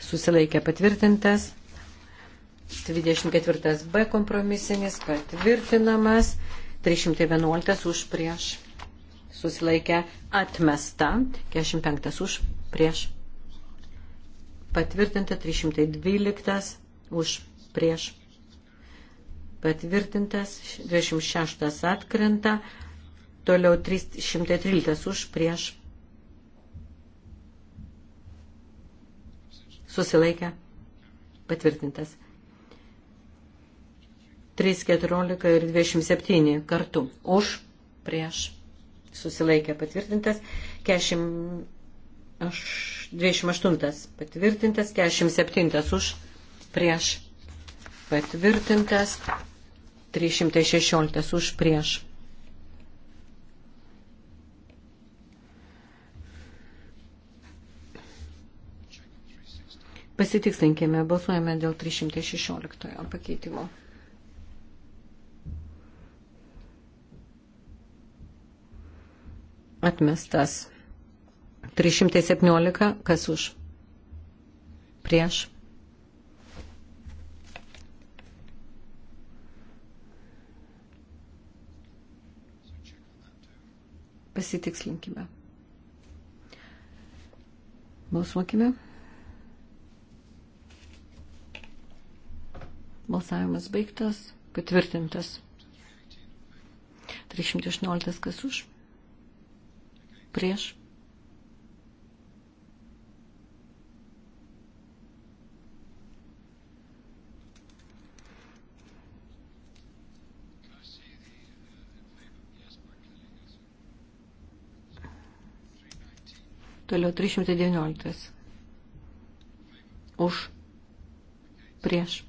Susilaikę patvirtintas. 24b kompromisinis patvirtinamas. 311 už prieš susilaikę atmesta, 45 už, prieš patvirtinta, 312 už, prieš patvirtintas, 26 atkrenta, toliau 313 už, prieš susilaikę patvirtintas. 3, 14 ir 27 kartu. Už, prieš, susilaikė patvirtintas, 28 patvirtintas, 47 už, prieš patvirtintas, 316 už, prieš. Pasitikslinkime, balsuojame dėl 316 pakeitimo. atmestas. 317, kas už? Prieš. Pasitikslinkime. Balsuokime. Balsavimas baigtas, patvirtintas. 318 kas už. Prieš. Toliau 319. Už. Prieš.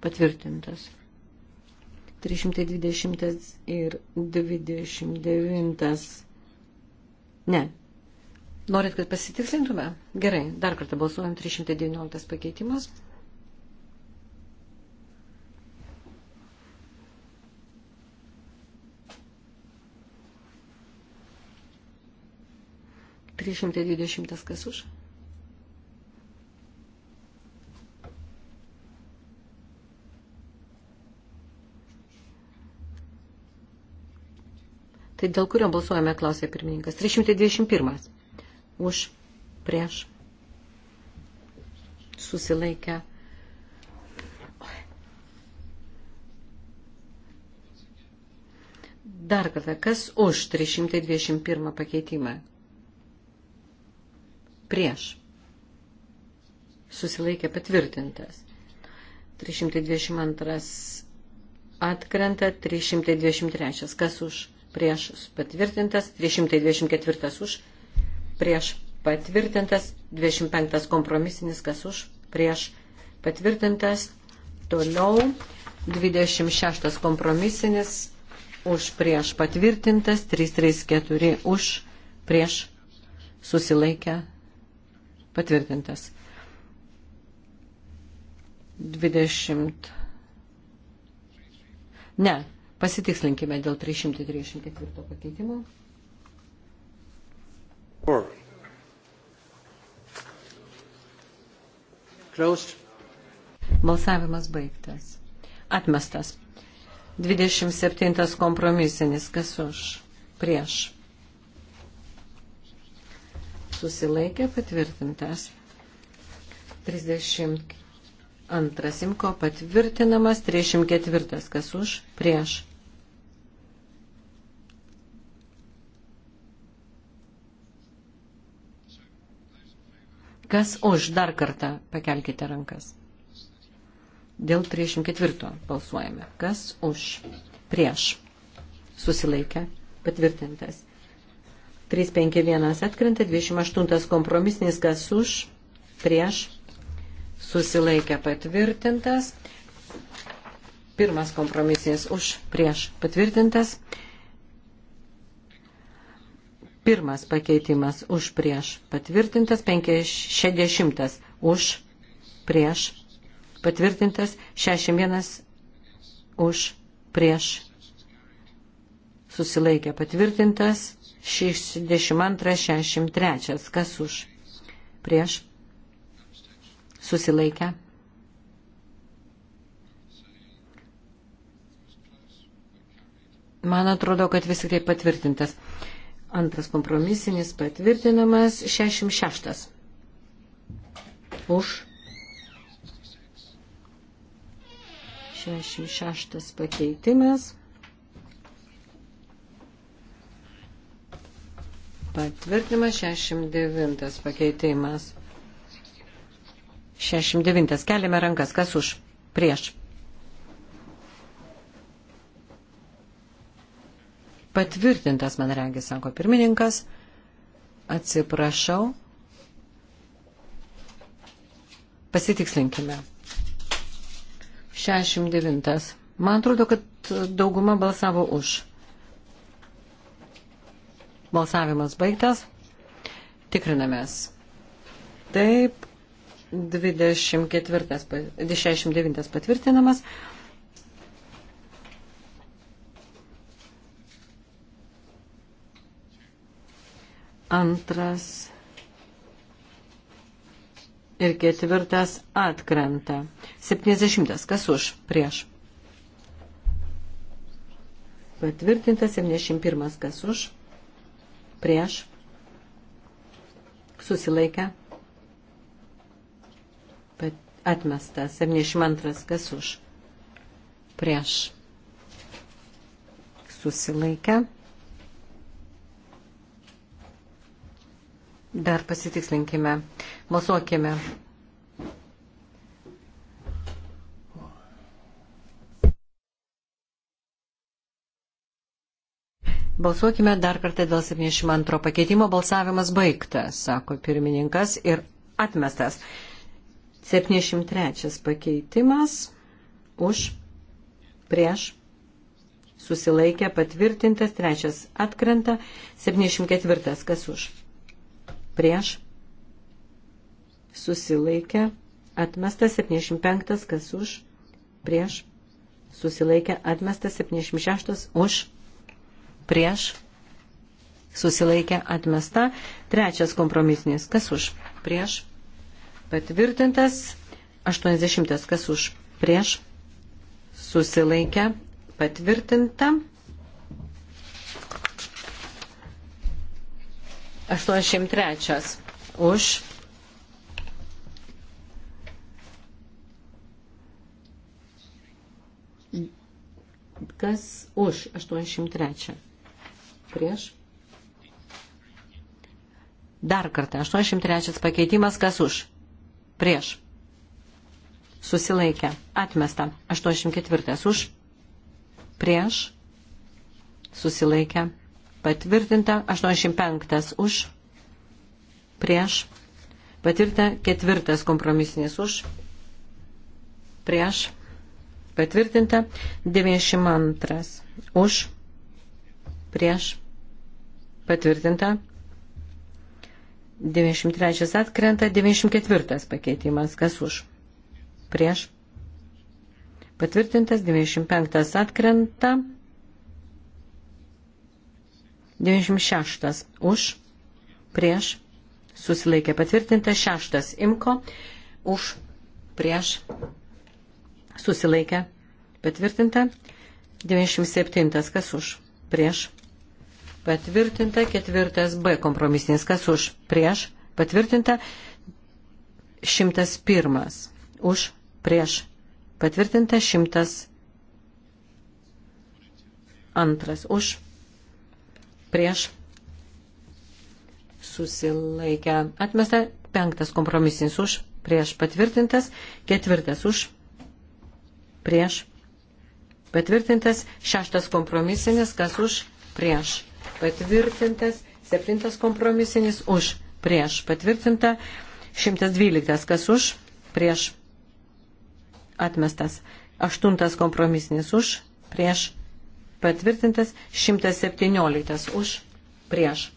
Patvirtintas. 320 ir 29. Ne. Norit, kad pasitikslintume? Gerai, dar kartą balsuojam 319 pakeitimas. Trys šimtai dvidešimtas kas už? Tai dėl kurio balsuojame, klausė pirmininkas. 321. Už, prieš, susilaikę. Dar kartą, kas už 321 pakeitimą? Prieš. Susilaikė patvirtintas. 322 atkrenta, 323. Kas už? prieš patvirtintas, 224 už, prieš patvirtintas, 25 kompromisinis kas už, prieš patvirtintas, toliau 26 kompromisinis už prieš patvirtintas, 334 už prieš susilaikę patvirtintas. 20. Ne, Pasitikslinkime dėl 334 pakeitimo. Closed. Balsavimas baigtas. Atmestas. 27 kompromisinis. Kas už? Prieš. Susilaikė patvirtintas. 34 Antras imko patvirtinamas 34. Kas už? Prieš. Kas už? Dar kartą pakelkite rankas. Dėl 34 balsuojame. Kas už? Prieš. Susilaikę. Patvirtintas. 351 atkrenta, 28 kompromisinis, kas už, prieš, susilaikė patvirtintas. Pirmas kompromisinis už prieš patvirtintas. Pirmas pakeitimas už prieš patvirtintas. 60 už prieš patvirtintas. 61 už prieš susilaikė patvirtintas. 62-63. Kas už prieš susilaikę. Man atrodo, kad vis tik tai patvirtintas. Antras kompromisinis patvirtinamas 66. Už 66 pakeitimas. Patvirtimas 69 pakeitimas. 69. Keliame rankas. Kas už? Prieš. Patvirtintas, man regis, sako pirmininkas. Atsiprašau. Pasitikslinkime. 69. Man atrodo, kad dauguma balsavo už. Balsavimas baigtas. Tikrinamės. Taip, 24, 69 patvirtinamas. Antras ir ketvirtas atkrenta. 70. Kas už? Prieš. Patvirtintas 71. Kas už? Prieš. Susilaikę atmesta. 72 kas už prieš susilaikę. Dar pasitikslinkime, balsuokime. Balsuokime dar kartą dėl 72 pakeitimo. Balsavimas baigtas, sako pirmininkas, ir atmestas. 73 pakeitimas už prieš susilaikė patvirtintas, trečias atkrenta, 74 kas už prieš susilaikė atmestas, 75 kas už prieš susilaikė atmestas, 76 už prieš susilaikė atmesta, trečias kompromisinis kas už prieš patvirtintas, 80 kas už prieš susilaikę patvirtinta, 83 už kas už 83 prieš Dar kartą, 83 pakeitimas, kas už? prieš, susilaikė, atmesta, 84 už, prieš, susilaikė, patvirtinta, 85 už, prieš, patvirtinta, ketvirtas kompromisinis už, prieš, patvirtinta, 92 už, prieš, patvirtinta, 93 atkrenta, 94 pakeitimas, kas už, prieš, patvirtintas, 95 atkrenta, 96 už, prieš, susilaikė patvirtintas, 6 imko, už, prieš, susilaikė patvirtinta, 97 kas už, prieš, Patvirtinta ketvirtas B kompromisinis. Kas už? Prieš. Patvirtinta šimtas pirmas. Už. Prieš. Patvirtinta šimtas antras. Už. Prieš. Susilaikę. Atmesta penktas kompromisinis. Už. Prieš. Patvirtintas ketvirtas. Už. Prieš. Patvirtintas šeštas kompromisinis. Kas už? Prieš patvirtintas, 7 kompromisinis už, prieš patvirtinta, 112 kas už, prieš atmestas, 8 kompromisinis už, prieš patvirtintas, 117 už, prieš.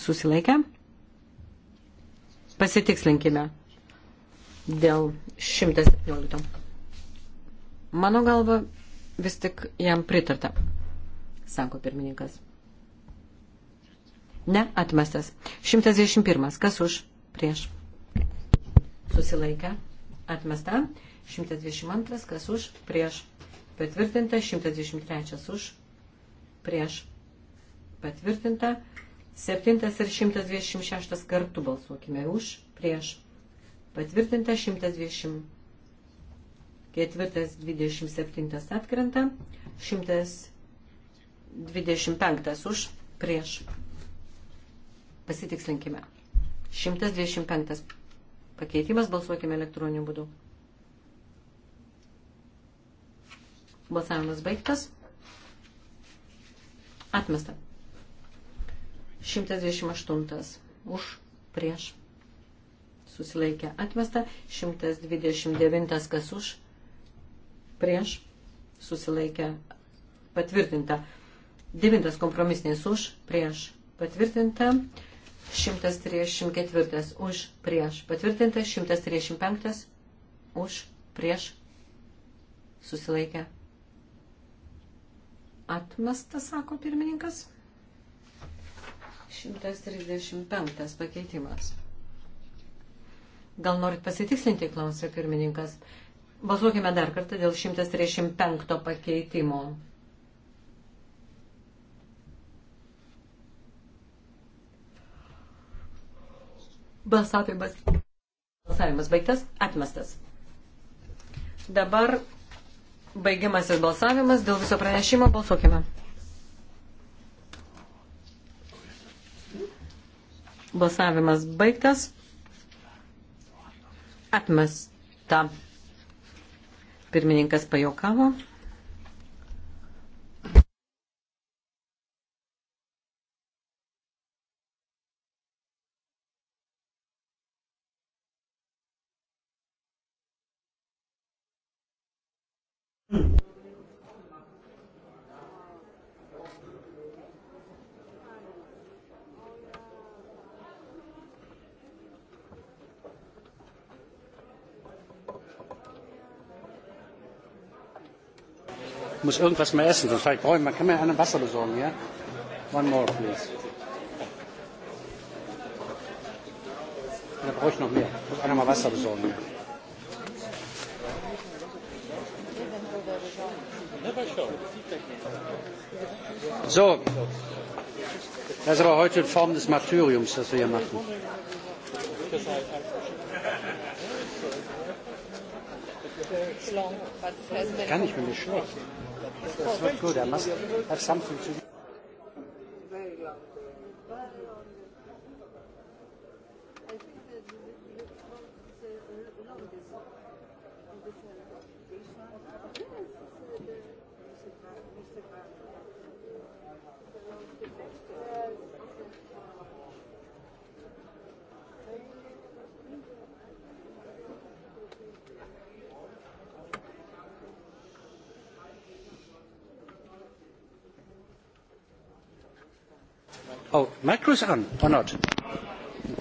Susilaikę? Pasitikslinkime dėl 117. Mano galva vis tik jam pritarta, sako pirmininkas. Ne, atmestas. 121. Kas už? Prieš. Susilaikę. Atmesta. 122. Kas už? Prieš. Patvirtinta. 123. Už. Prieš. Patvirtinta. 7 ir 126 kartų balsuokime už. Prieš. Patvirtinta. 120 ketvirtas 27 atkrenta, 125 už prieš. Pasitikslinkime. 125 pakeitimas balsuokime elektroniniu būdu. Balsavimas baigtas. Atmesta. 128 už prieš. Susilaikė atmesta. 129 kas už prieš, susilaikė, patvirtinta. Devintas kompromisinis už, prieš, patvirtinta. 134 už, prieš, patvirtinta. 135 už, prieš, susilaikė. Atmestas, sako pirmininkas. 135 pakeitimas. Gal norit pasitikslinti, klausė pirmininkas. Balsuokime dar kartą dėl 135 pakeitimo. Balsavimas. Balsavimas baigtas, atmestas. Dabar baigiamasis balsavimas dėl viso pranešimo. Balsuokime. Balsavimas baigtas. Atmesta. Pirmininkas pajokavo. irgendwas mehr essen, sonst vielleicht brauche ich, man kann mir einen Wasser besorgen, ja? One more, please. Da brauche ich noch mehr. Ich muss einer mal Wasser besorgen. Ja. So, das ist aber heute in Form des Martyriums, das wir hier machen. very long, but it has been. Kann ich, bin ich schlecht. That's not good. I must have something to. micros on or not?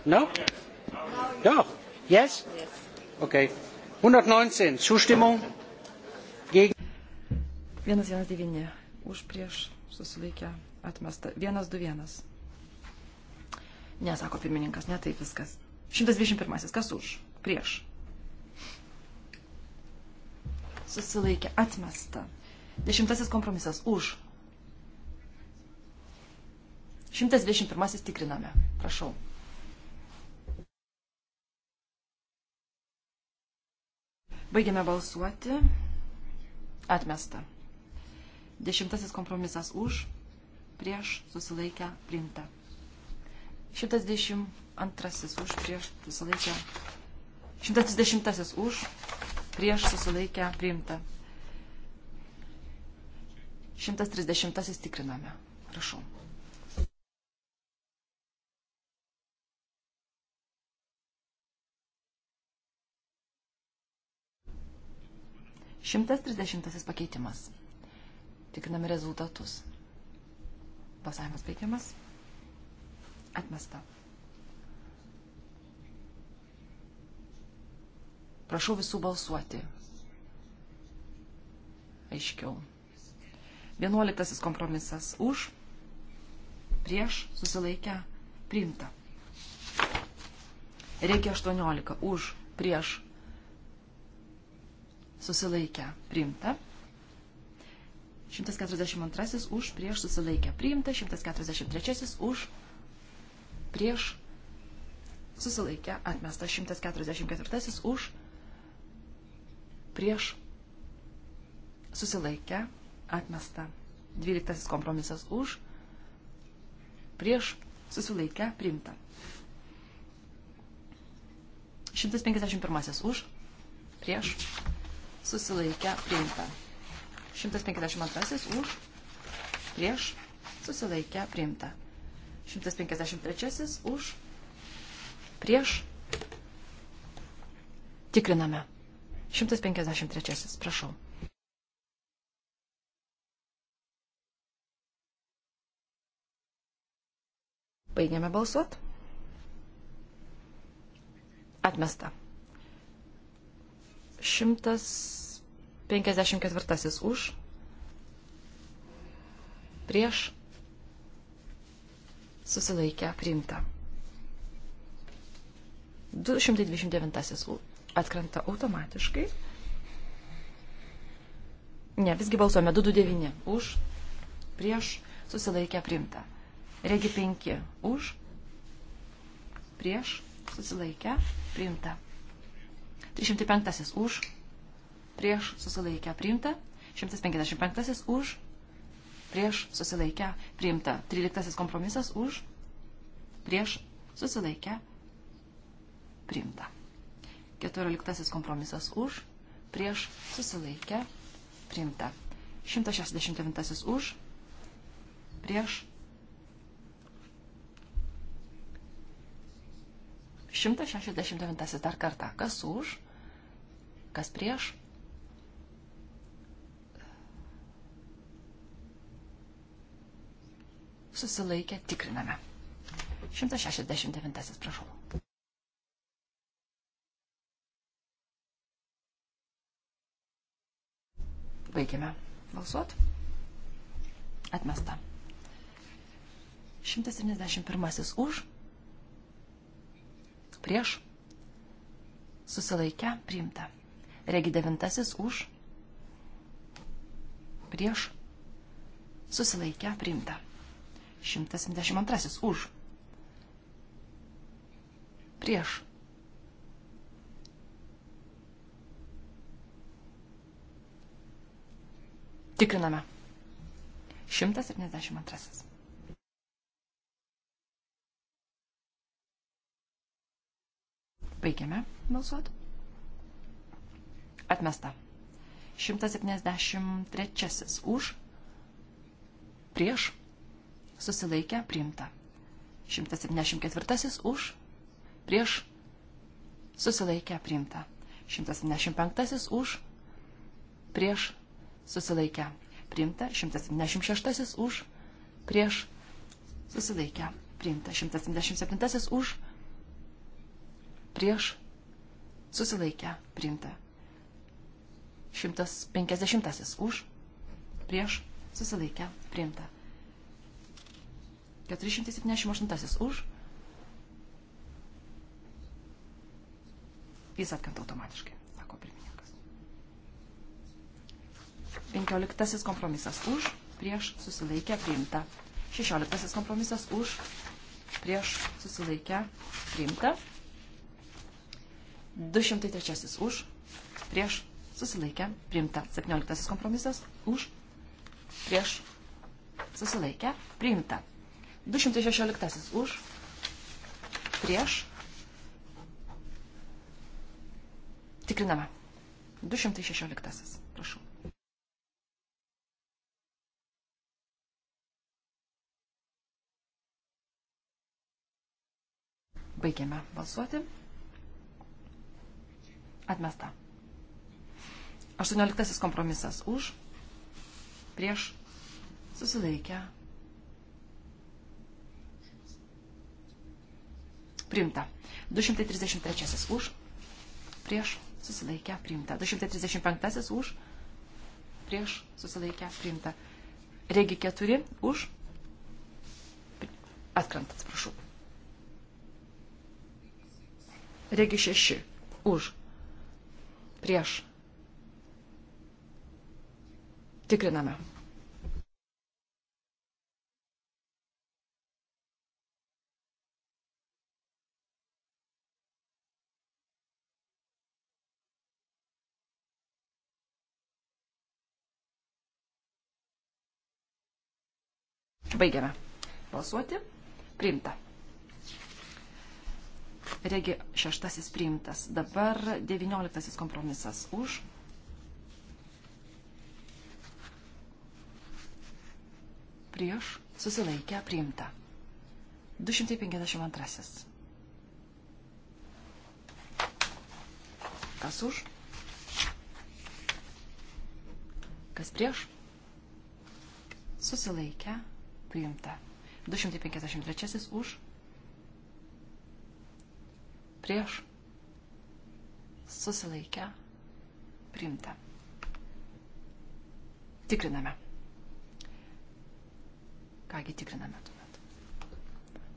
No? Doch. Yes? Okay. 119. Zustimmung? Gegen? 119. Už prieš susilaikę atmesta. 121. Ne, sako pirmininkas, ne taip viskas. 121. Kas už? Prieš. Susilaikė atmesta. Dešimtasis kompromisas. Už 121 tikriname. Prašau. Baigiame balsuoti. Atmesta. Dešimtasis kompromisas už, prieš, susilaikę, priimta. 122 už, prieš, susilaikę. 130 už, prieš, susilaikę, priimta. 130 tikriname. Prašau. 130 pakeitimas. Tikriname rezultatus. Balsavimas baigiamas. Atmesta. Prašau visų balsuoti. Aiškiau. Vienuoliktasis kompromisas už, prieš, susilaikę, priimta. Reikia 18 už, prieš, susilaikę priimta. 142 už prieš susilaikę priimta, 143 už prieš susilaikę atmesta, 144 už prieš susilaikę atmesta, 12 kompromisas už prieš susilaikę priimta. 151 už prieš susilaikę priimta. 152 už, prieš, susilaikę priimta. 153 už, prieš, tikriname. 153, prašau. Baigiame balsuot. Atmesta. 154 už, prieš, susilaikę, priimta. 229 atkrenta automatiškai. Ne, visgi balsuojame 229 už, prieš, susilaikę, priimta. Regi 5 už, prieš, susilaikę, priimta. 305 už, prieš susilaikę priimta, 155 už, prieš susilaikę priimta, 13 kompromisas už, prieš susilaikę priimta, 14 kompromisas už, prieš susilaikę priimta, 169 už, prieš 169 dar kartą, kas už, Kas prieš? Susilaikę tikriname. 169, prašau. Baigiame balsuot. Atmesta. 171 už. Prieš. Susilaikę priimta. Regi devintasis už. Prieš. Susilaikę priimta. 172 už. Prieš. Tikriname. 172. Baigiame balsuoti. Atmesta. 173 už, prieš, susilaikę, priimta. 174 už, prieš, susilaikę, priimta. 175 už, prieš, susilaikę, priimta. 176 už, prieš, susilaikę, priimta. 177 už, prieš, susilaikę, priimta. 150 už, prieš, susilaikę, priimta. 478 už. Jis atkanta automatiškai, sako pirmininkas. 15 kompromisas už, prieš, susilaikę, priimta. 16 kompromisas už, prieš, susilaikę, priimta. 203 už, prieš, susilaikę, priimta. 17 kompromisas už, prieš, susilaikę, priimta. 216 už, prieš, tikriname. 216, prašau. Baigiame balsuoti. Atmesta. 18 kompromisas už, prieš, susilaikę. Primta. 233 už, prieš, susilaikę, primta. 235 už, prieš, susilaikę, primta. Regi 4 už, atkrant, atsiprašau. Regi 6 už, prieš, Tikriname. Baigiame. Balsuoti. Priimta. Regi šeštasis priimtas. Dabar devinioliktasis kompromisas už prieš susilaikę priimta. 252. Kas už? Kas prieš? Susilaikę priimta. 253 už. Prieš. Susilaikę priimta. Tikriname. Kągi tikriname tuomet.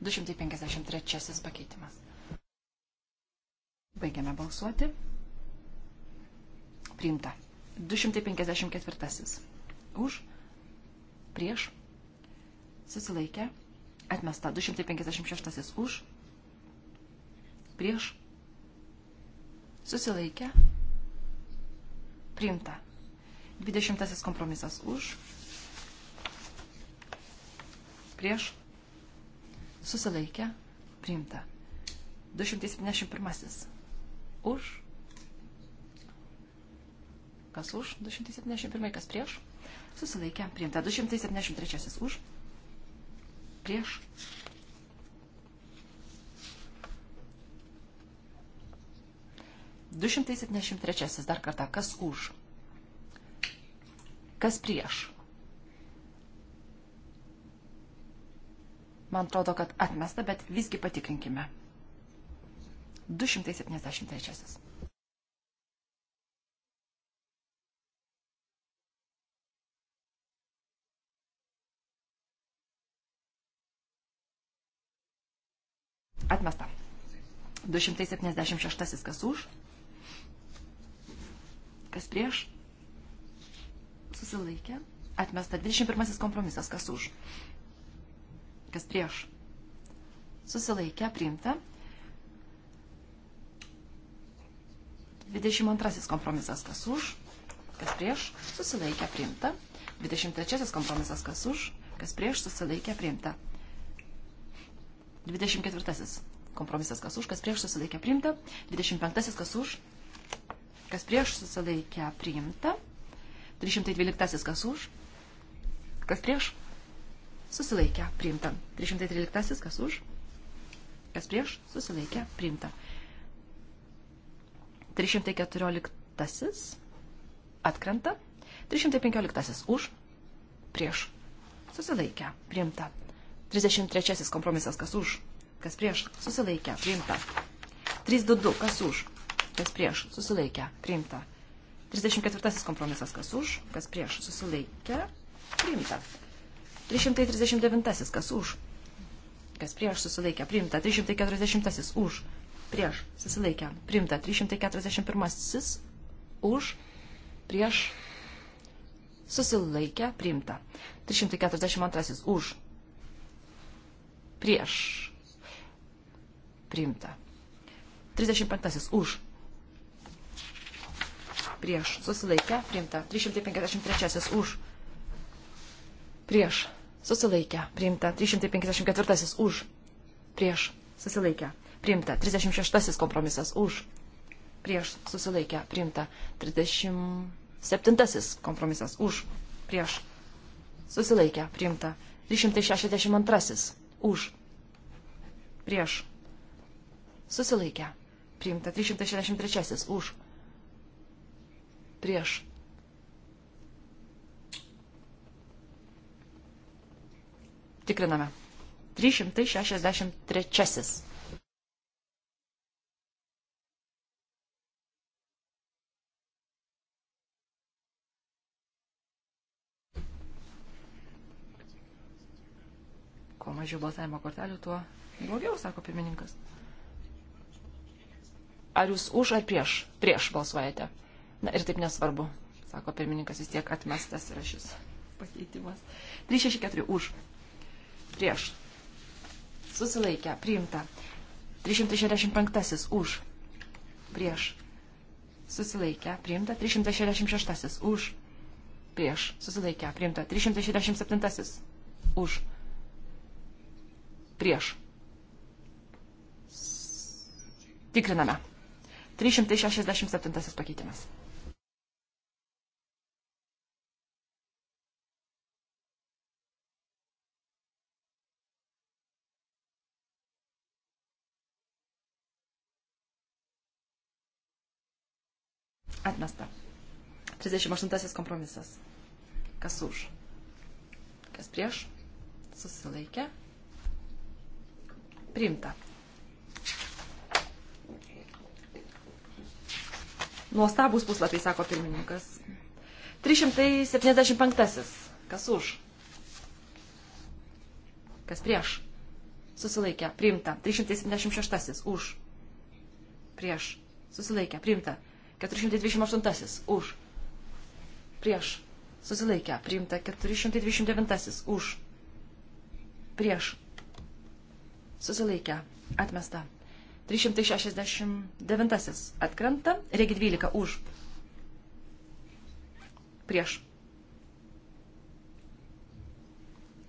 253 pakeitimas. Baigiame balsuoti. Priimta. 254. Už. Prieš. Susilaikė. Atmesta. 256. Už. Prieš. Susilaikė. Priimta. 20. Kompromisas už. Prieš prieš, susilaikę, priimta. 271. Už, kas už, 271, kas prieš, susilaikę, priimta. 273 už, prieš. Du šimtai septyniasdešimt trečiasis dar kartą. Kas už? Kas prieš? Man atrodo, kad atmesta, bet visgi patikrinkime. 273. Atmesta. 276 kas už, kas prieš, susilaikė, atmesta 21 kompromisas kas už, kas prieš. Susilaikę priimta. 22 kompromisas kas už, kas prieš, susilaikę priimta. 23 kompromisas kas už, kas prieš, susilaikę priimta. 24 kompromisas kas už, kas prieš, susilaikę priimta. 25 kas už, kas prieš, susilaikę priimta. 312 kas už, kas prieš, susilaikę, priimta. 313, kas už, kas prieš, susilaikę, priimta. 314 atkrenta, 315 už, prieš, susilaikę, priimta. 33 kompromisas, kas už, kas prieš, susilaikę, priimta. 322, kas už, kas prieš, susilaikę, priimta. 34 kompromisas, kas už, kas prieš, susilaikę, priimta. 339. Kas už? Kas prieš susilaikė? Priimta. 340. Už. Prieš susilaikė. Priimta. 341. Už. Prieš susilaikė. Priimta. 342. Už. Prieš. Priimta. 35. Už prieš susilaikę priimta 353 už prieš, susilaikę, priimta. 354 už, prieš, susilaikę, priimta. 36 kompromisas už, prieš, susilaikę, priimta. 37 kompromisas už, prieš, susilaikę, priimta. 362 už, prieš, susilaikę, priimta. 363 už, prieš, Tikriname. 363. Kuo mažiau balsavimo kortelių, tuo blogiau, sako pirmininkas. Ar jūs už ar prieš? Prieš balsuojate. Na ir taip nesvarbu, sako pirmininkas, vis tiek atmestas yra šis pakeitimas. 364 už prieš, susilaikę, priimta. 365 už, prieš, susilaikę, priimta. 366 už, prieš, susilaikę, priimta. 367 už, prieš. Tikriname. 367 pakeitimas. Atmesta. 38 kompromisas. Kas už? Kas prieš? Susilaikė. Priimta. Nuostabus puslapiai, sako pirmininkas. 375. Kas už? Kas prieš? Susilaikė. Priimta. 376. Už. Prieš. Susilaikė. Priimta. 428 už. Prieš. Susilaikę. Priimta. 429 už. Prieš. Susilaikę. Atmesta. 369 atkrenta. Regi 12 už. Prieš.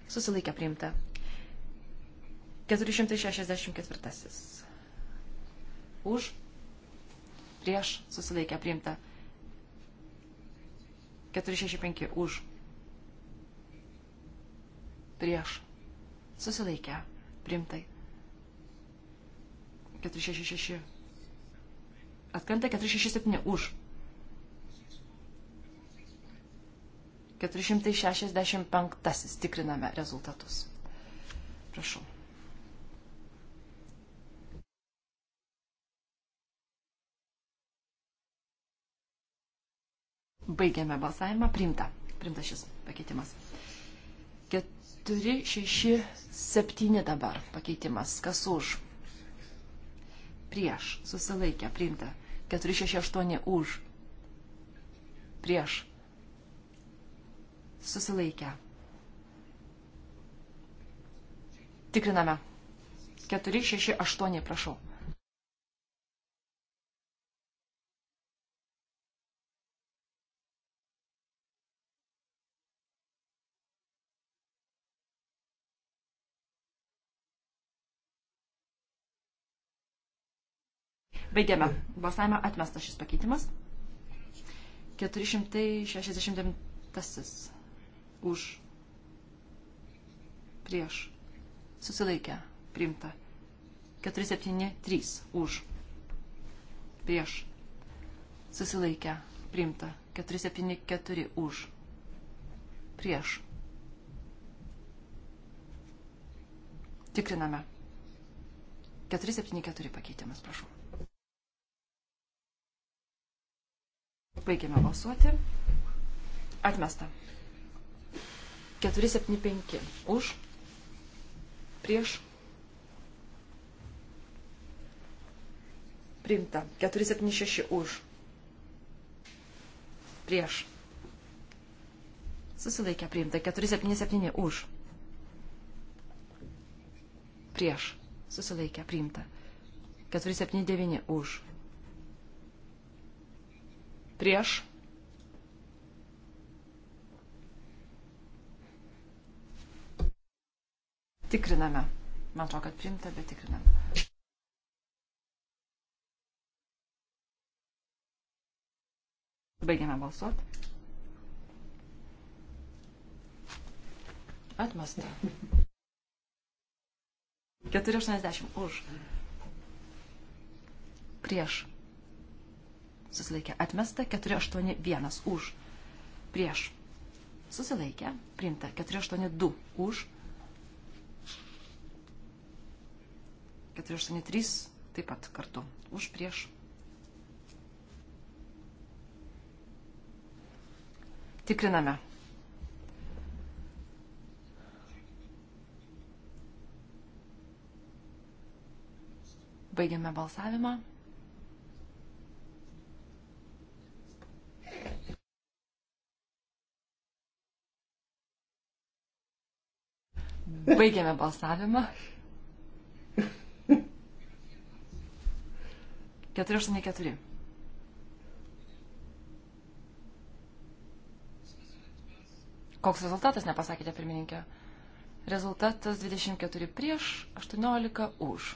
Susilaikę priimta. 464. Už prieš susilaikę priimta. 465 už. Prieš susilaikę priimtai. 466. Atkrenta 467 už. 465 tikriname rezultatus. Prašau. Baigiame balsavimą. Primta. Primta šis pakeitimas. 4, 6, 7 dabar pakeitimas. Kas už? Prieš. Susilaikė. Primta. 4, 6, 8 už. Prieš. Susilaikę. Tikriname. 4, 6, 8, prašau. Baigėme. Balsavime atmestas šis pakeitimas. 469 už prieš susilaikę priimta. 473 už prieš susilaikę priimta. 474 už prieš. Tikriname. 474 pakeitimas, prašau. Baigiame balsuoti. Atmesta. 475. Už. Prieš. Priimta. 476 už. Prieš. Susilaikė priimta. 477 už. Prieš. Susilaikė priimta. 479 už prieš. Tikriname. Man atrodo, kad primta, bet tikriname. Baigiame balsuoti. Atmesta. 4,80 už. Prieš susilaikė atmesta, 481 už, prieš susilaikė, priimta, 482 už, 483 taip pat kartu, už, prieš. Tikriname. Baigiame balsavimą. Baigiame balsavimą. 484. Koks rezultatas, nepasakėte pirmininkė. Rezultatas 24 prieš, 18 už.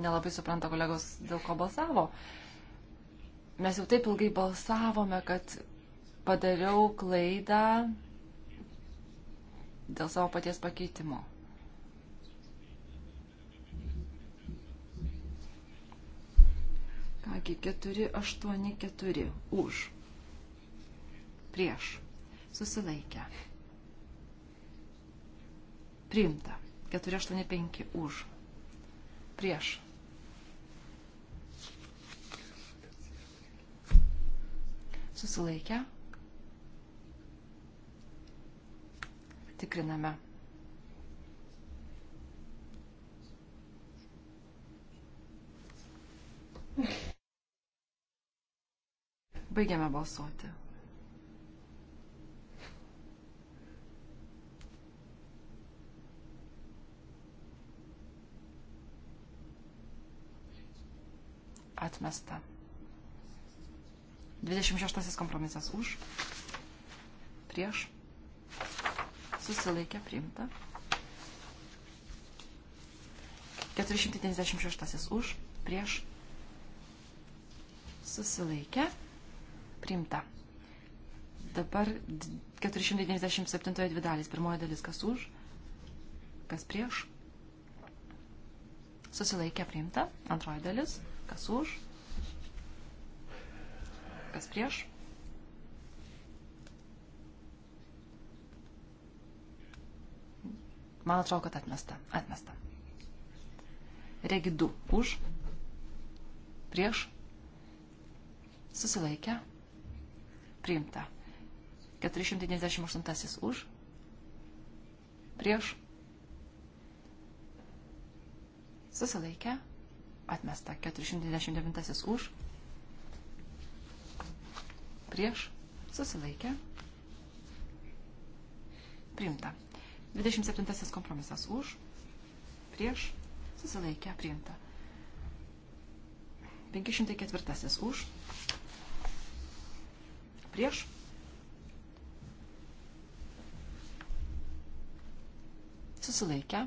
nelabai supranta kolegos, dėl ko balsavo. Mes jau taip ilgai balsavome, kad padariau klaidą dėl savo paties pakeitimo. Kągi, 484 už. Prieš. Susilaikę. Priimta. 485 už prieš. Susilaikę. Tikriname. Baigiame balsuoti. atmesta. 26 kompromisas už, prieš, susilaikė priimta. 496 už, prieš, susilaikė priimta. Dabar 497 dvi dalys. Pirmoji dalis kas už, kas prieš, susilaikė priimta. Antroji dalis Kas už? Kas prieš? Man atrodo, kad atmesta. Atmesta. Regi 2. Už. Prieš. Susilaikę. Priimta. 498 už. Prieš. Susilaikę. Atmesta. 499 už. Prieš. Susilaikė. Priimta. 27 kompromisas už. Prieš. Susilaikė. Priimta. 504 už. Prieš. Susilaikę.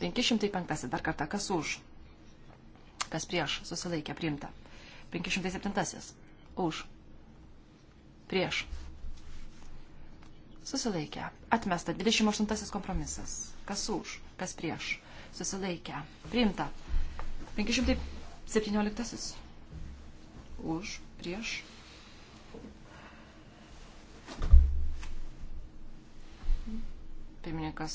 505. Dar kartą. Kas už? Kas prieš? Susilaikė. Priimta. 507. Už. Prieš. Susilaikė. Atmesta. 28. kompromisas. Kas už? Kas prieš? Susilaikė. Priimta. 517. Už. Prieš. Pirmininkas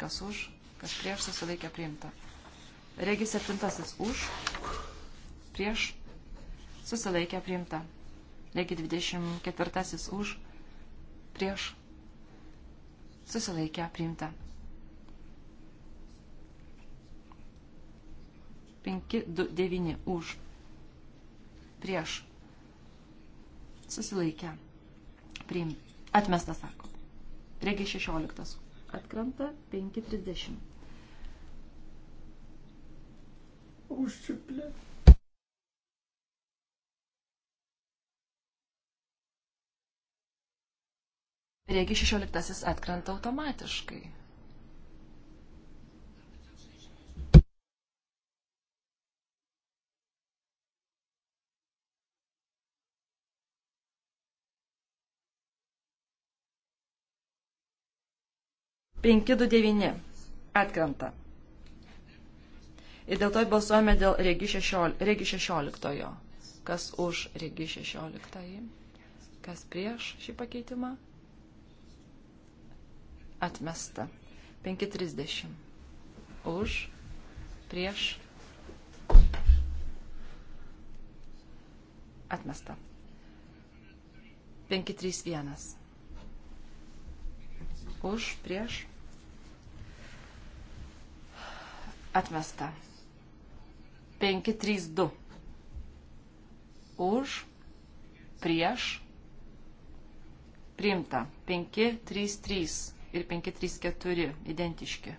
kas už, kas prieš susilaikė priimta. Regi septintasis už, prieš susilaikė priimta. Regi dvidešimt ketvirtasis už, prieš susilaikė priimta. 5, 2, 9 už, prieš susilaikė priimta. Atmestas, sako. Regi 16 Atkrenta 5.30. Užčiuplė. Regi 16 atkrenta automatiškai. 529 atkrenta. Ir dėl to balsuojame dėl regi 16. Regi 16 kas už regi 16. Kas prieš šį pakeitimą? Atmesta. 530. Už. Prieš. Atmesta. 531. Už. Prieš Atmesta. 532. Už, prieš, priimta. 533 ir 534 identiški.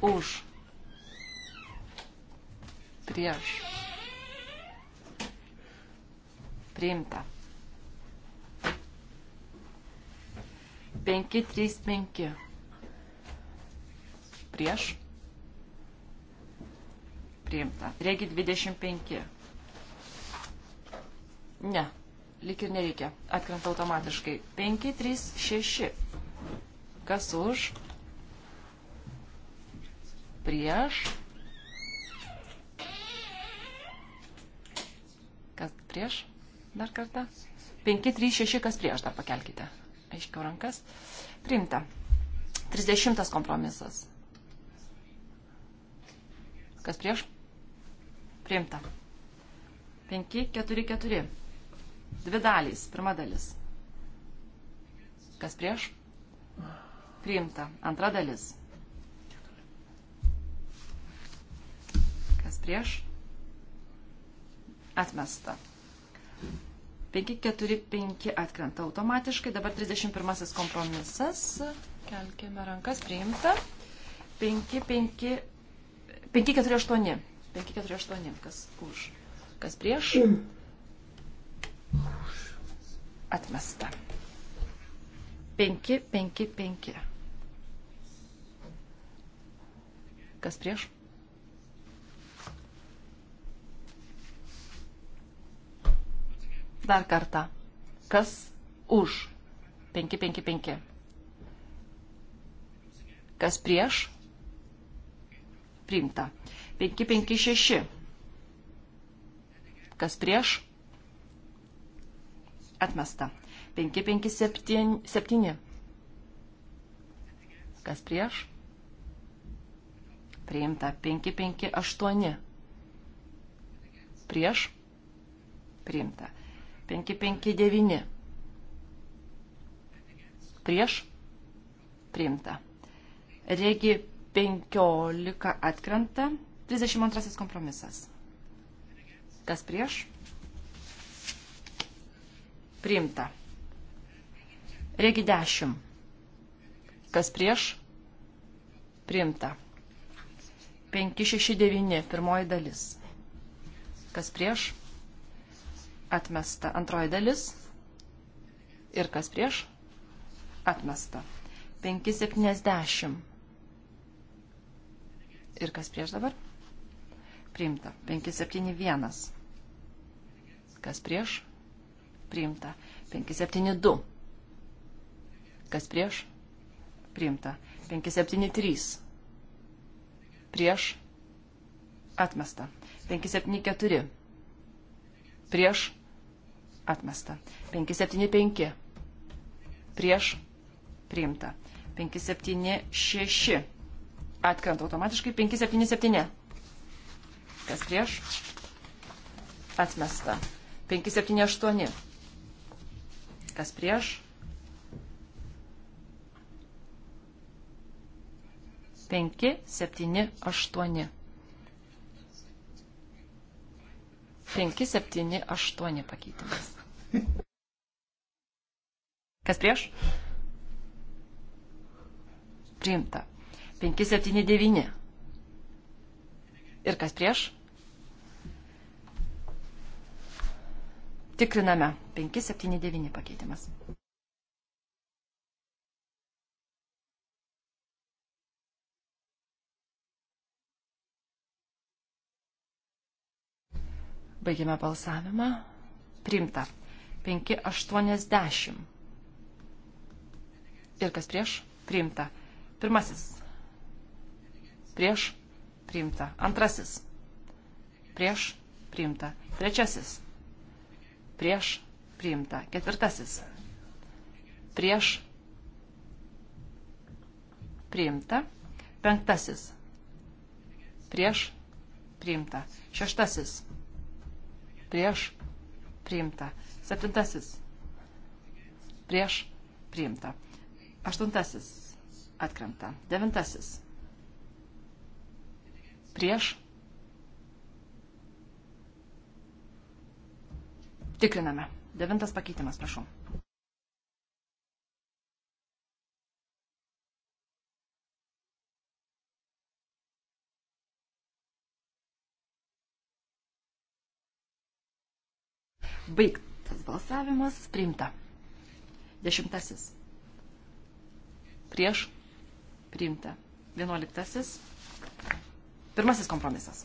Už, prieš, priimta. 535 prieš priimta. Regi 25. Ne, lik ir nereikia. Atkrenta automatiškai. 5, 3, 6. Kas už? Prieš. Kas prieš? Dar kartą. 5, 3, 6, kas prieš dar pakelkite. Aiškiau rankas. Priimta. 30 kompromisas. Kas prieš? Priimta. 5, 4, 4. Dvi dalys. Pirma dalis. Kas prieš? Priimta. Antra dalis. Kas prieš? Atmesta. 5, 4, 5 atkrenta automatiškai. Dabar 31 kompromisas. Kelkime rankas. Priimta. 5, 5, 5, 4, 8. 548, kas už, kas prieš. Atmesta. 555. Kas prieš? Dar kartą. Kas už? 555. Kas prieš? Priimta. 556. Kas prieš? Atmesta. 557. Kas prieš? Priimta. 558. Prieš? Priimta. 559. Prieš? Priimta. Regi 15 atkrenta. 32 kompromisas. Kas prieš? Priimta. Regi 10. Kas prieš? Priimta. 569. Pirmoji dalis. Kas prieš? Atmesta. Antroji dalis. Ir kas prieš? Atmesta. 570. Ir kas prieš dabar? Priimta. 571. Kas prieš? Priimta. 572. Kas prieš? Priimta. 573. Prieš? Atmesta. 574. Prieš? Atmesta. 575. Prieš? Priimta. 576. Atkrenta automatiškai. 577 kas prieš, atmesta. 578, kas prieš, 5, 7, 8. 5, 7, 8 pakeitimas. Kas prieš? Priimta. 5, 7, 9. Ir kas prieš? Tikriname. 579 pakeitimas. Baigėme balsavimą. Primta. 580. Ir kas prieš? Primta. Pirmasis. Prieš. Primta. Antrasis. Prieš. Primta. Trečiasis prieš priimta. Ketvirtasis. Prieš priimta. Penktasis. Prieš priimta. Šeštasis. Prieš priimta. Septintasis. Prieš priimta. Aštuntasis atkrenta. Devintasis. Prieš Tikriname. Devintas pakeitimas, prašau. Baigtas balsavimas, priimta. Dešimtasis. Prieš, priimta. Vienuoliktasis. Pirmasis kompromisas.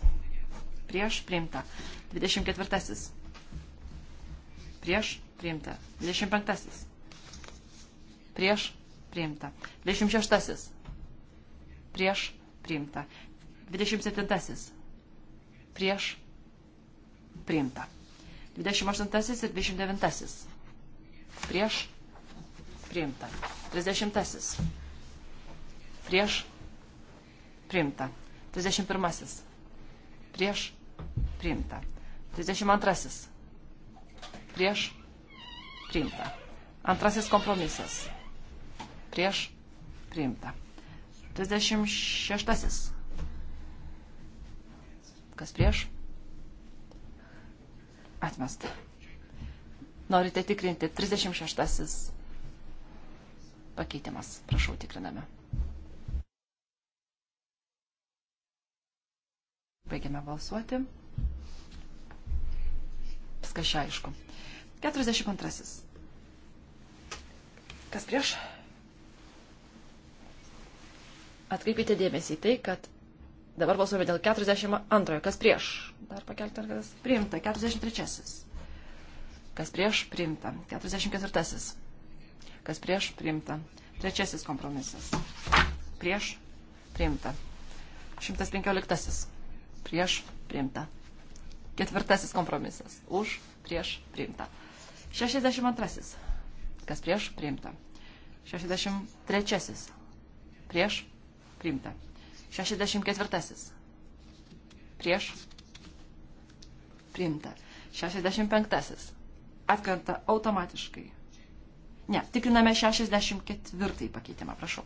Prieš, priimta. Dvidešimt ketvirtasis Prieš priimta. 25. Prieš priimta. 26. Prieš priimta. 27. Prieš priimta. 28 ir 29. Prieš priimta. 30. Prieš priimta. 31. Prieš priimta. 32 prieš priimta. Antrasis kompromisas prieš priimta. 36. Kas prieš? Atmesta. Norite tikrinti 36 pakeitimas. Prašau, tikriname. Baigiame balsuoti viskas čia aišku. 42. Kas prieš? Atkreipkite dėmesį į tai, kad dabar balsuojame dėl 42. Kas prieš? Dar pakelti ar kas priimta. 43. Kas prieš? Priimta. 44. Kas prieš? Priimta. Trečiasis kompromisas. Prieš? Priimta. 115. Prieš? Priimta. Ketvirtasis kompromisas. Už, prieš, priimta. 62. Kas prieš, priimta. 63. Prieš, priimta. 64. Prieš, priimta. 65. Atkrenta automatiškai. Ne, tikriname 64 pakeitimą, prašau.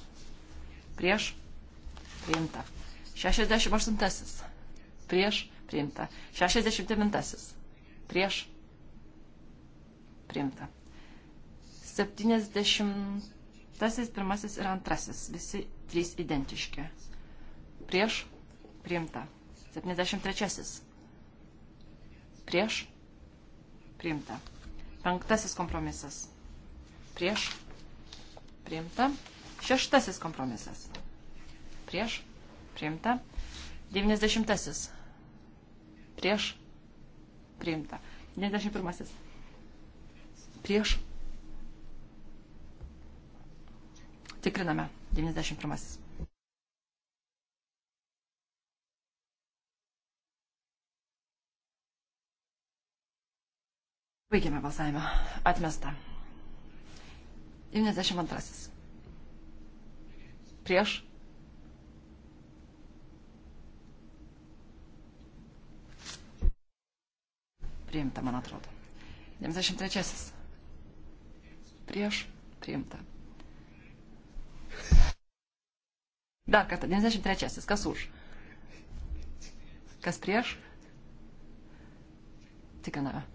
prieš priimta. 68 prieš priimta. 69 prieš priimta. 70 pirmasis ir antrasis, visi trys identiški. Prieš priimta. 73 prieš priimta. Penktasis kompromisas prieš priimta. Šeštasis kompromisas. Prieš. Priimta. Devinesdešimtasis. Prieš. Priimta. Devinesdešimt pirmasis. Prieš. Tikriname. 91. Baigėme balsavimą. Atmesta. 92. Prieš? Priimta, man atrodo. 93. Prieš? Priimta. Dar kartą, 93. Kas už? Kas prieš? Tikriname.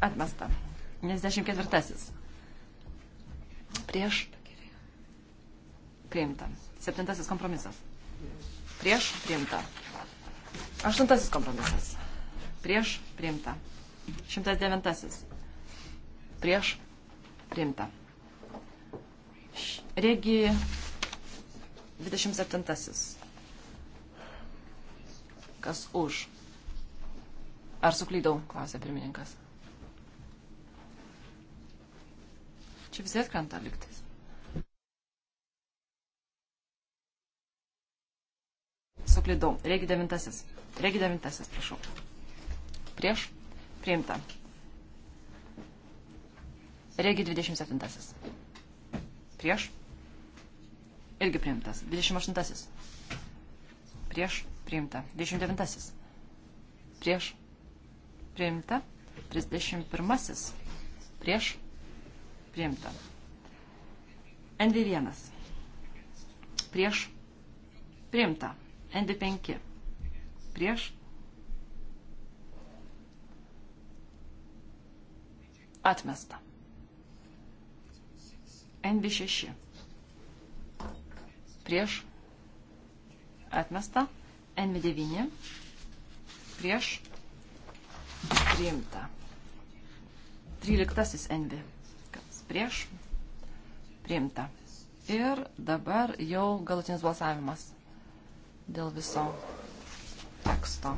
Atmesta. 94. Prieš. Priimta. 7. Kompromisas. Prieš. Priimta. 8. Kompromisas. Prieš. Priimta. 109. Prieš. Priimta. Regi 27. Kas už? Ar suklydau? Klausė pirmininkas. Čia visi atkrenta liktais. Suklydau. Regi devintasis. Regi devintasis, prašau. Prieš. Priimta. Regi 27. Prieš. Irgi priimtas. 28. Prieš. Priimta. 29. Prieš. Priimta. 31. Prieš priimta. ND1 prieš priimta. ND5 prieš atmesta. NV6 prieš atmesta. NV9 prieš priimta. 13 NV prieš, priimta. Ir dabar jau galutinis balsavimas dėl viso teksto.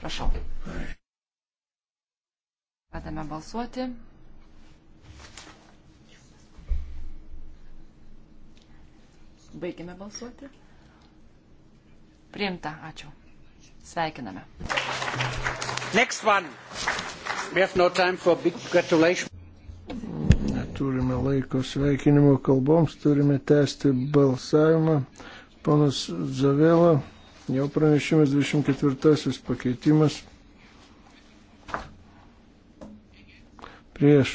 Prašau. Pradame balsuoti. Baigime balsuoti. Priimta, ačiū. Sveikiname. Next one. We have no time for big congratulations neturime laiko sveikinimo kalboms, turime tęsti balsavimą. Panas Zavėla, jo pranešimas 24 pakeitimas. Prieš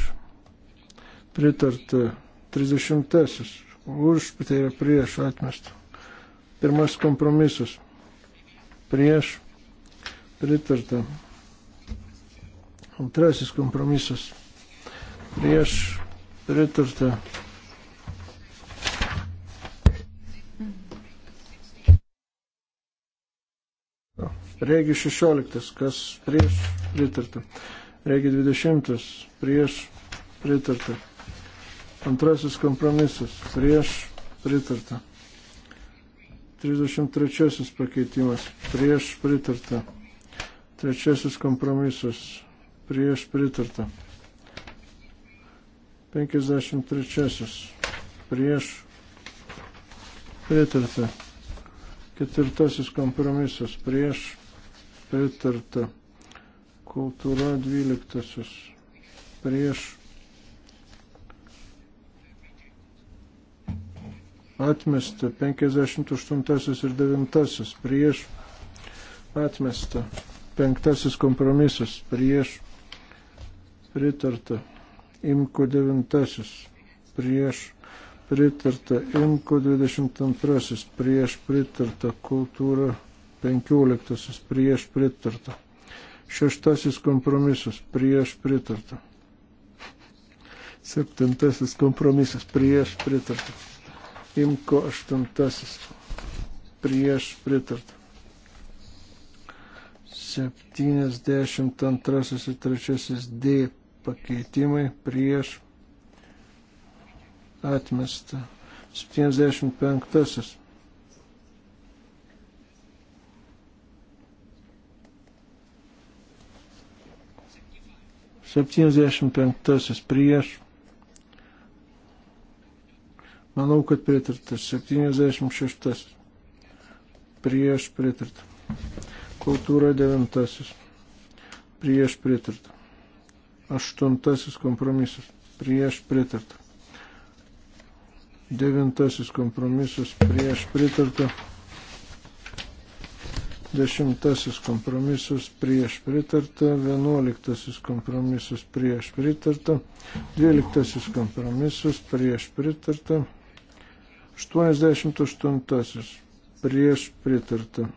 pritarta 30. Už, tai yra prieš atmestą. Pirmas kompromisas. Prieš pritarta. Antrasis kompromisas prieš Pritarta. Regi 16, kas prieš pritarta. Regi 20, prieš pritarta. Antrasis kompromisas, prieš pritarta. 33 pakeitimas, prieš pritarta. Trečiasis kompromisas, prieš pritarta. 53 prieš pritartą. Ketvirtasis kompromisas prieš pritartą. Kultūra 12 prieš atmesta 58 ir 9 prieš atmesta penktasis kompromisas prieš pritartą imko 9 prieš pritarta, imko 22 prieš pritarta, kultūra 15 prieš pritarta, šeštasis kompromisas prieš pritarta, septintasis kompromisas prieš pritarta, imko 8 prieš pritarta. 72 ir 3 D pakeitimai prieš atmestą. 75. Septyniasdešimt penktasis prieš. Manau, kad pritartas. Septyniasdešimt šeštasis prieš pritartą. Kultūra devintasis prieš pritartą. Aštuntasis kompromisas prieš pritartą. Devintasis kompromisas prieš pritartą. Dešimtasis kompromisas prieš pritartą. Vienuoliktasis kompromisas prieš pritartą. Dvyliktasis kompromisas prieš pritartą. 88. Prieš pritartą.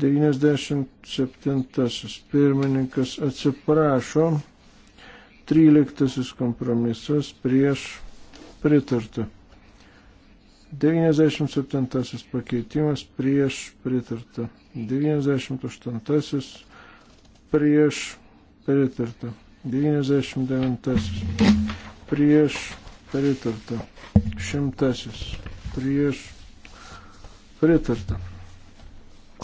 97 pirmininkas atsiprašo. 13 kompromisas prieš pritartą. 97 pakeitimas prieš pritartą. 98 prieš pritartą. 99 prieš pritartą. 100 prieš pritartą.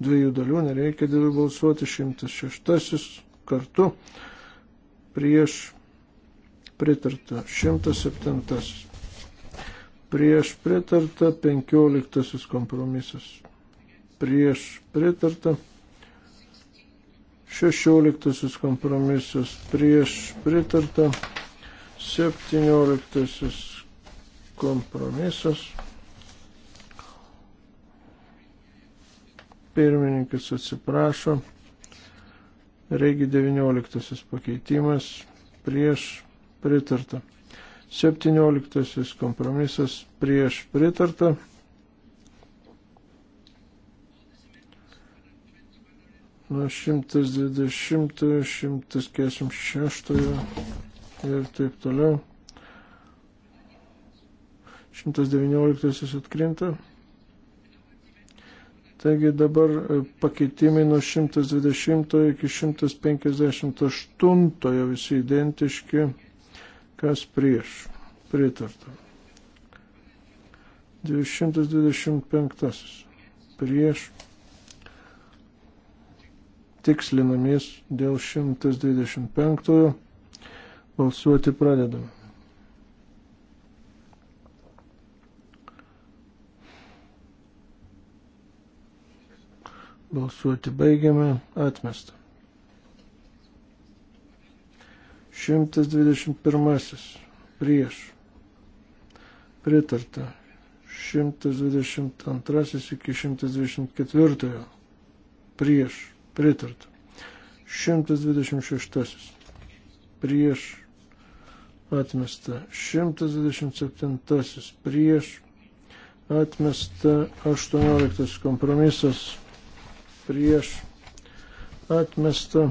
dviejų dalių, nereikia dėl jų balsuoti, 106 kartu prieš pritarta, 107 prieš pritarta, 15 kompromisas prieš pritarta, 16 kompromisas prieš pritarta, 17 kompromisas Pirmininkas atsiprašo. Reigi 19 pakeitimas prieš pritarta. 17 kompromisas prieš pritarta. Nuo 120, 146 ir taip toliau. 119 atkrinta. Taigi dabar e, pakeitimai nuo 120 iki 158 visi identiški, kas prieš. Pritarta. 225 prieš. Tikslinamis dėl 125 balsuoti pradedame. Balsuoti baigiame. Atmesta. 121. Prieš. Pritarta. 122 iki 124. Prieš. Pritarta. 126. Prieš. Atmesta. 127. Prieš. Atmesta. 18. Kompromisas prieš atmestą.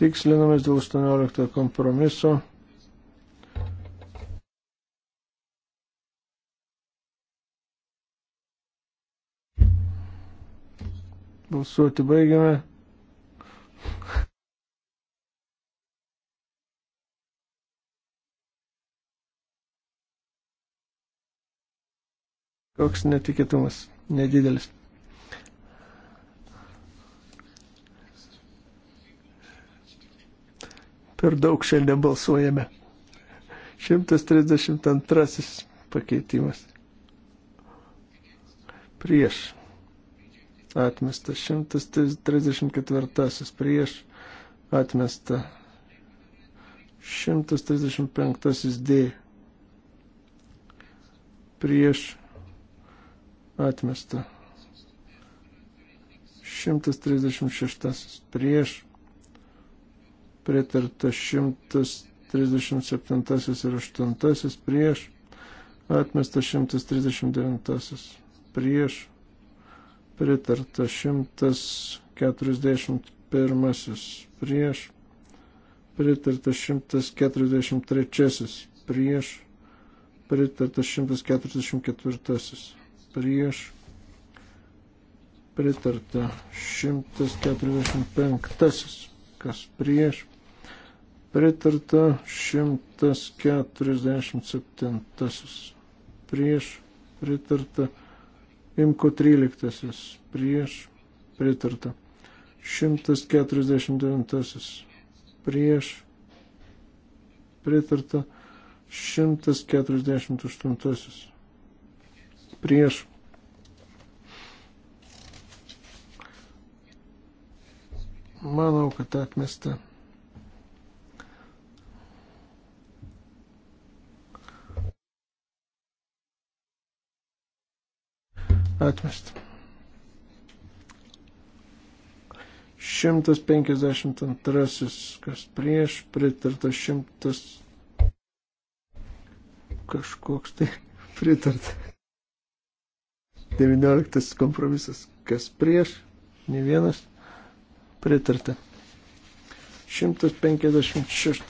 Tikslinamės dėl 18 kompromiso. Balsuoti baigiame. Koks netikėtumas, nedidelis. Per daug šiandien balsuojame. 132 pakeitimas. Prieš atmesta 134 prieš atmesta 135 D prieš atmesta 136 prieš pritarta 137 ir 8 prieš atmesta 139 prieš pritarta 141 prieš, pritarta 143 prieš, pritarta 144 prieš, pritarta 145 kas prieš, pritarta 147 prieš, pritarta 147 Imko 13 prieš pritarta. 149 prieš pritarta. 148 prieš Manau, kad atmesta. Atmesta. 152, kas prieš, pritarta 100 kažkoks tai pritarta. 19 kompromisas, kas prieš, ne vienas, pritarta. 156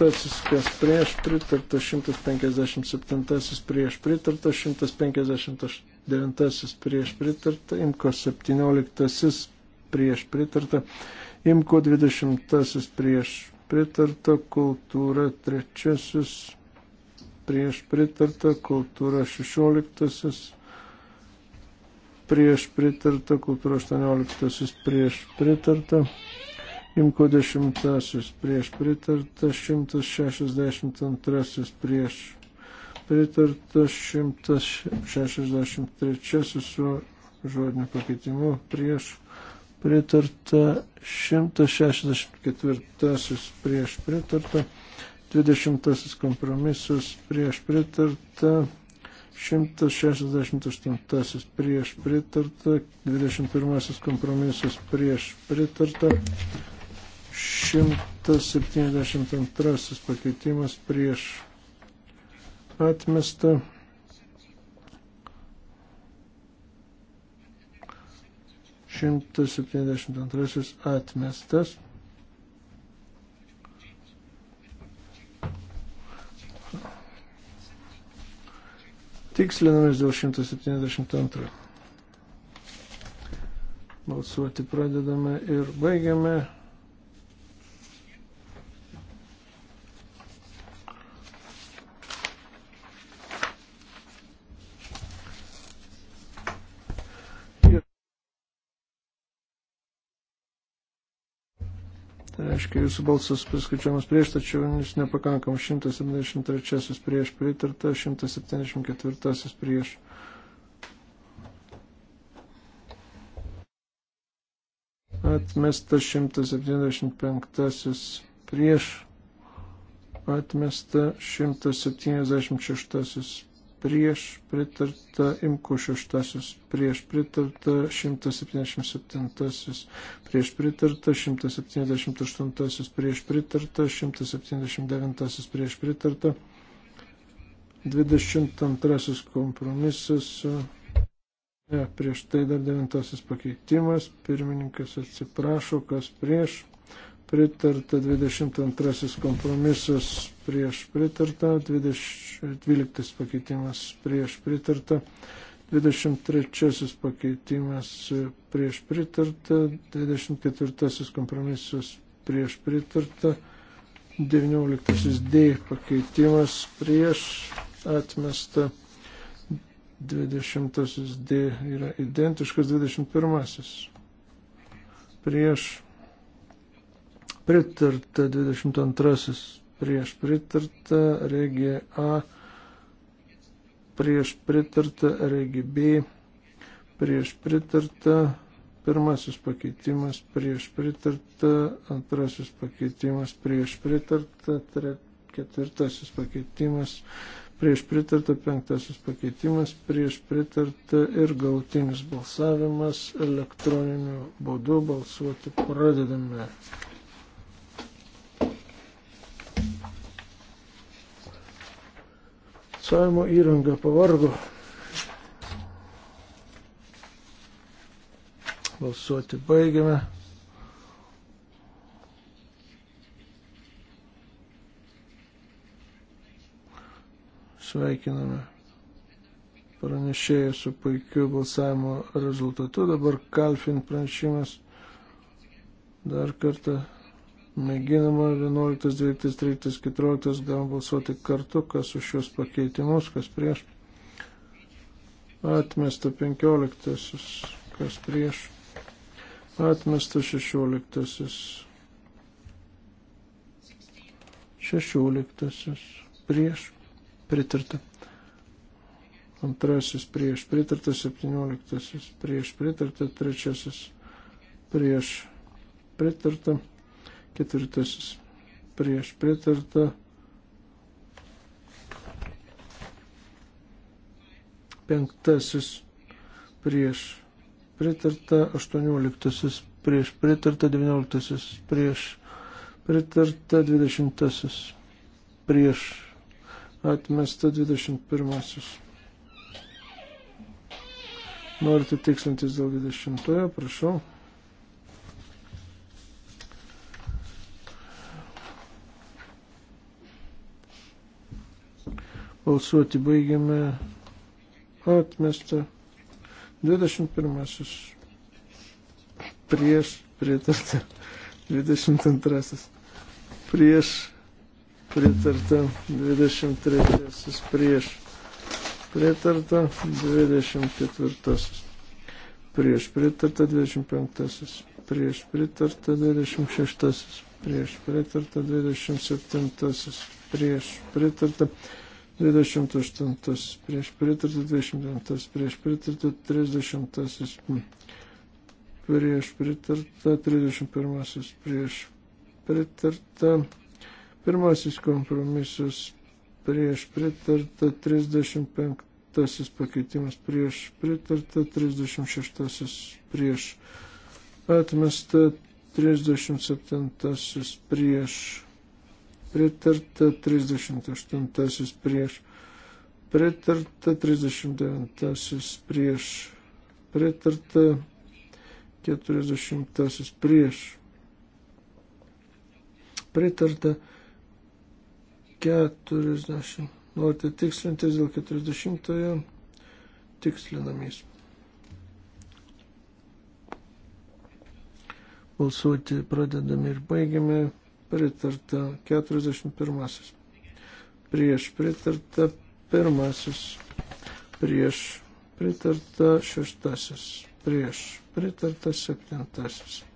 kas prieš pritarta, 157 prieš pritarta, 158 9 prieš pritarta, imko 17 prieš pritarta, imko 20 prieš pritarta, kultūra 3 prieš pritarta, kultūra 16 prieš pritarta, kultūra 18 prieš pritarta. Imko 10 prieš pritarta, 162 prieš pritarta 163 su žodiniu pakeitimu prieš pritarta 164 prieš pritarta 20 kompromisas prieš pritarta 168 prieš pritarta 21 kompromisas prieš pritarta 172 pakeitimas prieš atmesta. Šimtas septyniasdešimt antrasis atmestas. Tikslinamės dėl 172. Balsuoti pradedame ir baigiame. aiškiai jūsų balsas priskaičiuojamas prieš, tačiau jis nepakankam 173 prieš pritarta, 174 prieš. Atmesta 175 prieš. Atmesta 176 prieš pritarta, imko šeštasis prieš pritarta, 177 prieš pritarta, 178 prieš pritarta, 179 prieš pritarta, 22 kompromisas, ne, prieš tai dar 9 pakeitimas, pirmininkas atsiprašo, kas prieš pritarta 22 kompromisas prieš pritarta, 12 pakeitimas prieš pritarta, 23 pakeitimas prieš pritarta, 24 kompromisas prieš pritarta, 19 D pakeitimas prieš atmesta, 20 D yra identiškas 21 prieš pritarta 22 prieš pritarta regija A, prieš pritarta regija B, prieš pritarta pirmasis pakeitimas, prieš pritarta antrasis pakeitimas, prieš pritarta tre, ketvirtasis pakeitimas, prieš pritarta penktasis pakeitimas, prieš pritarta ir gautinis balsavimas elektroniniu būdu balsuoti pradedame. Balsavimo įranga pavargo. Balsuoti baigiame. Sveikiname pranešėjus su puikiu balsavimo rezultatu. Dabar Kalfin pranešimas dar kartą Mėginama 11, 12, 13, 14 gal balsuoti kartu, kas už šios pakeitimus, kas prieš. Atmesta 15, kas prieš. Atmesta 16. 16. Prieš. Pritarta. Antrasis prieš. Pritarta 17. Prieš. Pritarta trečiasis. Prieš. Pritarta. Ketvirtasis prieš pritarta. Penktasis prieš pritarta. Aštuonioliktasis prieš pritarta. Devinioliktasis prieš pritarta. Dvidešimtasis prieš atmesta. Dvidešimt pirmasis. Norite tikslintis dėl 20, prašau. Balsuoti baigiame. Atmesta. 21. Prieš pritarta. 22. Prieš pritarta. 23. Prieš pritarta. 24 prieš pritarta 25, prieš pritarta 26, prieš pritarta 27, prieš pritarta 28 prieš pritartį, 29 prieš pritartį, 30 prieš pritartą, 31 prieš pritartą, pirmasis kompromisas prieš pritartą, 35 pakeitimas prieš pritartą, 36 prieš atmestą, 37 prieš pritartą pritarta 38 prieš, pritarta 39 prieš, pritarta 40 prieš, pritarta 40. Norite tikslintis dėl 40 tikslinamis. Balsuoti pradedame ir baigiame pritarta 41. Prieš pritarta 1. Prieš pritarta 6. Prieš pritarta 7.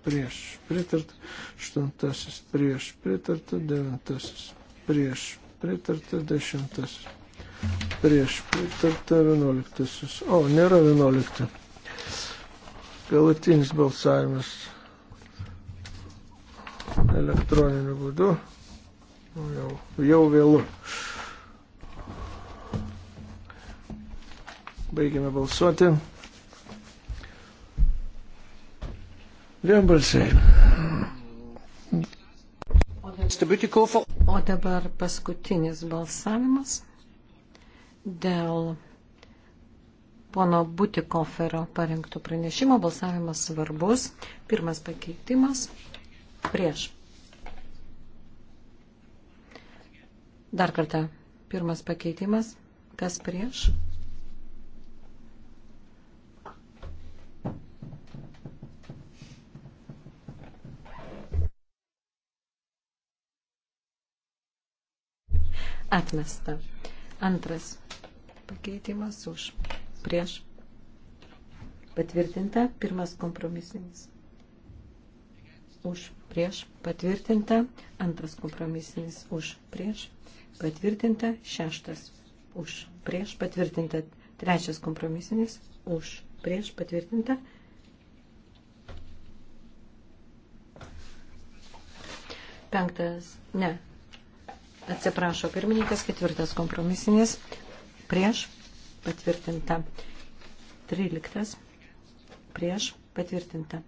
Prieš pritarta 8. Prieš pritarta 9. Prieš pritarta 10. Prieš pritarta 11. O, nėra 11. Galutinis balsavimas elektroniniu būdu. Nu, jau, jau vėlu. Baigime balsuoti. Vienbalsiai. O dabar paskutinis balsavimas dėl pono Butikofero parengto pranešimo. Balsavimas svarbus. Pirmas pakeitimas. Prieš. Dar kartą. Pirmas pakeitimas. Kas prieš? Atmesta. Antras pakeitimas už. Prieš. Patvirtinta pirmas kompromisinis už prieš patvirtinta, antras kompromisinis už prieš patvirtinta, šeštas už prieš patvirtinta, trečias kompromisinis už prieš patvirtinta. Penktas, ne, atsiprašo pirmininkas, ketvirtas kompromisinis prieš patvirtinta, tryliktas prieš patvirtinta.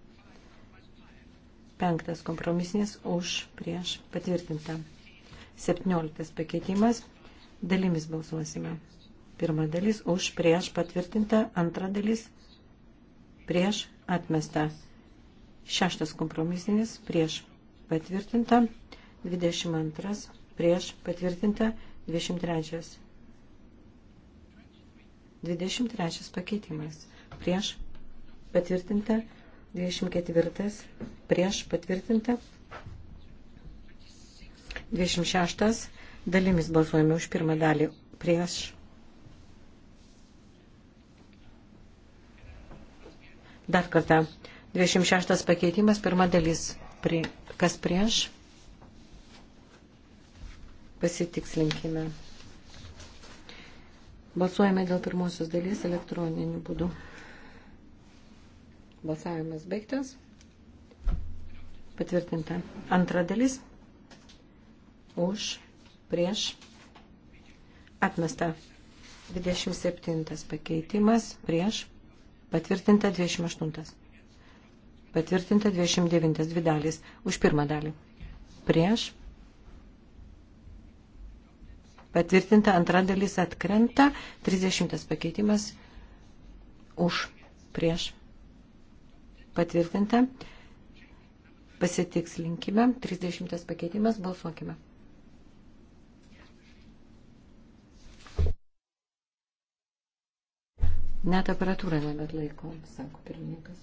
Penktas kompromisinis už prieš patvirtinta. Septynioliktas pakeitimas. Dalimis balsuosime. Pirma dalis už prieš patvirtinta, antra dalis prieš atmesta. Šeštas kompromisinis prieš patvirtinta, 22 prieš patvirtinta, 23. 23 pakeitimas prieš patvirtinta, 23. 24 prieš patvirtinta. 26 dalimis balsuojame už pirmą dalį prieš. Dar kartą. 26 pakeitimas, pirma dalis. Prie, kas prieš? Pasitikslinkime. Balsuojame dėl pirmosios dalies elektroniniu būdu. Balsavimas baigtas. Patvirtinta. Antra dalis. Už, prieš, atmesta. 27 pakeitimas, prieš, patvirtinta 28. Patvirtinta 29, dvi dalys. Už pirmą dalį. Prieš. Patvirtinta antra dalis atkrenta, 30 pakeitimas už prieš Patvirtinta. Pasitikslinkime. 30 pakeitimas. Balsuokime. Net aparatūrą nebet laiko, sako pirmininkas.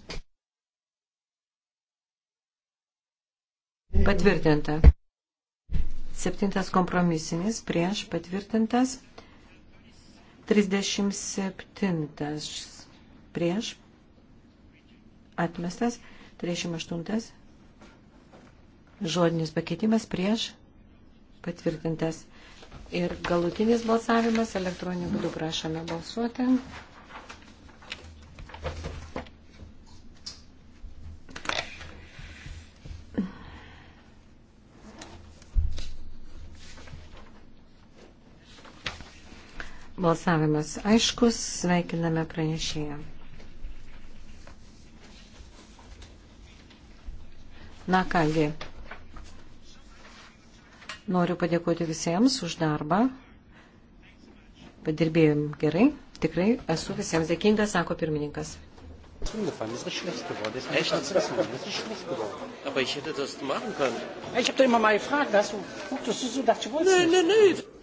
Patvirtinta. Septintas kompromisinis prieš patvirtintas. 37 prieš atmestas, 38 žodinis pakeitimas prieš patvirtintas. Ir galutinis balsavimas elektroniniu būdu prašome balsuoti. Balsavimas aiškus, sveikiname pranešėjams. Na kągi, noriu padėkoti visiems už darbą. Padirbėjom gerai. Tikrai esu visiems dėkinga, sako pirmininkas. Hingefallen. Das ist richtig schlecht geworden. Das ist Echt? Das ist schlecht geworden. Aber ich hätte das machen können. Ich habe doch immer mal gefragt, hast du, guck, das ist so, dachte ich, wolltest Nein, nein, nein.